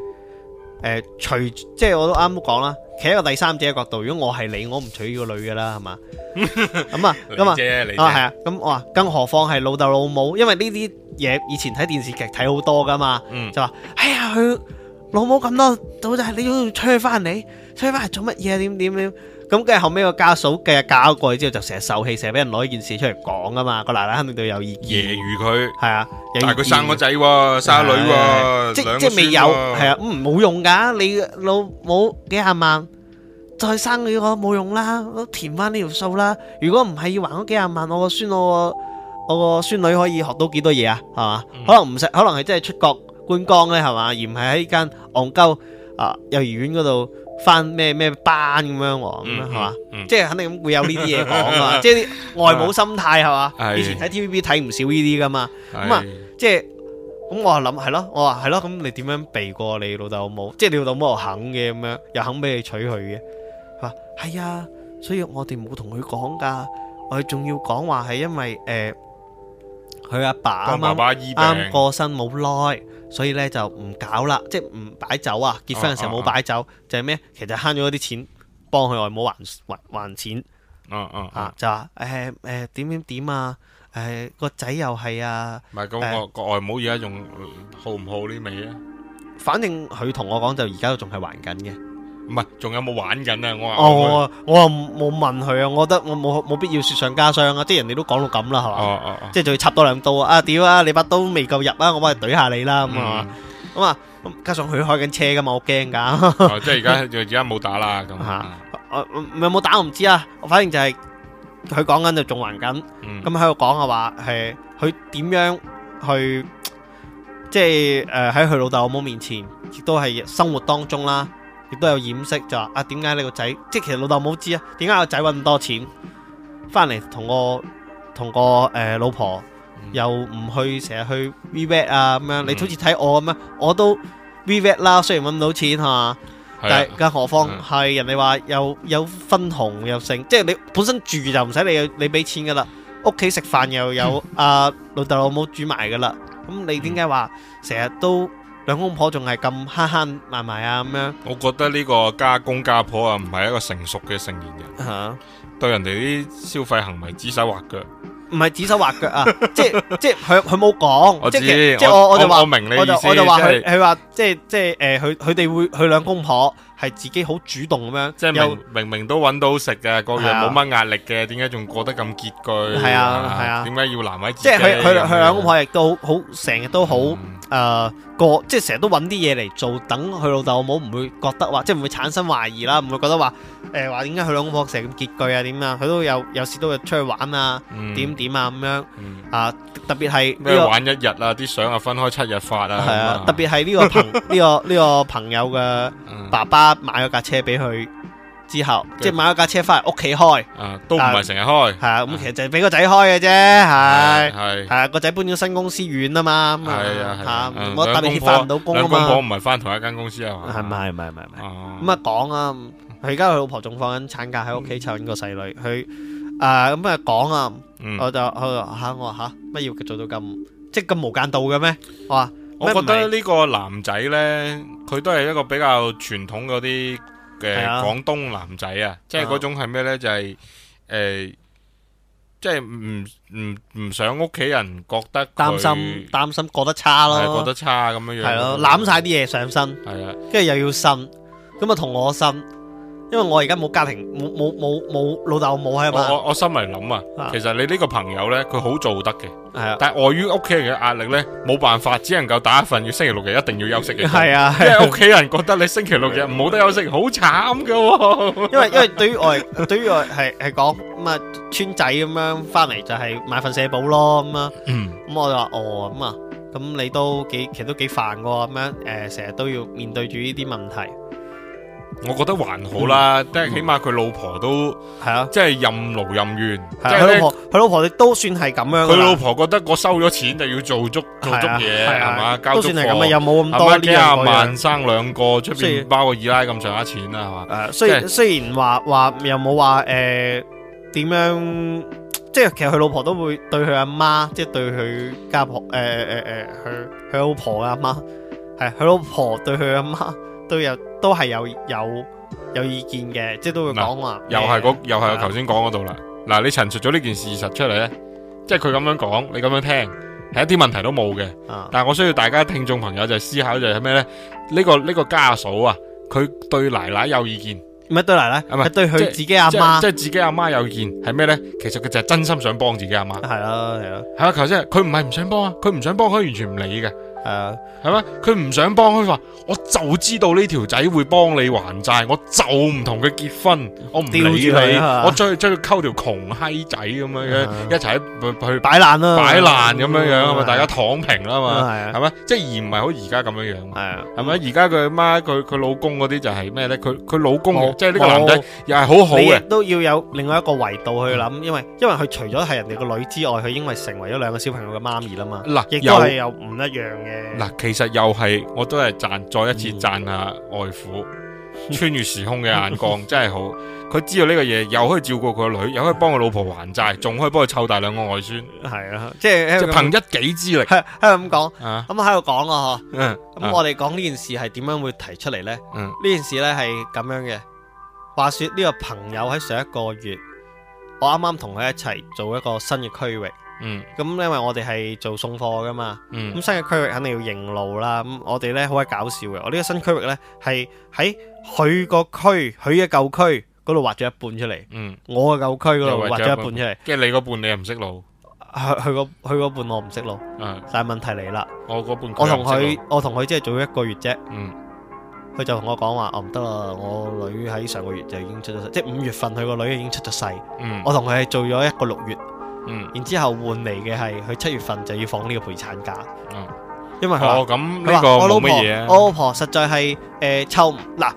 誒，除、欸欸、即係我都啱啱講啦，企喺個第三者角度，如果我係你，我唔娶依個女嘅啦，係嘛？咁 啊，咁 你 啊，啊啊、 嗯，咁我話，更何況係老豆老母，因為呢啲嘢以前睇電視劇睇好多噶嘛，嗯、就話哎呀，佢老母咁多到底係，你要娶返你，娶返嚟做乜嘢啊？點點點。咁跟住後尾個家嫂繼日嫁過佢之後，就成日受氣，成日俾人攞呢件事出嚟講啊嘛，個奶奶肯定對有意見。揶揄佢係啊，但係佢生個仔喎，生個女喎，即即係未有係啊，嗯，冇用噶，你老母幾廿萬，再生女個冇用啦，都填翻呢條數啦。如果唔係要還嗰幾廿萬，我個孫我我個孫女可以學到幾多嘢啊？係嘛，可能唔識，可能係真係出國觀光咧，係嘛，而唔係喺間戇鳩啊幼兒園嗰度。翻咩咩班咁樣喎，咁啊，即係肯定會有呢啲嘢講啊， 即係外母心態係 吧嘛，以前睇 TVB 睇唔少呢啲噶嘛，咁啊、嗯，即係咁我就諗係咯，我話係咯，咁你點樣避過你老豆老母？即係你老豆老母又肯嘅咁樣，又肯俾你娶佢嘅，話係啊，所以我哋冇同佢講噶，我哋仲要講話係因為誒，佢、呃、阿爸啱啱過身冇耐。所以咧就唔搞啦，即係唔擺酒啊！結婚嘅時候冇擺酒，哦啊，就係咩？其實就慳咗啲錢幫佢外母還還還錢。哦，啊啊啊！就話誒誒點點點啊！誒個仔又係啊！唔係咁個、呃，個外母而家用好唔好呢味啊？反正佢同我講就而家都仲係還緊嘅。唔係，仲有冇玩緊啊？我話、喔、哦，我我我冇問佢啊，我覺得我冇冇必要雪上加霜啊，即係人哋都講到咁啦，係嘛？即係仲要多插多兩刀啊！屌啊，啊，你把刀未夠入啊，我幫你懟下你啦，咁啊，咁加上佢開緊車噶嘛，我驚噶。即係而家而家冇打啦，咁吓。誒有冇打我唔知啊，我反正就係佢講緊就仲玩緊，咁喺度講嘅話係佢點樣去，即係誒喺佢老豆老母面前，亦都係生活當中啦。亦都有掩飾，就話啊點解你個仔？即係其實、呃、老豆冇知啊，點解個仔揾咁多錢翻嚟同個同個誒老婆又唔去成日去 revert 啊咁樣，你好似睇我咁啊，嗯、我都 revert 啦，雖然揾唔到錢係咪？但係更何況係、啊、人哋話又有分紅又剩，即係你本身住就唔使你你俾錢噶啦，屋企食飯又有阿、嗯啊、老豆老母煮埋噶啦，咁你點解話成日都？常常都常常都兩公婆仲係咁慳慳埋埋啊，咁樣。我覺得呢個家公家婆啊，唔係一個成熟嘅成年人吓，對人哋啲消費行為指手畫腳。唔係指手畫腳啊，即係即係佢佢冇講。我知，即係我我就話明你，我就我就話佢佢話即係即係誒，佢佢哋會佢兩公婆。係自己好主動咁樣，即係明明都揾到食嘅，個樣冇乜壓力嘅，點解仲過得咁拮據？係啊係啊，點解要難為自己？即係佢佢佢兩公婆亦都好好，成日都好誒過，即係成日都揾啲嘢嚟做，等佢老豆老母唔會覺得話，即係唔會產生懷疑啦，唔會覺得話誒話點解佢兩公婆成日咁拮據啊點啊？佢都有，有時都會出去玩啊點點啊，咁樣啊，特別係咩玩一日啊，啲相啊分開七日發啊。係啊，特別係呢個呢個呢個朋友嘅爸爸。買咗架車俾佢之後，即係買咗架車翻嚟屋企開，啊都唔係成日開，係啊，咁其實就係俾個仔開嘅啫。係係係啊，個仔搬咗新公司遠啊嘛，係啊，吓我帶佢翻唔到工啊嘛，兩公婆唔係翻同一間公司啊嘛，係咪係咪係咪咪，咁啊講啊，佢而家佢老婆仲放緊產假喺屋企湊緊個細女，佢誒咁啊講啊，我就吓我話吓乜要做到咁即係咁無間道嘅咩，我話。我覺得呢個男仔呢，佢都係一個比較傳統嗰啲嘅廣東男仔啊，即係嗰種係咩呢？就係、是、誒、呃，即係唔唔唔想屋企人覺得擔心，擔心過得差咯，過得差咁樣樣，係咯攬晒啲嘢上身，係啊，跟住又要呻，咁啊同我呻。因為我而家冇家庭，冇冇冇冇老豆冇喺嘛。我我心嚟諗啊，其實你呢個朋友咧，佢好做得嘅。係啊，但係礙於屋企人嘅壓力咧，冇辦法，只能夠打一份要星期六日一定要休息嘅。係啊，因為屋企人覺得你星期六日冇得休息，好慘噶。因為因為對於我，對於我係係講咁啊，村仔咁樣翻嚟就係買份社保咯咁啊。嗯。咁我就話哦咁啊，咁你都幾其實都幾煩噶咁樣誒，成日都要面對住呢啲問題。我覺得還好啦，即係起碼佢老婆都係啊，即係任勞任怨。佢老婆佢老婆都算係咁樣。佢老婆覺得我收咗錢就要做足做足嘢係嘛，交足都算係咁啊，又冇咁多呢個。萬生兩個出邊包個二奶咁上下錢啦係嘛。誒，雖然雖然話話又冇話誒點樣，即係其實佢老婆都會對佢阿媽，即係對佢家婆誒誒誒，佢佢老婆阿媽係佢老婆對佢阿媽。都有都係有有有意見嘅，即係都會講話、啊。又係嗰、欸、又係我頭先講嗰度啦。嗱、係嘅、啊，你陳述咗呢件事實出嚟咧，即係佢咁樣講，你咁樣聽，係一啲問題都冇嘅。啊、但係我需要大家聽眾朋友就思考就係咩咧？呢、這個呢、這個家嫂啊，佢對奶奶有意見，唔係對奶奶，係咪對佢自己阿媽？即係自己阿媽有意見係咩呢？其實佢就係真心想幫自己阿媽。係啦，係啦，係啊！頭先佢唔係唔想幫啊，佢唔想幫佢完全唔理嘅。係啊，係咩？佢唔想幫佢話，我就知道呢條仔會幫你還債，我就唔同佢結婚，我唔理你，我追追佢溝條窮閪仔咁樣、啊啊、樣，一齊去去擺爛啦，擺爛咁樣樣啊嘛，大家躺平啊嘛，係咪、嗯啊？即係而唔係好而家咁樣樣，係咪、嗯？而家佢媽佢佢老公嗰啲就係咩咧？佢佢老公即係呢個男仔又係好好嘅，都要有另外一個維度去諗，因為因為佢除咗係人哋個女之外，佢因為成為咗兩個小朋友嘅媽咪啦嘛，嗱，亦都係有唔一樣嘅。嗱，其實又係，我都係讚，再一次讚下外父 穿越時空嘅眼光 真係好。佢知道呢個嘢，又可以照顧佢個女，又可以幫佢老婆還債，仲可以幫佢湊大兩個外孫。係啊，即係就憑一己之力，喺度咁講啊，咁喺度講咯。咁我哋講呢件事係點樣會提出嚟呢？呢、嗯、件事呢係咁樣嘅。話說呢個朋友喺上一個月，我啱啱同佢一齊做一個新嘅區域。嗯，咁因為我哋係做送貨噶嘛，咁、嗯、新嘅區域肯定要認路啦。咁、嗯、我哋呢，好鬼搞笑嘅，我呢個新區域呢，係喺佢個區，佢嘅舊區嗰度劃咗一半出嚟。嗯、我嘅舊區嗰度劃咗一半出嚟。跟住你個半你又唔識路，佢嗰半我唔識路。嗯、但係問題嚟啦，我半我同佢我同佢即係做咗一個月啫。佢、嗯、就同我講話，哦唔得啦，我女喺上個月就已經出咗世，即係五月份佢個女已經出咗世。嗯、我同佢係做咗一個六月。嗯，然之後換嚟嘅係佢七月份就要放呢個陪產假，嗯，因為佢咁呢個冇乜嘢啊。我老婆實在係誒臭嗱，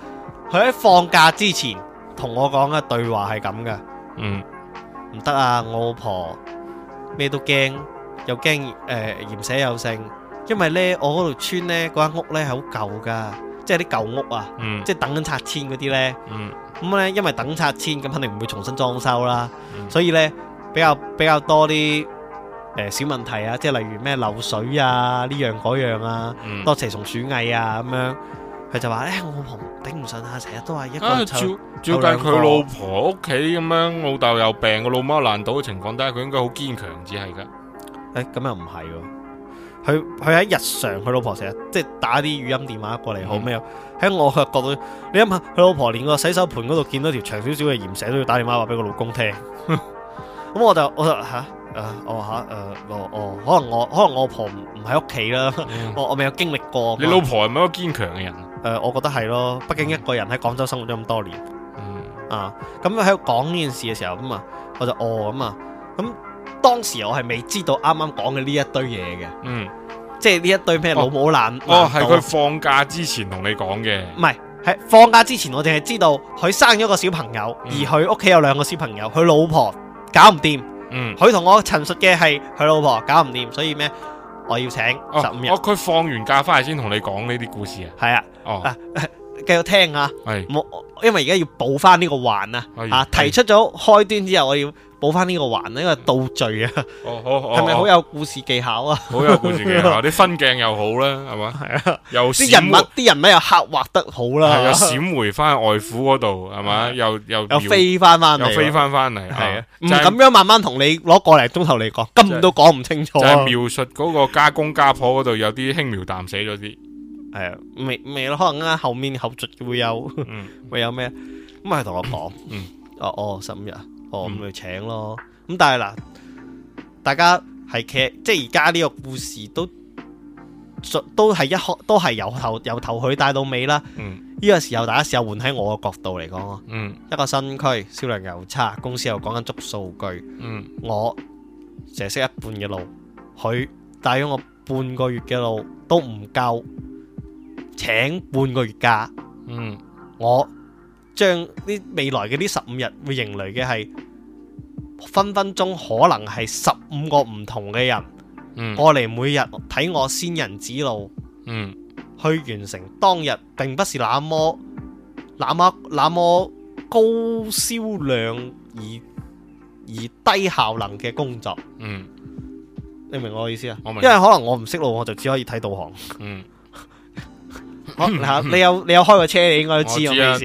佢喺放假之前同我講嘅對話係咁嘅，嗯，唔得啊，我老婆咩都驚，又驚誒，嫌蛇又剩，因為呢，我嗰度村呢，嗰間屋呢係好舊噶，即係啲舊屋啊，即係等緊拆遷嗰啲呢。嗯，咁呢因為等拆遷咁肯定唔會重新裝修啦，所以呢。比較比較多啲誒、呃、小問題啊，即係例如咩漏水啊呢樣嗰樣啊，嗯、多蛇蟲鼠蟻啊咁樣，佢就話咧、欸、我老婆頂唔順啊，成日都係一個人住，照計佢老婆屋企咁樣，老豆又病，個老媽難倒嘅情況底下，佢應該好堅強只係噶。誒咁、欸、又唔係喎，佢佢喺日常佢老婆成日即係打啲語音電話過嚟，好咩？喺我嘅角度，你諗下佢老婆連個洗手盆嗰度見到條長少少嘅鹽蛇都要打電話話俾個老公聽。 咁我就我就吓啊，我吓誒，我，哦，我，呃哦哦哦，可能我可能我婆唔唔喺屋企啦。我我未有經歷過。你老婆係咪一個堅強嘅人誒，呃？我覺得係咯，畢竟一個人喺廣州生活咗咁多年，mm. 啊。咁喺度講呢件事嘅時候啊我就哦，咁啊咁當時我係未知道啱啱講嘅呢一堆嘢嘅，嗯，mm. 即係呢一堆咩老母，oh, 懶難哦，係佢放假之前同你講嘅，唔係喺放假之前，我淨係知道佢生咗個小朋友，mm. 而佢屋企有兩個小朋友，佢老婆。Mm. 搞唔掂，嗯，佢同我陳述嘅係佢老婆搞唔掂，所以咩，我要請十五日哦。哦，佢放完假翻嚟先同你講呢啲故事啊，係、哦、啊，哦，繼續聽啊，係，冇。因為而家要補翻呢個環啊，啊提出咗開端之後，我要補翻呢個環，因為倒序啊，係咪好有故事技巧啊？好有故事技巧，啲分鏡又好啦，係嘛？係啊，又啲人物，啲人物又刻畫得好啦，係啊，閃回翻外父嗰度，係嘛？又又又飛翻翻嚟，又飛翻翻嚟，係啊，就咁樣慢慢同你攞個嚟，鐘頭嚟講，根本都講唔清楚，就係描述嗰個家公家婆嗰度有啲輕描淡寫咗啲。係啊，未未可能啱後面後續會有、嗯、 會有咩？咁係同我講、嗯哦，哦哦，十五日，哦咁就、嗯嗯、請咯。咁但係嗱，大家係其實即係而家呢個故事都都係一開都係由頭由頭去帶到尾啦。呢、嗯、個時候，大家時候換喺我嘅角度嚟講啊，嗯、一個新區銷量又差，公司又講緊捉數據，嗯嗯、我只識一半嘅路，佢帶咗我半個月嘅路都唔夠。請半個月假，嗯，我將啲未來嘅呢十五日會迎來嘅係分分鐘可能係十五個唔同嘅人，嗯，過嚟每日睇我仙人指路，嗯，去完成當日，並不是那麼那麼那麼高銷量而而低效能嘅工作，嗯，你明我意思啊？我明，因為可能我唔識路，我就只可以睇導航，嗯。嗱、哦，你有你有開過車，你應該都知我知啊。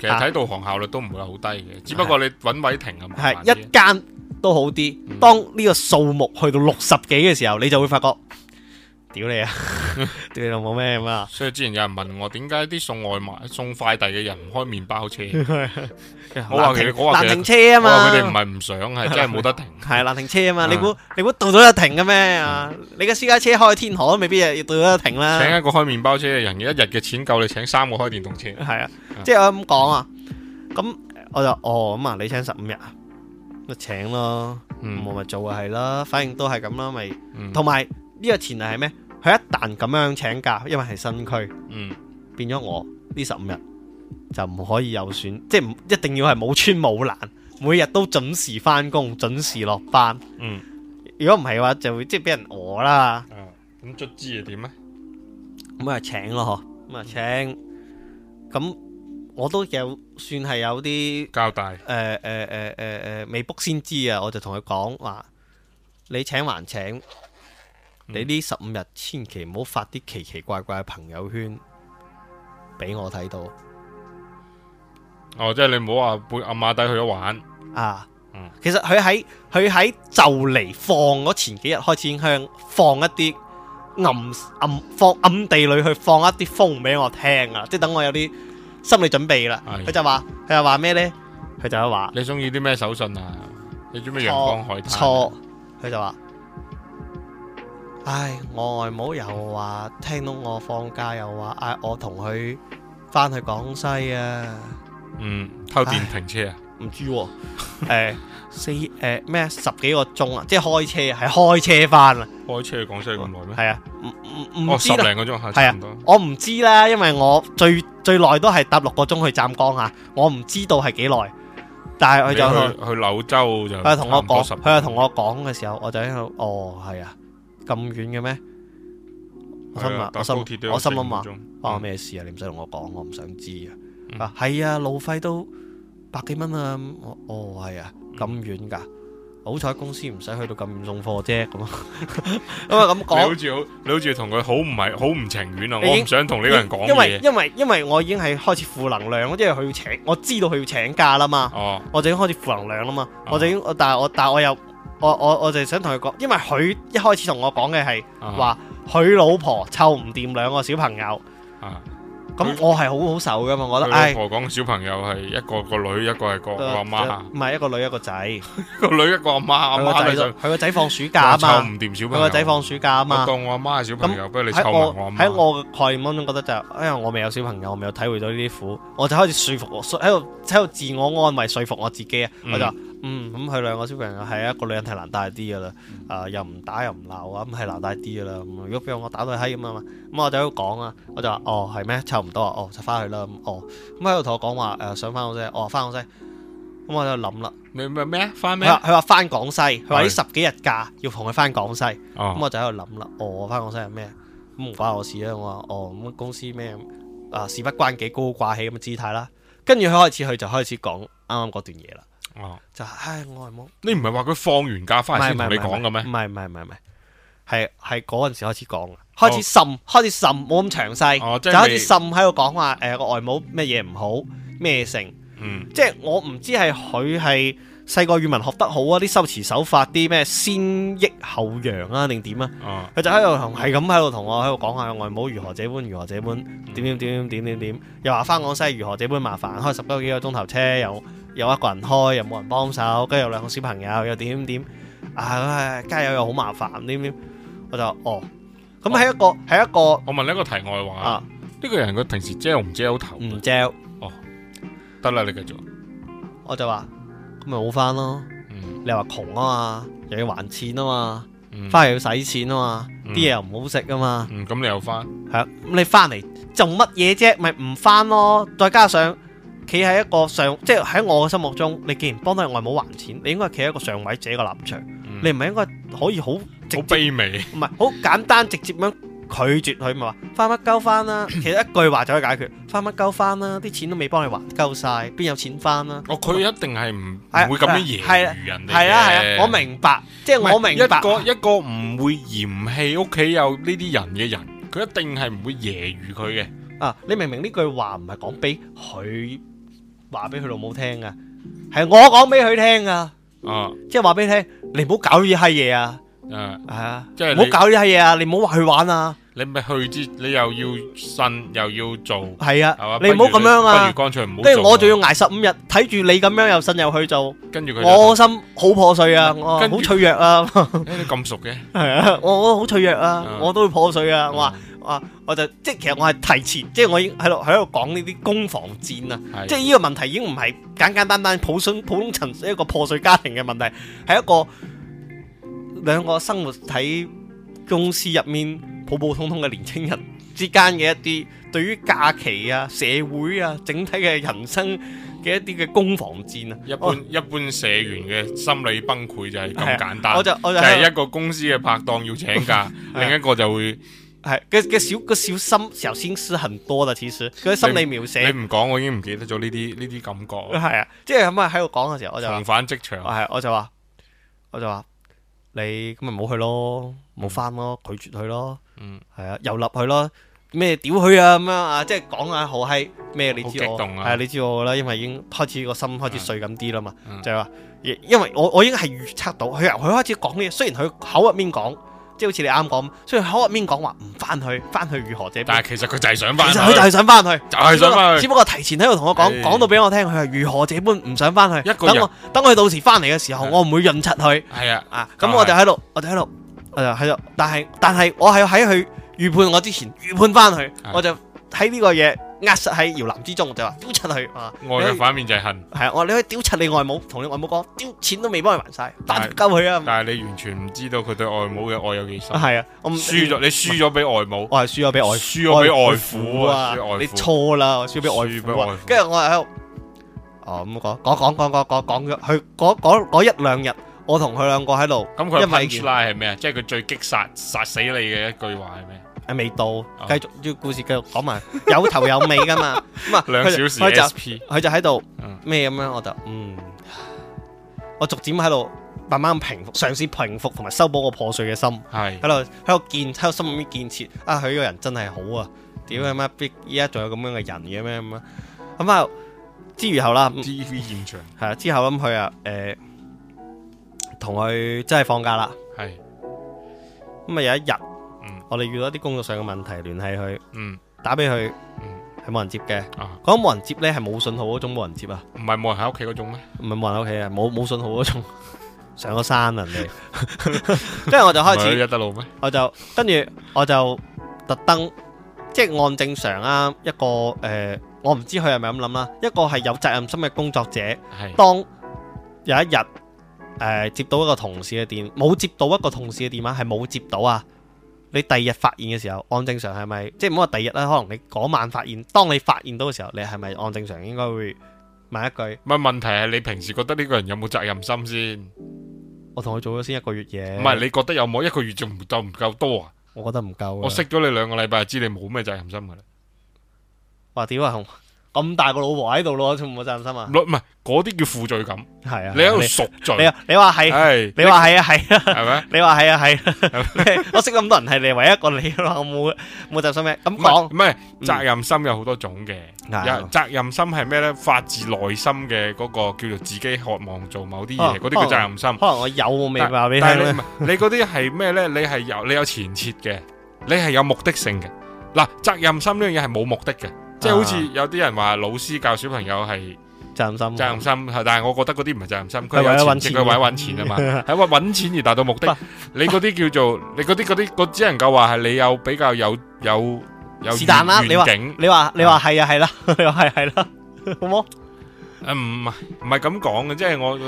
其實睇導航效率都唔會好低嘅，啊、只不過你搵位停咁。麻係一間都好啲，嗯、當呢個數目去到六十幾嘅時候，你就會發覺。屌你啊！屌你老母咩咁啊！所以之前有人問我點解啲送外賣、送快遞嘅人唔開麵包車？我話其實我話難停車啊嘛，佢哋唔係唔想，係真係冇得停。係難停車啊嘛，你估你估到咗就停嘅咩啊？你嘅私家車開天河都未必啊，要到咗就停啦。請一個開麵包車嘅人，一日嘅錢夠你請三個開電動車。係啊，即係我咁講啊。咁我就哦咁啊，你請十五日啊？咪請咯，我咪做啊係啦。反應都係咁啦，咪同埋。呢個前提係咩？佢一旦咁樣請假，因為係新區，嗯，變咗我呢十五日就唔可以有選，即係唔一定要係冇穿冇爛，每日都準時返工，準時落班。嗯，如果唔係嘅話，就會即係俾人餓啦。咁卒之係點呢？咁啊請咯，咁啊請。咁我都有算係有啲交代。誒誒誒誒誒，未卜先知啊！我就同佢講話，你請還請？你呢十五日千祈唔好發啲奇奇怪怪嘅朋友圈俾我睇到。哦，即係你唔好話背阿媽底去咗玩。啊，嗯、其實佢喺佢喺就嚟放嗰前幾日開始，向放一啲暗暗放暗地裏去放一啲風俾我聽啊！即係等我有啲心理準備啦。佢、哎、呀，就話佢就話咩咧？佢就話你中意啲咩手信啊？你中唔中意陽光海灘、啊？錯，佢就話。唉，我外母又話聽到我放假又話，啊嗯啊、唉，我同佢翻去廣西啊。嗯，偷電停車啊？唔知喎。誒，四誒咩十幾個鐘啊？即係開車係開車翻啊？開車去廣西咁耐咩？係啊，唔唔唔知啦。係啊，我唔知啦、啊，因為我最最耐都係搭六個鐘去湛江吓，我唔知道係幾耐。但係佢就去去柳州就佢同我講，佢同我講嘅時候，我就喺度哦，係啊。咁遠嘅咩？哎、呀我心啊，我心，我心諗話關我咩事啊？你唔使同我講，我唔想知，嗯、啊。啊，係啊，路費都百幾蚊啊。哦，係啊，咁遠噶。好彩公司唔使去到咁遠送貨啫。咁啊咁講，你好似同佢好唔係好唔情願啊。經我唔想同呢個人講。因為因為因為我已經係開始負能量，因為佢要請，我知道佢要請假啦嘛。哦、我就已經開始負能量啦嘛。哦、我就已經，但係我但係我又。我我我就想同佢講，因為佢一開始同我講嘅係話，佢老婆湊唔掂兩個小朋友。咁我係好好受噶嘛，我覺得。老婆講小朋友係一個個女，一個係個阿媽。唔係一個女一個仔，個女一個阿媽，阿媽仔。佢個仔放暑假啊嘛，湊唔掂小朋友。個仔放暑假啊嘛，當我阿媽係小朋友，不如你湊我阿媽。喺我概念當中，覺得就因為我未有小朋友，我未有體會到呢啲苦，我就開始說服我，喺度喺度自我安慰，說服我自己啊，我就。嗯，咁佢兩個小朋友係一個女人係難帶啲噶啦，啊又唔打又唔鬧啊，咁係難帶啲噶啦。咁如果俾我打到閪咁啊嘛，咁我就喺度講啊，我就話哦係咩？差唔多啊，哦就翻去啦。咁哦咁喺度同我講話誒，想翻廣西，哦翻廣西。咁我就喺度諗啦，咩咩咩？翻咩？佢話佢話翻廣西，佢話呢十幾日假要同佢翻廣西。咁我就喺度諗啦，哦翻廣西係咩？咁唔關我事啊，我話哦咁公司咩啊事不關己高高掛起咁嘅姿態啦。跟住佢開始佢就開始講啱啱嗰段嘢啦。就係外母，你唔係話佢放完假翻嚟先同你講嘅咩？唔係唔係唔係唔係，係係嗰陣時開始講嘅，開始滲、oh.，開始滲冇咁詳細，詳細 oh, 就好似滲喺度講話，誒、呃、個外母咩嘢唔好咩嘢性，什麼什麼嗯，即係我唔知係佢係。細個語文學得好啊，啲修辭手法啲咩先抑後揚啊，定點啊？佢就喺度同係咁喺度同我喺度講下外母如何這般如何這般，點點點點點點，又話翻廣西如何這般麻煩，開十幾幾個鐘頭車，又又一個人開，又冇人幫手，跟住有兩個小朋友又點點點，啊、哎，加油又好麻煩，點點，我就哦，咁喺一個喺一個，哦、一個我問你一個題外話啊，呢個人佢平時嚼唔嚼頭？唔嚼喵，哦，得啦，你繼續，我就話。咪冇翻咯！返囉，嗯、你又話窮啊嘛，又要還錢啊嘛，翻嚟、嗯、要使錢啊嘛，啲嘢、嗯、又唔好食啊嘛。咁、嗯嗯、你又翻？係啊、嗯，你翻嚟做乜嘢啫？咪唔翻咯！再加上企喺一個上，即係喺我嘅心目中，你既然幫到外母還錢，你應該企喺一個上位者嘅立場，嗯、你唔係應該可以好卑微，唔係好簡單直接咁。拒絕佢咪話翻乜鳩翻啦，其實一句話就可以解決，翻乜鳩翻啦，啲錢都未幫你還夠晒，邊有錢翻啊？哦，佢一定係唔會咁樣揶揄人嘅。係啊係啊，我明白，即係我明白一個一個唔會嫌棄屋企有呢啲人嘅人，佢一定係唔會揶揄佢嘅。啊，你明明呢句話唔係講俾佢話俾佢老母聽噶，係我講俾佢聽噶。嗯，即係話俾你聽，你唔好搞呢啲閪嘢啊！誒，係啊，即係唔好搞呢啲嘢啊！你唔好話去玩啊！你咪去之，你又要呻又要做，係啊，你唔好咁樣啊！不如乾脆唔好。跟住我仲要挨十五日，睇住你咁樣又呻又去做，跟住佢，我心好破碎啊！我好脆弱啊！咁熟嘅係啊，我我好脆弱啊，我都會破碎啊！我話話我就即係，其實我係提前，即係我已經喺度喺度講呢啲攻防戰啊！即係呢個問題已經唔係簡簡單單普通普通層一個破碎家庭嘅問題，係一個。兩個生活喺公司入面普普通通嘅年青人之間嘅一啲對於假期啊、社會啊、整體嘅人生嘅一啲嘅攻防戰啊，一般我一般社員嘅心理崩潰就係咁簡單。啊、我就我就係一個公司嘅拍檔要請假，啊、另一個就會係嘅嘅小嘅小心小心思很多啦。其實佢心理描寫，你唔講我已經唔記得咗呢啲呢啲感覺。係啊，即係咁啊喺度講嘅時候，我就重返職場，係、啊、我就話我就話。你咁咪冇去咯，冇翻咯，嗯、拒絕佢咯，嗯，係啊，又立佢咯，咩屌佢啊咁樣啊，即係講啊好閪咩？你知道我係啊，你知道我啦，因為已經開始個心開始碎緊啲啦嘛，嗯、就係話、啊，因為我我已經係預測到佢由佢開始講嘅嘢，雖然佢口入面講。即係好似你啱講，雖然口入面講話唔翻去，翻去如何這般？但係其實佢就係想翻。其實佢就係想翻去，就係想翻去。只不過提前喺度同我講，講到俾我聽，佢係如何這般唔想翻去。一個人，等我等佢到時翻嚟嘅時候，我唔會認出佢。係啊，啊，咁我就喺度，我就喺度，我就喺度。但係但係，我係喺佢預判我之前預判翻去，我就喺呢個嘢。壓實喺搖籃之中，就話丟出去。愛嘅反面就係恨。係啊，我你可以丟出你外母，同你外母講，丟錢都未幫佢還晒，唔夠佢啊！但係你完全唔知道佢對外母嘅愛有幾深。係啊，我輸咗，你輸咗俾外母。我係輸咗俾外，輸咗俾外父啊！你錯啦，輸俾外父。跟住我喺度，哦咁講講講講講講，佢嗰嗰一兩日，我同佢兩個喺度。咁佢一米拉係咩啊？即係佢最激殺殺死你嘅一句話係咩？誒，未到，繼續呢個故事繼續講埋，有頭有尾噶嘛。咁啊，兩小時佢就喺度咩咁樣，我就嗯，我逐漸喺度慢慢平復，嘗試平復，同埋修補我破碎嘅心，係喺度喺度建喺度心裏面建設。啊，佢呢個人真係好啊，屌你媽逼，依家仲有咁樣嘅人嘅咩咁啊？咁啊，之餘後啦，TV 現場係啊，之後咁佢啊，誒，同佢真係放假啦，係咁啊，有一日。我哋遇到一啲工作上嘅問題，聯繫佢，嗯，打俾佢，係冇人接嘅。啊，講冇人接呢，係冇信號嗰種冇人接啊，唔係冇人喺屋企嗰種咩？唔係冇人喺屋企啊，冇冇信號嗰種，上個山人嚟。跟住我就開始，一得路咩？我就跟住我就特登，即係按正常啊，一個誒，我唔知佢係咪咁諗啦。一個係有責任心嘅工作者，係當有一日誒，接到一個同事嘅電，冇接到一個同事嘅電話，係冇接到啊。你第二日發現嘅時候，按正常係咪？即係唔好話第二日啦，可能你嗰晚發現，當你發現到嘅時候，你係咪按正常應該會問一句？唔係，問題係你平時覺得呢個人有冇責任心先？我同佢做咗先一個月嘢。唔係你覺得有冇一個月仲夠唔夠多啊？我覺得唔夠。我識咗你兩個禮拜，知你冇咩責任心噶啦。哇屌啊！咁大個老婆喺度咯，有冇責任心啊？唔係嗰啲叫負罪感，係啊，你喺度贖罪啊？你話係，你話係啊，係啊，係咪？你話係啊，係。我識咁多人係你，唯一一個你話我冇冇責任心。咁講，唔係責任心有好多種嘅。責任心係咩咧？發自內心嘅嗰個叫做自己渴望做某啲嘢，嗰啲叫責任心。可能我有未話俾你。但係你唔係，你嗰啲係咩咧？你係有你有前設嘅，你係有目的性嘅。嗱，責任心呢樣嘢係冇目的嘅。即係好似有啲人話老師教小朋友係責任心，責任心係，但係我覺得嗰啲唔係責任心，佢為為佢為揾錢啊嘛，係為揾錢而達到目的。 你嗰啲叫做你嗰啲嗰啲，我只能夠話係你有比較有有有啦，遠景。你話你話你話係啊係啦，係係啦， 是 好冇嗎？誒唔係唔係咁講嘅，即係我。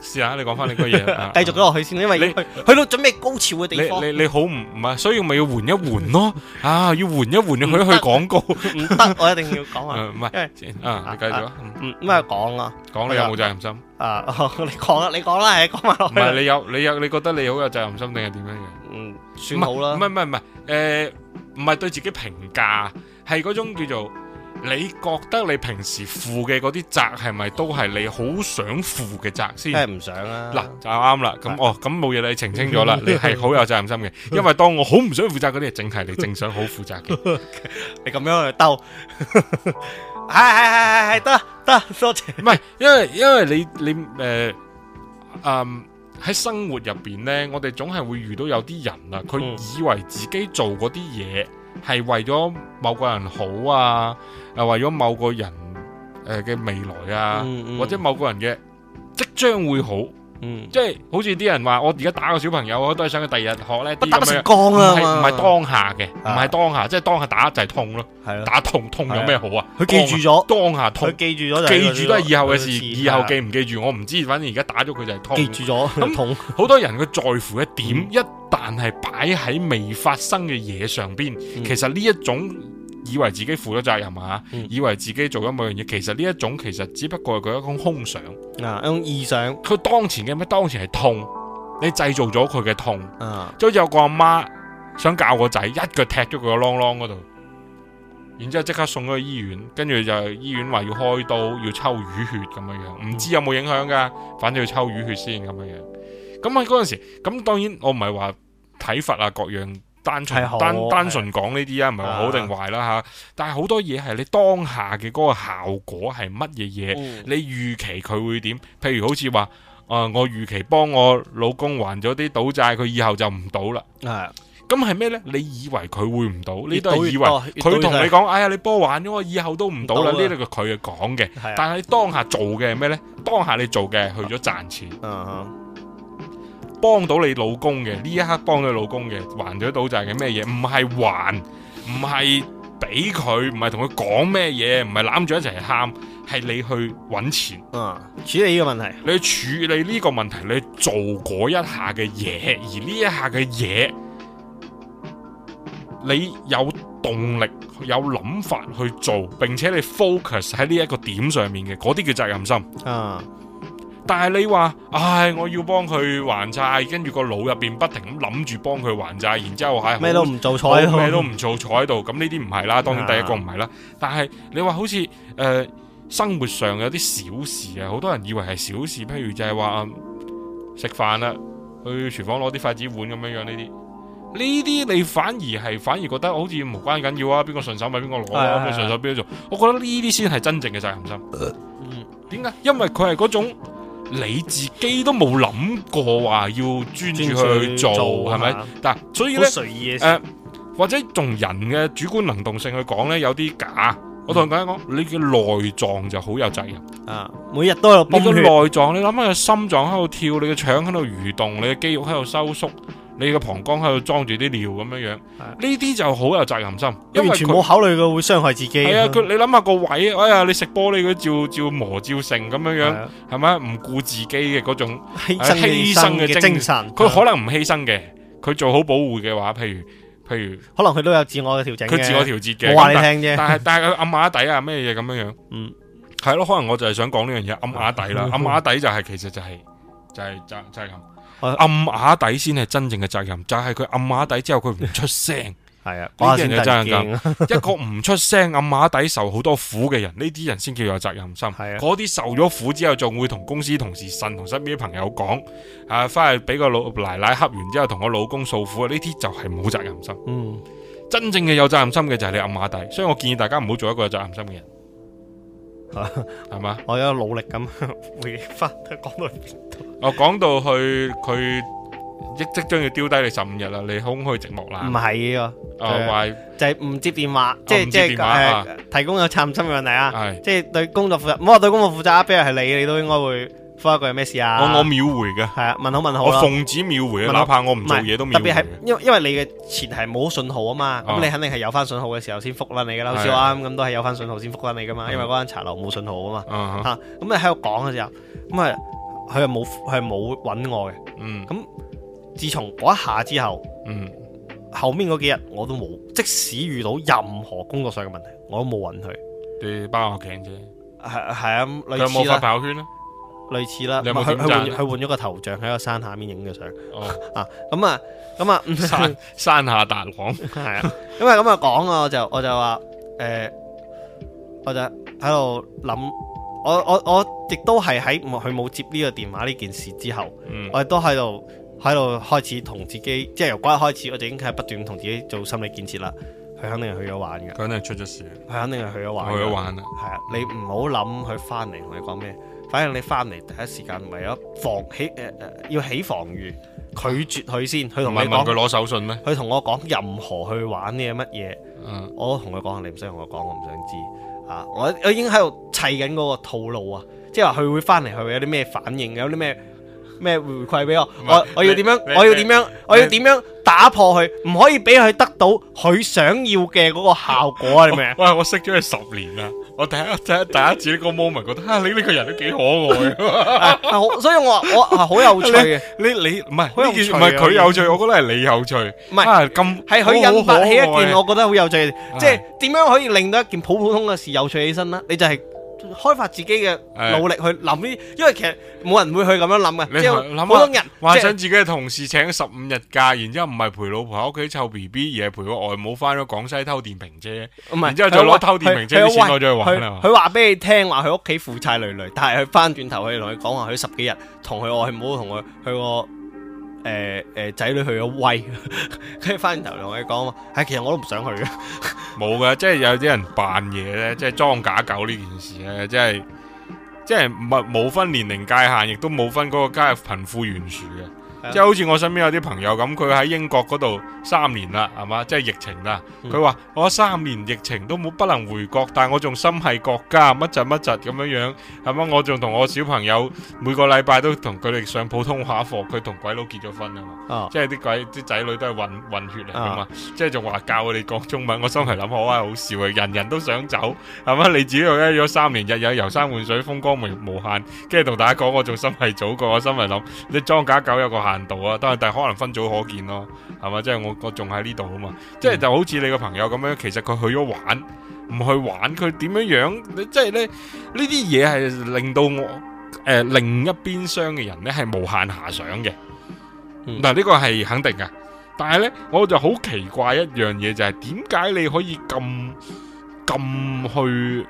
試下你講翻你個嘢，繼續咗落去先，因為你去到準備高潮嘅地方，你你你好唔唔係，所以咪要換一換咯，啊要換一換，去一去廣告，唔得，我一定要講啊，唔係，啊你繼續，唔咁啊講啊，講你有冇責任心啊？你講啦，你講啦，你講啊，唔係你有你有你覺得你好有責任心定係點樣嘅？嗯，算好啦，唔係唔係唔係，誒，唔係對自己評價，係嗰種叫做。你覺得你平時負嘅嗰啲責係咪都係你好想負嘅責先？即係唔想啦。嗱就啱啦。咁、啊、哦，咁冇嘢，你澄清咗啦。嗯、你係好有責任心嘅，嗯、因為當我好唔想負責嗰啲，淨係你正想好負責嘅。 你咁樣去鬥，係係係係係得得，多，多謝，謝。唔係，因為因為你你誒、呃，嗯，喺生活入邊咧，我哋總係會遇到有啲人啦，佢以為自己做嗰啲嘢。係為咗某個人好啊，誒為咗某個人誒嘅未來啊，嗯嗯或者某個人嘅即將會好。即係好似啲人話，我而家打個小朋友，我都係想佢第二日學咧。不打不成鋼啊嘛，唔係當下嘅，唔係當下，即係當下打就係痛咯。係咯，打痛痛有咩好啊？佢記住咗當下痛，記住咗記住都係以後嘅事，以後記唔記住我唔知，反正而家打咗佢就係痛。記住咗咁痛，好多人佢在乎一點，一旦係擺喺未發生嘅嘢上邊，其實呢一種。以為自己負咗責任啊，嗯、以為自己做咗某樣嘢，其實呢一種其實只不過係佢一種空想啊，一種臆想。佢當前嘅咩？當前係痛，你製造咗佢嘅痛。嗯、啊，即係有個阿媽想教個仔，一腳踢咗佢個啷啷嗰度，然之後即刻送咗去醫院，跟住就醫院話要開刀，要抽淤血咁樣樣，唔知有冇影響噶，反正要抽淤血先咁樣樣。咁啊，嗰陣時，咁當然我唔係話體罰啊各樣。單純單單純講呢啲啊，唔係話好定壞啦嚇。但係好多嘢係你當下嘅嗰個效果係乜嘢嘢？你預期佢會點？譬如好似話，誒我預期幫我老公還咗啲賭債，佢以後就唔賭啦。係。咁係咩呢？你以為佢會唔賭？你都係以為佢同你講，哎呀你幫我還咗，我以後都唔賭啦。呢個係佢講嘅，但係你當下做嘅係咩呢？當下你做嘅係去咗賺錢。幫到你老公嘅呢一刻幫到你老公嘅還咗賭債嘅咩嘢？唔係還，唔係俾佢，唔係同佢講咩嘢，唔係攬住一齊喊，係你去揾錢啊！處理呢個，個問題，你去處理呢個問題，你做嗰一下嘅嘢，而呢一下嘅嘢，你有動力、有諗法去做，並且你 focus 喺呢一個點上面嘅，嗰啲叫責任心啊。但係你話，唉，我要幫佢還債，跟住個腦入邊不停咁諗住幫佢還債，然之後係咩、哎、都唔做、哦、做，坐咩都唔做，坐喺度，咁呢啲唔係啦，當然第一個唔係啦。的但係你話好似誒、呃，生活上有啲小事啊，好多人以為係小事，譬如就係話食飯啦，去廚房攞啲筷子碗咁樣樣呢啲，呢啲你反而係反而覺得好似無關緊要啊，邊個順手咪邊個攞，咁樣順手邊度做。我覺得呢啲先係真正嘅責任心。嗯，點解？因為佢係嗰種。你自己都冇諗過話要專注去做係咪？吧但所以咧，誒、 呃，或者從人嘅主觀能動性去講咧，有啲假。 我同大家講，你嘅內臟就好有責任。啊，每日都有內臟。你個內臟，你諗下個心臟喺度跳，你嘅腸喺度蠕動，你嘅肌肉喺度收縮。你個膀胱喺度裝住啲尿咁樣樣，呢啲就好有責任心，完全冇考慮過會傷害自己。係啊，佢你諗下個位，哎呀，你食玻璃佢照照磨照成咁樣樣，係咪唔顧自己嘅嗰種犧牲嘅精神？佢可能唔犧牲嘅，佢做好保護嘅話，譬如譬如，可能佢都有自我嘅調整，佢自我調節。我話你聽啫，但係但係佢暗啞底啊，咩嘢咁樣樣？嗯，係咯，可能我就係想講呢樣嘢，暗啞底啦，暗啞底就係其實就係就係就就係咁。暗啞底先係真正嘅責任，就係、是、佢暗啞底之後佢唔出聲，係啊 一個唔出聲暗啞底受好多苦嘅人，呢啲人先叫有責任心。嗰啲 受咗苦之後仲會同公司同事、呻同身邊朋友講，啊，返去俾個老奶奶恰完之後同我老公訴苦，呢啲就係冇責任心。嗯、真正嘅有責任心嘅就係你暗啞底，所以我建議大家唔好做一個有責任心嘅人。係嘛 吧， 我喺度努力咁回復，講 到。我講到去佢即即將要丟低你十五日啦，你空虛寂寞啦。唔係啊，啊話就係唔接電話，即即係提供有探親嘅問題啊。係即對工作負責，唔好話對工作負責。比如係你，你都應該會覆一句有咩事啊。我我秒回嘅，係啊，問好問好。我奉旨秒回啊，哪怕我唔做嘢都秒回。特別係因為因為你嘅前提冇信號啊嘛，咁你肯定係有翻信號嘅時候先覆翻你噶啦。好似我啱咁都係有翻信號先覆翻你噶嘛，因為嗰間茶樓冇信號啊嘛。咁你喺度講嘅時候咁係。佢係冇，佢係冇揾我嘅。嗯，咁自從嗰一下之後，嗯，後面嗰幾日我都冇，即使遇到任何工作上嘅問題，我都冇揾佢。啲包牙鏡啫，係係啊，類似啦。有冇發朋友圈啊？類似啦。你有冇點讚？佢換咗個頭像喺個山下面影嘅相。哦、oh，啊，咁啊，咁啊，山 山下達郎，係啊是的。因為咁啊講啊，我就我就話，誒，我就喺度諗。哎我我我亦都係喺佢冇接呢個電話呢件事之後，嗯、我亦都喺度喺度開始同自己，即係由嗰日開始，我就已經係不斷同自己做心理建設啦。佢肯定係去咗玩嘅，佢肯定係出咗事，佢肯定係去咗玩。去咗玩啦，係啊！你唔好諗佢翻嚟同你講咩，反正你翻嚟第一時間唔係咯，防起誒誒、呃，要起防御，拒絕佢先。佢同你問佢攞手信咩？佢同我講任何去玩啲嘢乜嘢，嗯、我同佢講你唔使同我講，我唔想知。啊！我我已經喺度砌緊嗰個套路啊，即係話佢會翻嚟，佢會有啲咩反應，有啲咩？咩回饋俾我？我我要點樣？我要點樣？我要點樣打破佢？唔可以俾佢得到佢想要嘅嗰個效果啊！你明唔明？我識咗佢十年啦，我第一第一次呢個 moment 覺得，吓，你呢個人都幾可愛啊！所以我話我好有趣。你你唔係呢件唔係佢有趣，我覺得係你有趣。唔係咁係佢引發起一件，我覺得好有趣嘅，即係點樣可以令到一件普普通嘅事有趣起身呢？你就係。開發自己嘅努力去諗啲，因為其實冇人會去咁樣諗嘅。你諗下，好多人話想自己嘅同事請十五日假，就是、然之後唔係陪老婆喺屋企湊 B B，而係陪個外母翻咗廣西偷電瓶車。唔係是，然之後再攞偷電瓶車啲錢攞咗去玩啦。佢話俾你聽話，佢屋企負債累累，但係佢翻轉頭去同佢講話，佢十幾日同佢外母同佢去個。誒誒仔女去咗威， 跟住翻轉頭同我哋講話，其實我都唔想去嘅。冇噶，即係有啲人扮嘢咧，即係裝假狗呢件事咧，即係即係唔係冇分年齡界限，亦都冇分嗰個家貧富懸殊嘅。即係好似我身邊有啲朋友咁，佢喺英國嗰度三年啦，係嘛？即係疫情啦，佢話、嗯、我三年疫情都冇不能回國，但係我仲心係國家，乜窒乜窒咁樣樣，係嘛？我仲同我小朋友每個禮拜都同佢哋上普通話課，佢同鬼佬結咗婚啊嘛，即係啲鬼啲仔女都係混混血嚟㗎嘛，啊、即係仲話教佢哋講中文，我心係諗哇好笑啊！人人都想走，係嘛？你自己喺咗三年，日日遊山玩水，風光無無限，跟住同大家講我仲心係祖國，我心係諗你裝假狗有個難度啊，但係但係可能分組可見咯，係嘛？即係我我仲喺呢度啊嘛，即係就好似你個朋友咁樣，其實佢去咗玩，唔去玩，佢點樣樣？即係咧呢啲嘢係令到我誒、呃、另一邊廂嘅人咧係無限遐想嘅。嗱，呢個係肯定嘅，但係咧我就好奇怪一樣嘢就係點解你可以咁咁去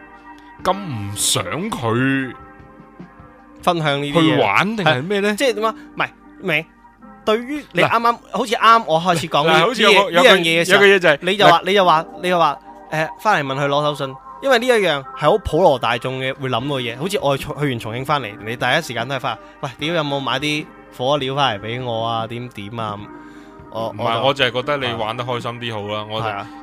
咁唔想佢分享是呢？去玩定係咩咧？即係點啊？唔係。未？對於你啱啱來好似啱我開始講來些有樣嘢嘅時候，有個嘢就係、是、你就話來，你就話，你就話，誒、呃，翻嚟問佢攞手信，因為呢一樣係好普羅大眾嘅會諗嘅嘢，好似我去完重慶翻嚟，你第一時間都係發，喂，屌，有冇買啲火鍋料翻嚟俾我啊？點點啊？哦，唔係，我就係覺得你玩得開心啲好啦。我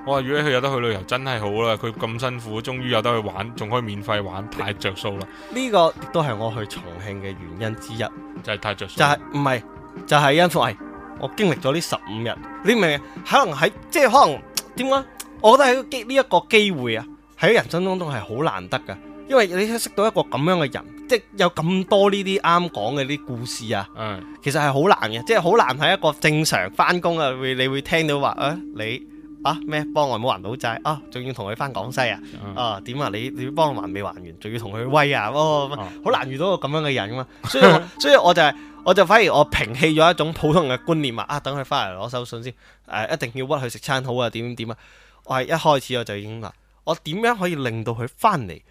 我話如果佢有得去旅遊，真係好啦。佢咁辛苦，終於有得去玩，仲可以免費玩，你太着數啦。呢個亦都係我去重慶嘅原因之一，就係太着數，就係。就係唔係，就係因為、哎、我經歷咗呢十五日，你明？可能喺即係可能點講？我覺得喺呢一個機會啊，喺人生當中係好難得噶，因為你識到一個咁樣嘅人。即有咁多呢啲啱講嘅啲故事啊，嗯、其實係好難嘅，即係好難喺一個正常翻工啊，你會你會聽到話啊，你啊咩幫外母還到債啊，仲要同佢翻廣西啊，嗯、啊點啊，你你要幫我還未還完，仲要同佢威啊，好、啊啊啊、難遇到個咁樣嘅人啊嘛，所以所以,所以我就係、是、我就反而我摒棄咗一種普通嘅觀念啊，啊等佢翻嚟攞手信先，誒、啊、一定要屈佢食餐好啊，點點點啊，我係一開始我就已經話，我點樣可以令到佢翻嚟？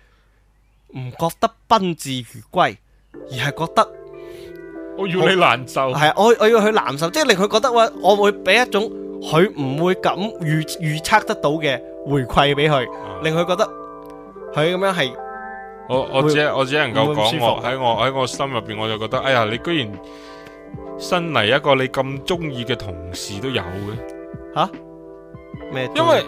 唔覺得賓至如歸，而係覺得我要你難受，係啊，我我要佢難受，即係令佢覺得我我會俾一種佢唔會咁預預測得到嘅回饋俾佢，令佢覺得佢咁樣係我我只我只能夠講，我喺我喺我心入邊我就覺得，哎呀，你居然新嚟一個你咁中意嘅同事都有嘅，吓咩？因為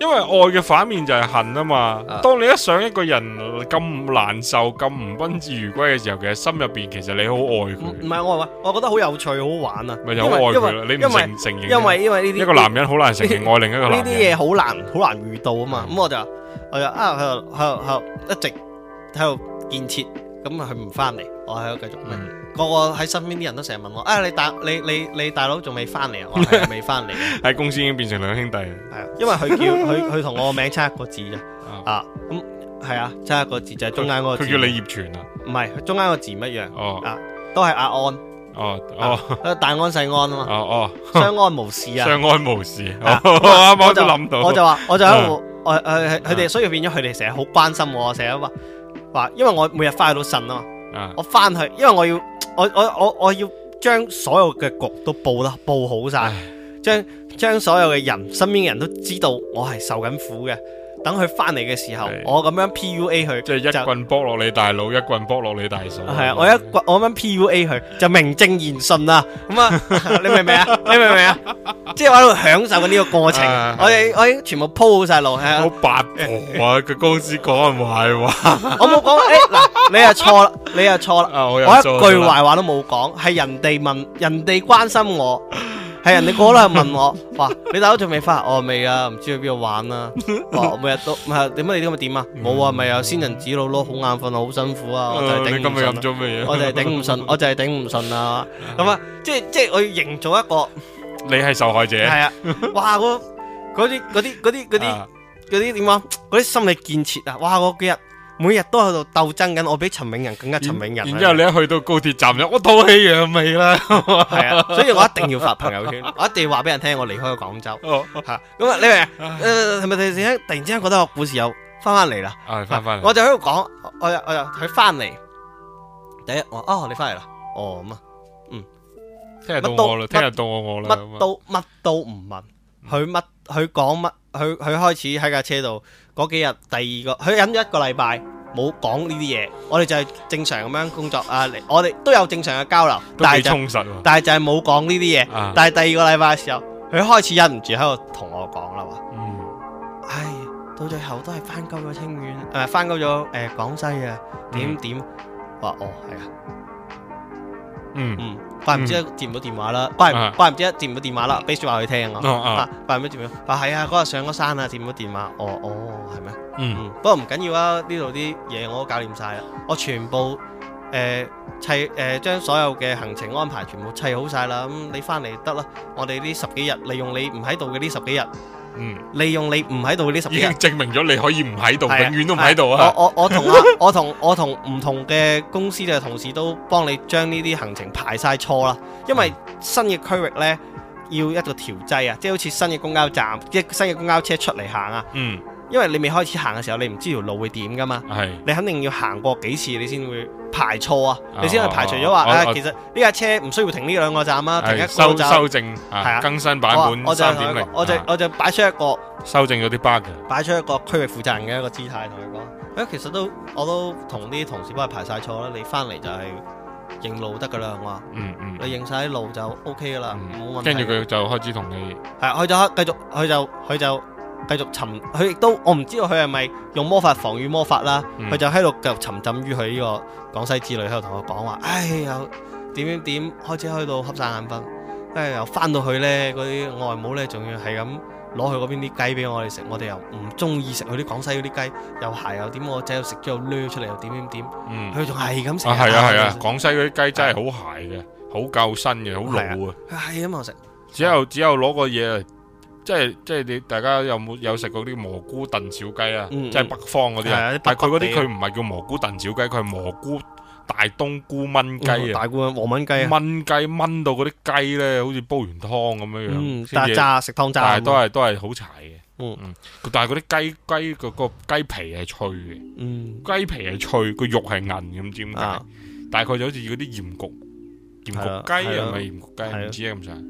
因為愛嘅反面就係恨啊嘛，當你一想一個人咁難受、咁唔賓至如歸嘅時候，其實心入邊其實你好愛佢。唔係愛啊，我覺得好有趣、好玩啊。咪又愛佢啦？你唔承承認？因為因為呢啲一個男人好難承認愛另一個男人。呢啲嘢好難好難遇到啊嘛，咁我就我就喺度喺度喺度一直喺度建設，咁啊佢唔翻嚟，我喺度繼續。個個喺身邊啲人都成日問我，啊你大你你你大佬仲未翻嚟啊？我係未翻嚟，喺公司已經變成兩兄弟。係啊，因為佢叫佢佢同我個名差一個字嘅，啊咁係啊，差一個字就係中間嗰個字。佢叫李葉全啊？唔係，中間個字乜一樣。哦，啊，都係阿安。哦哦，大安細安啊嘛。哦相安無事啊，相安無事。我就啱諗到，我就話我就喺度，佢哋所以變咗佢哋成日好關心我，成日話話，因為我每日翻去都呻啊嘛。我翻去，因為我要。我我我我要將所有嘅局都佈啦，佈好晒，將將所有嘅人身邊嘅人都知道我係受緊苦嘅。等佢翻嚟嘅時候，我咁樣 P U A 佢，即係一棍剝落你大佬，一棍剝落你大嫂。係啊，我一棍我咁樣 P U A 佢，就名正言順啦。咁啊，你明唔明啊？你明唔明啊？即係我喺度享受緊呢個過程。我哋我已經全部鋪好晒路。好八婆啊！佢公司講壞話，我冇講。誒嗱，你又錯啦，你又錯啦。我一句壞話都冇講，係人哋問，人哋關心我。係 人哋過嚟問我，哇！你大佬仲未返？我、哦、未啊，唔知去邊度玩啊。我每日都唔係點乜你今日點啊？冇啊，咪又仙人指路咯，好眼瞓啊，好辛苦啊。我就啊你今日飲咗乜嘢我就係頂唔順，我就係頂唔順啊。咁啊、 嗯，即係即係我要營造一個。你係受害者。係 啊，哇、嗰個！嗰啲嗰啲嗰啲嗰啲嗰啲點啊？嗰啲心理建設啊！哇！嗰幾日。每日都喺度鬥爭緊，我比陳永仁更加陳永仁。然之後你一去到高鐵站，我吐氣揚眉啦。係啊，所以我一定要發朋友圈，我一定要話俾人聽，我離開咗廣州。吓，咁啊，你係咪突然間突然之間覺得我故事又翻翻嚟啦？翻翻嚟，我就喺度講，我我佢翻嚟，第一我哦你翻嚟啦，哦咁啊，嗯，聽日到我啦，聽日到我我啦，乜都乜都唔問，佢乜佢講乜，佢佢開始喺架車度。嗰幾日，第二個佢忍咗一個禮拜冇講呢啲嘢，我哋就係正常咁樣工作啊！我哋都有正常嘅交流，都幾充實。但係就係冇講呢啲嘢。但係、啊、第二個禮拜嘅時候，佢開始忍唔住喺度同我講啦，話。嗯，唉，到最後都係翻夠咗清遠，誒、呃，翻夠咗誒廣西啊，點點話哦，係啊。嗯嗯，話唔知接唔到電話啦，話話唔知接唔到電話啦，俾說話佢聽啊，接電話咩點樣？話係啊，嗰日，啊啊、上咗山啊，接唔到電話，哦哦，係咩？嗯，嗯不過唔緊要啊，呢度啲嘢我都搞掂晒啦，我全部誒、呃、砌誒將、呃、所有嘅行程安排全部砌好晒啦，咁、嗯、你翻嚟得啦，我哋呢十幾日利用你唔喺度嘅呢十幾日。嗯、利用你唔喺度呢十年，已經證明咗你可以唔喺度，的永遠都唔喺度啊！的我我，我， 我，我同我同我同唔同嘅公司嘅同事都幫你將呢啲行程排晒錯啦，因為新嘅區域呢，要一個調劑啊，即係好似新嘅公交站，即係新嘅公交車出嚟，行啊。嗯。因為你未開始行嘅時候，你唔知條路會點噶嘛，你肯定要行過幾次，你先會排錯啊，你先會排除咗話啊，其實呢架車唔需要停呢兩個站啊，停一個站。修修正，係啊，更新版本三點零。我就我就擺出一個修正咗啲 bug，擺出一個區域負責人嘅一個姿態同佢講，誒，其實都我都同啲同事幫佢排晒錯啦，你翻嚟就係認路得噶啦，我話，嗯嗯，你認晒啲路就 OK 噶啦，冇問題。跟住佢就開始同你係，佢就繼續，佢就佢就。繼續沉，佢亦都我唔知道佢係咪用魔法防禦魔法啦。佢、嗯、就喺度繼續沉浸於佢呢個廣西之旅，喺度同我講話，哎又點點點，開始開到瞌晒眼瞓，跟住又翻到去咧，嗰啲外母咧，仲要係咁攞去嗰邊啲雞俾我哋食，我哋又唔中意食佢啲廣西嗰啲雞，又柴又點，我仔又食咗又掠出嚟，又點點點，佢仲係咁食。啊，係啊係啊，廣、啊啊、西嗰啲雞真係好柴嘅，嗯、好夠新嘅，好老啊。佢係咁我食，只有、嗯、只有攞個嘢。即係即係你大家有冇有食過啲蘑菇燉小雞啊？即係北方嗰啲，但係佢嗰啲佢唔係叫蘑菇燉小雞，佢係蘑菇大冬菇燜雞啊！大菇王燜雞啊！燜雞燜到嗰啲雞咧，好似煲完湯咁樣樣。炸炸食湯渣，都係都係好柴嘅。但係嗰啲雞雞個雞皮係脆嘅。嗯，雞皮係脆，個肉係韌咁，唔知點解。大概就好似嗰啲鹽焗鹽焗雞啊，係咪鹽焗雞唔知啊咁上。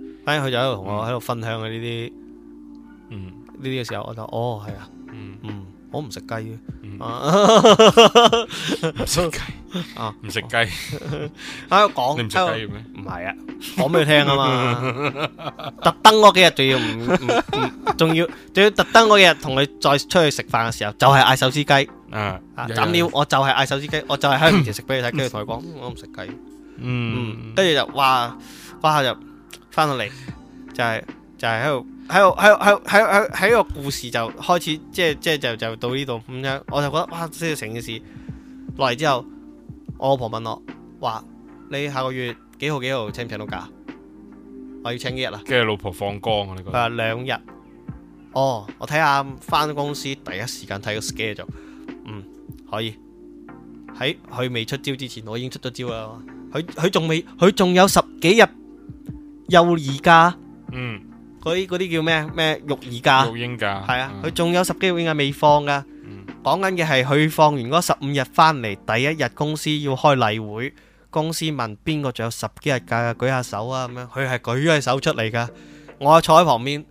佢就喺度同我喺度分享呢啲。嗯，呢啲嘅時候我就，哦係啊，嗯嗯，我唔食雞嘅，唔食雞啊，唔食雞喺度講，你唔食雞咩？唔係啊，講俾佢聽啊嘛，特登嗰幾日仲要唔仲要仲要特登嗰幾日同佢再出去食飯嘅時候，就係嗌手撕雞啊，斬料我就係嗌手撕雞，我就係喺面前食俾佢睇，跟住同佢講我唔食雞，嗯跟住就話下就翻到嚟就係就係喺度。喺度喺喺喺喺喺個故事就開始，即係即係就就，就到呢度咁樣，我就覺得哇！即係成件事落嚟之後，我老婆問我話：你下個月幾號幾號請唔請到假？我要請幾日啊？跟住老婆放光啊！呢個佢話兩日，哦，我睇下翻公司第一時間睇個 schedule，就嗯，可以喺佢未出招之前，我已經出咗招啦。佢佢仲未，佢仲有十幾日又而家。嗯。嗰啲啲叫咩咩育兒假，係啊，佢仲有十幾日假未放噶。講緊嘅係佢放完嗰十五日翻嚟第一日，公司要開例會，公司問邊個仲有十幾日假，舉下手啊咁樣，佢係舉咗手出嚟噶。我坐喺旁邊，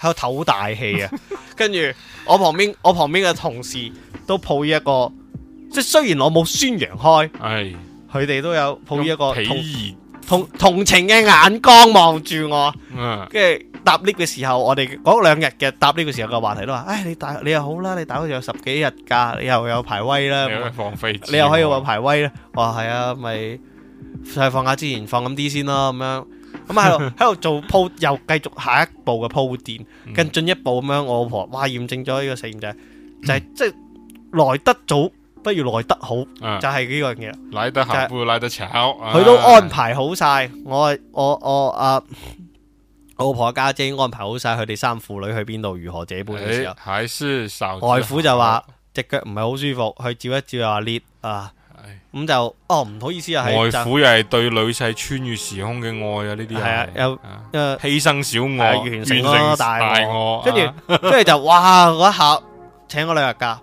喺度唞大氣啊。 跟住我旁邊，我旁邊嘅同事都抱依一個，即係雖然我冇宣揚開，係佢哋都有抱依一個。同同情嘅眼光望住我，跟住搭 lift 嘅時候，我哋嗰兩日嘅搭 lift 嘅時候嘅話題都話：，誒、哎，你大你又好啦，你大概有十幾日假，你又有排威啦，你,放你又可以有排威啦。哇，係我、哦、啊，咪就係放假之前放咁啲先咯，咁樣咁啊，係喺度做鋪，又繼續下一步嘅鋪墊，更進一步咁樣，我老婆哇，驗證咗呢個實驗就係就係即係來得早。嗯不如來得好，就係呢樣嘢，來得好背，來得巧，佢都安排好晒。我我我阿老婆家姐安排好晒，佢哋三父女去邊度，如何這般嘅時候，外父就話隻腳唔係好舒服，去照一照阿列。啊。咁就哦唔好意思啊，外父又係對女婿穿越時空嘅愛啊，呢啲係啊，又犧牲小愛，完成大愛。跟住跟住就哇嗰一下，請兩日假，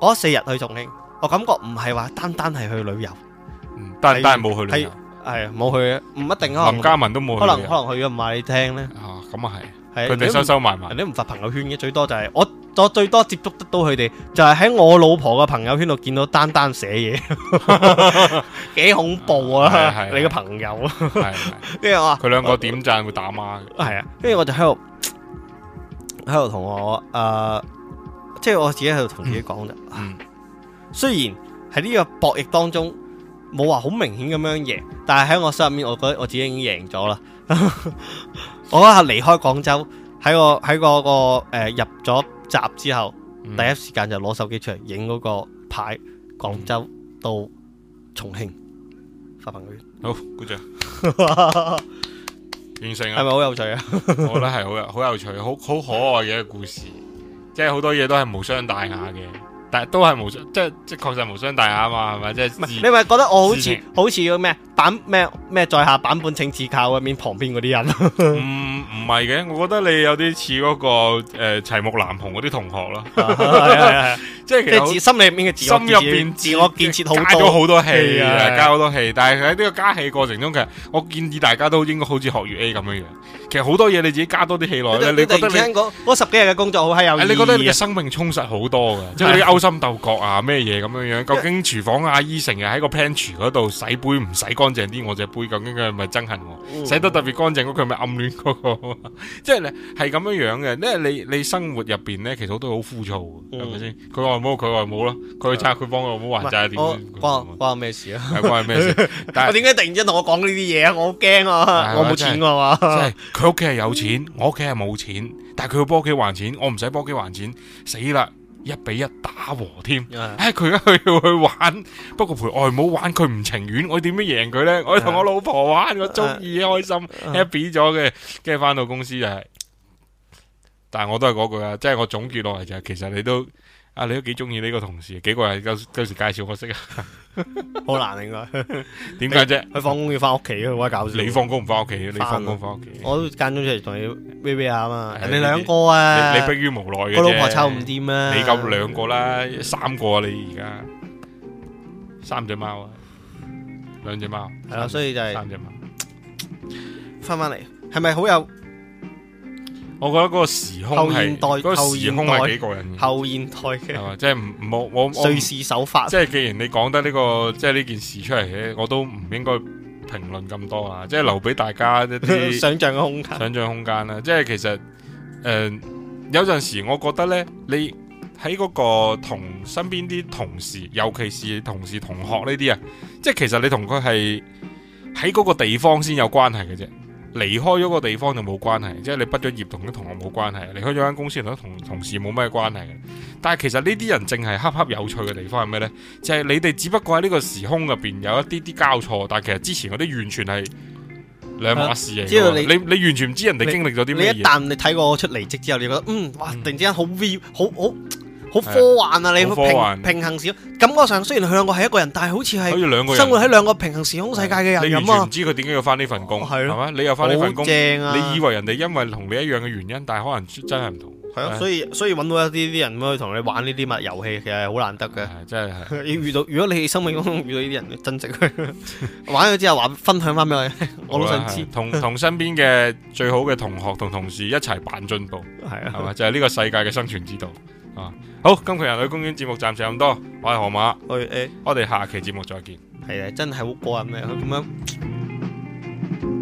嗰四日去重慶。我感覺唔係話單單係去旅遊，嗯，但以但係冇去旅，旅係係冇去嘅，唔一定啊。林嘉文都冇，可能，去可，能可能去咗，唔話你聽咧。咁啊係，係佢哋收收埋埋，你唔發朋友圈嘅，最多就係、是、我我最多接觸得到佢哋，就係、是、喺我老婆嘅朋友圈度見到單單寫嘢， 幾恐怖啊！嗯、啊啊你嘅朋友， 啊，跟住我佢兩個點讚會打孖嘅，係啊，跟住、啊、我就喺度喺度同我誒、呃，即係我自己喺度同自己講啫。嗯嗯雖然喺呢個博弈當中冇話好明顯咁樣贏，但係喺我心入面，我覺得我自己已經贏咗啦。我啊離開廣州，喺我喺嗰個誒入咗閘之後，第一時間就攞手機出嚟影嗰個牌，廣州到重慶，發朋友圈。嗯、好，鼓掌，完成啊了，係咪好有趣啊？ 我覺得係好有好有趣，好好可愛嘅一個故事，即係好多嘢都係無傷大雅嘅。但都係無傷，即係即係確實無傷大雅啊嘛，係咪？即係你咪覺得我好似好似要咩版、咩咩在下版本請自靠，入面旁邊嗰啲人？唔唔係嘅，我覺得你有啲似嗰個誒齊木楠雄嗰啲同學啦。即係其實心理入面嘅自我建設好加咗好多戲啊，加好多戲。但係喺呢個加戲過程中，其實我建議大家都應該好似學粵 A 咁樣樣。其實好多嘢你自己加多啲戲落去。你你聽嗰十幾日嘅工作好係有，你覺得你嘅生命充實好多噶，即係你。心鬥角啊，咩嘢咁樣樣？究竟廚房阿姨成日喺個 pantry 嗰度洗杯唔洗乾淨啲，我隻杯究竟佢係咪憎恨我？洗得特別乾淨佢係咪暗戀我？即係咧係咁樣樣嘅，因為你你生活入邊咧，其實都好枯燥，係咪先？佢外母佢外母啦，佢去拆佢幫佢外母還債點？關關我咩事啊？關咩事？但我點解突然之間同我講呢啲嘢啊？我好驚啊！我冇錢噶嘛？即係佢屋企係有錢，我屋企係冇錢，但係佢要幫屋企還錢，我唔使幫屋企還錢，死啦！一比一打和添，哎 Yeah.、欸，佢而家佢要去玩，不過陪外母玩佢唔情願，我點樣贏佢呢？我同我老婆玩，我中意開心，happy 咗嘅，跟住翻到公司就係、是，但係我都係嗰句啊，即係我總結落嚟就係，其實你都。啊！你都幾中意呢個同事？幾個人有時介紹我識啊？好 難，應該點解啫？佢放工要翻屋企，好鬼搞笑。你放工唔翻屋企，了你放工翻屋企，我都間中出嚟同你 meet meet 下啊嘛。人哋兩個啊，你，你迫於無奈嘅我老婆湊唔掂啦。你夠兩個啦、啊，三個、啊、你而家三隻貓啊，兩隻貓係啦。所以就係、是、三隻貓翻翻嚟，係咪好有？我覺得嗰個時空係嗰個時空係幾過癮嘅，後現代嘅，即係唔好。我瑞士手法。即係既然你講得呢個即係呢件事出嚟，我都唔應該評論咁多啊！即係留俾大家啲想像嘅空間，想像空間啦。即係其實誒、呃，有陣時我覺得咧，你喺嗰個同身邊啲同事，尤其是同事同學呢啲啊，即係其實你同佢係喺嗰個地方先有關係嘅啫。離開咗個地方就冇關係，即係你畢咗業同啲同學冇關係，離開咗間公司同啲同同事冇咩關係嘅。但係其實呢啲人淨係恰恰有趣嘅地方係咩呢？就係、是、你哋只不過喺呢個時空入邊有一啲啲交錯，但係其實之前嗰啲完全係兩碼事嚟。你你，你完全唔知人哋經歷咗啲咩。你一旦你睇過我出離職之後，你覺得嗯，哇，突然之間好 real 好好。好好科幻啊！你平平衡少，感覺上雖然佢兩個係一個人，但係好似係生活喺兩個平行時空世界嘅人你啊！完全唔知佢點解要翻呢份工，係嘛？你又翻呢份工，正啊！你以為人哋因為同你一樣嘅原因，但係可能真係唔同。係啊，所以所以搵到一啲啲人可以同你玩呢啲乜遊戲，其實係好難得嘅。真係要遇到，如果你生命中遇到呢啲人，珍惜佢。玩咗之後，話分享翻俾我，我都想知。同同身邊嘅最好嘅同學同同事一齊扮進步，係係就係呢個世界嘅生存之道。啊，好！今期《人類公園》節目暫時咁多，我係河馬，哎哎、我哋下期節目再見。係啊，真係好過癮咩？佢咁樣。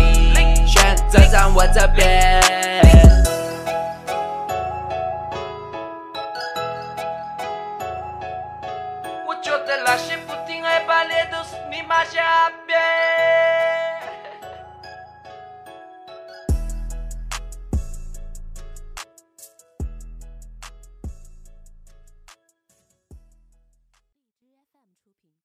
站在我這邊。 我覺得那些不聽還擺臉，都是你媽瞎編。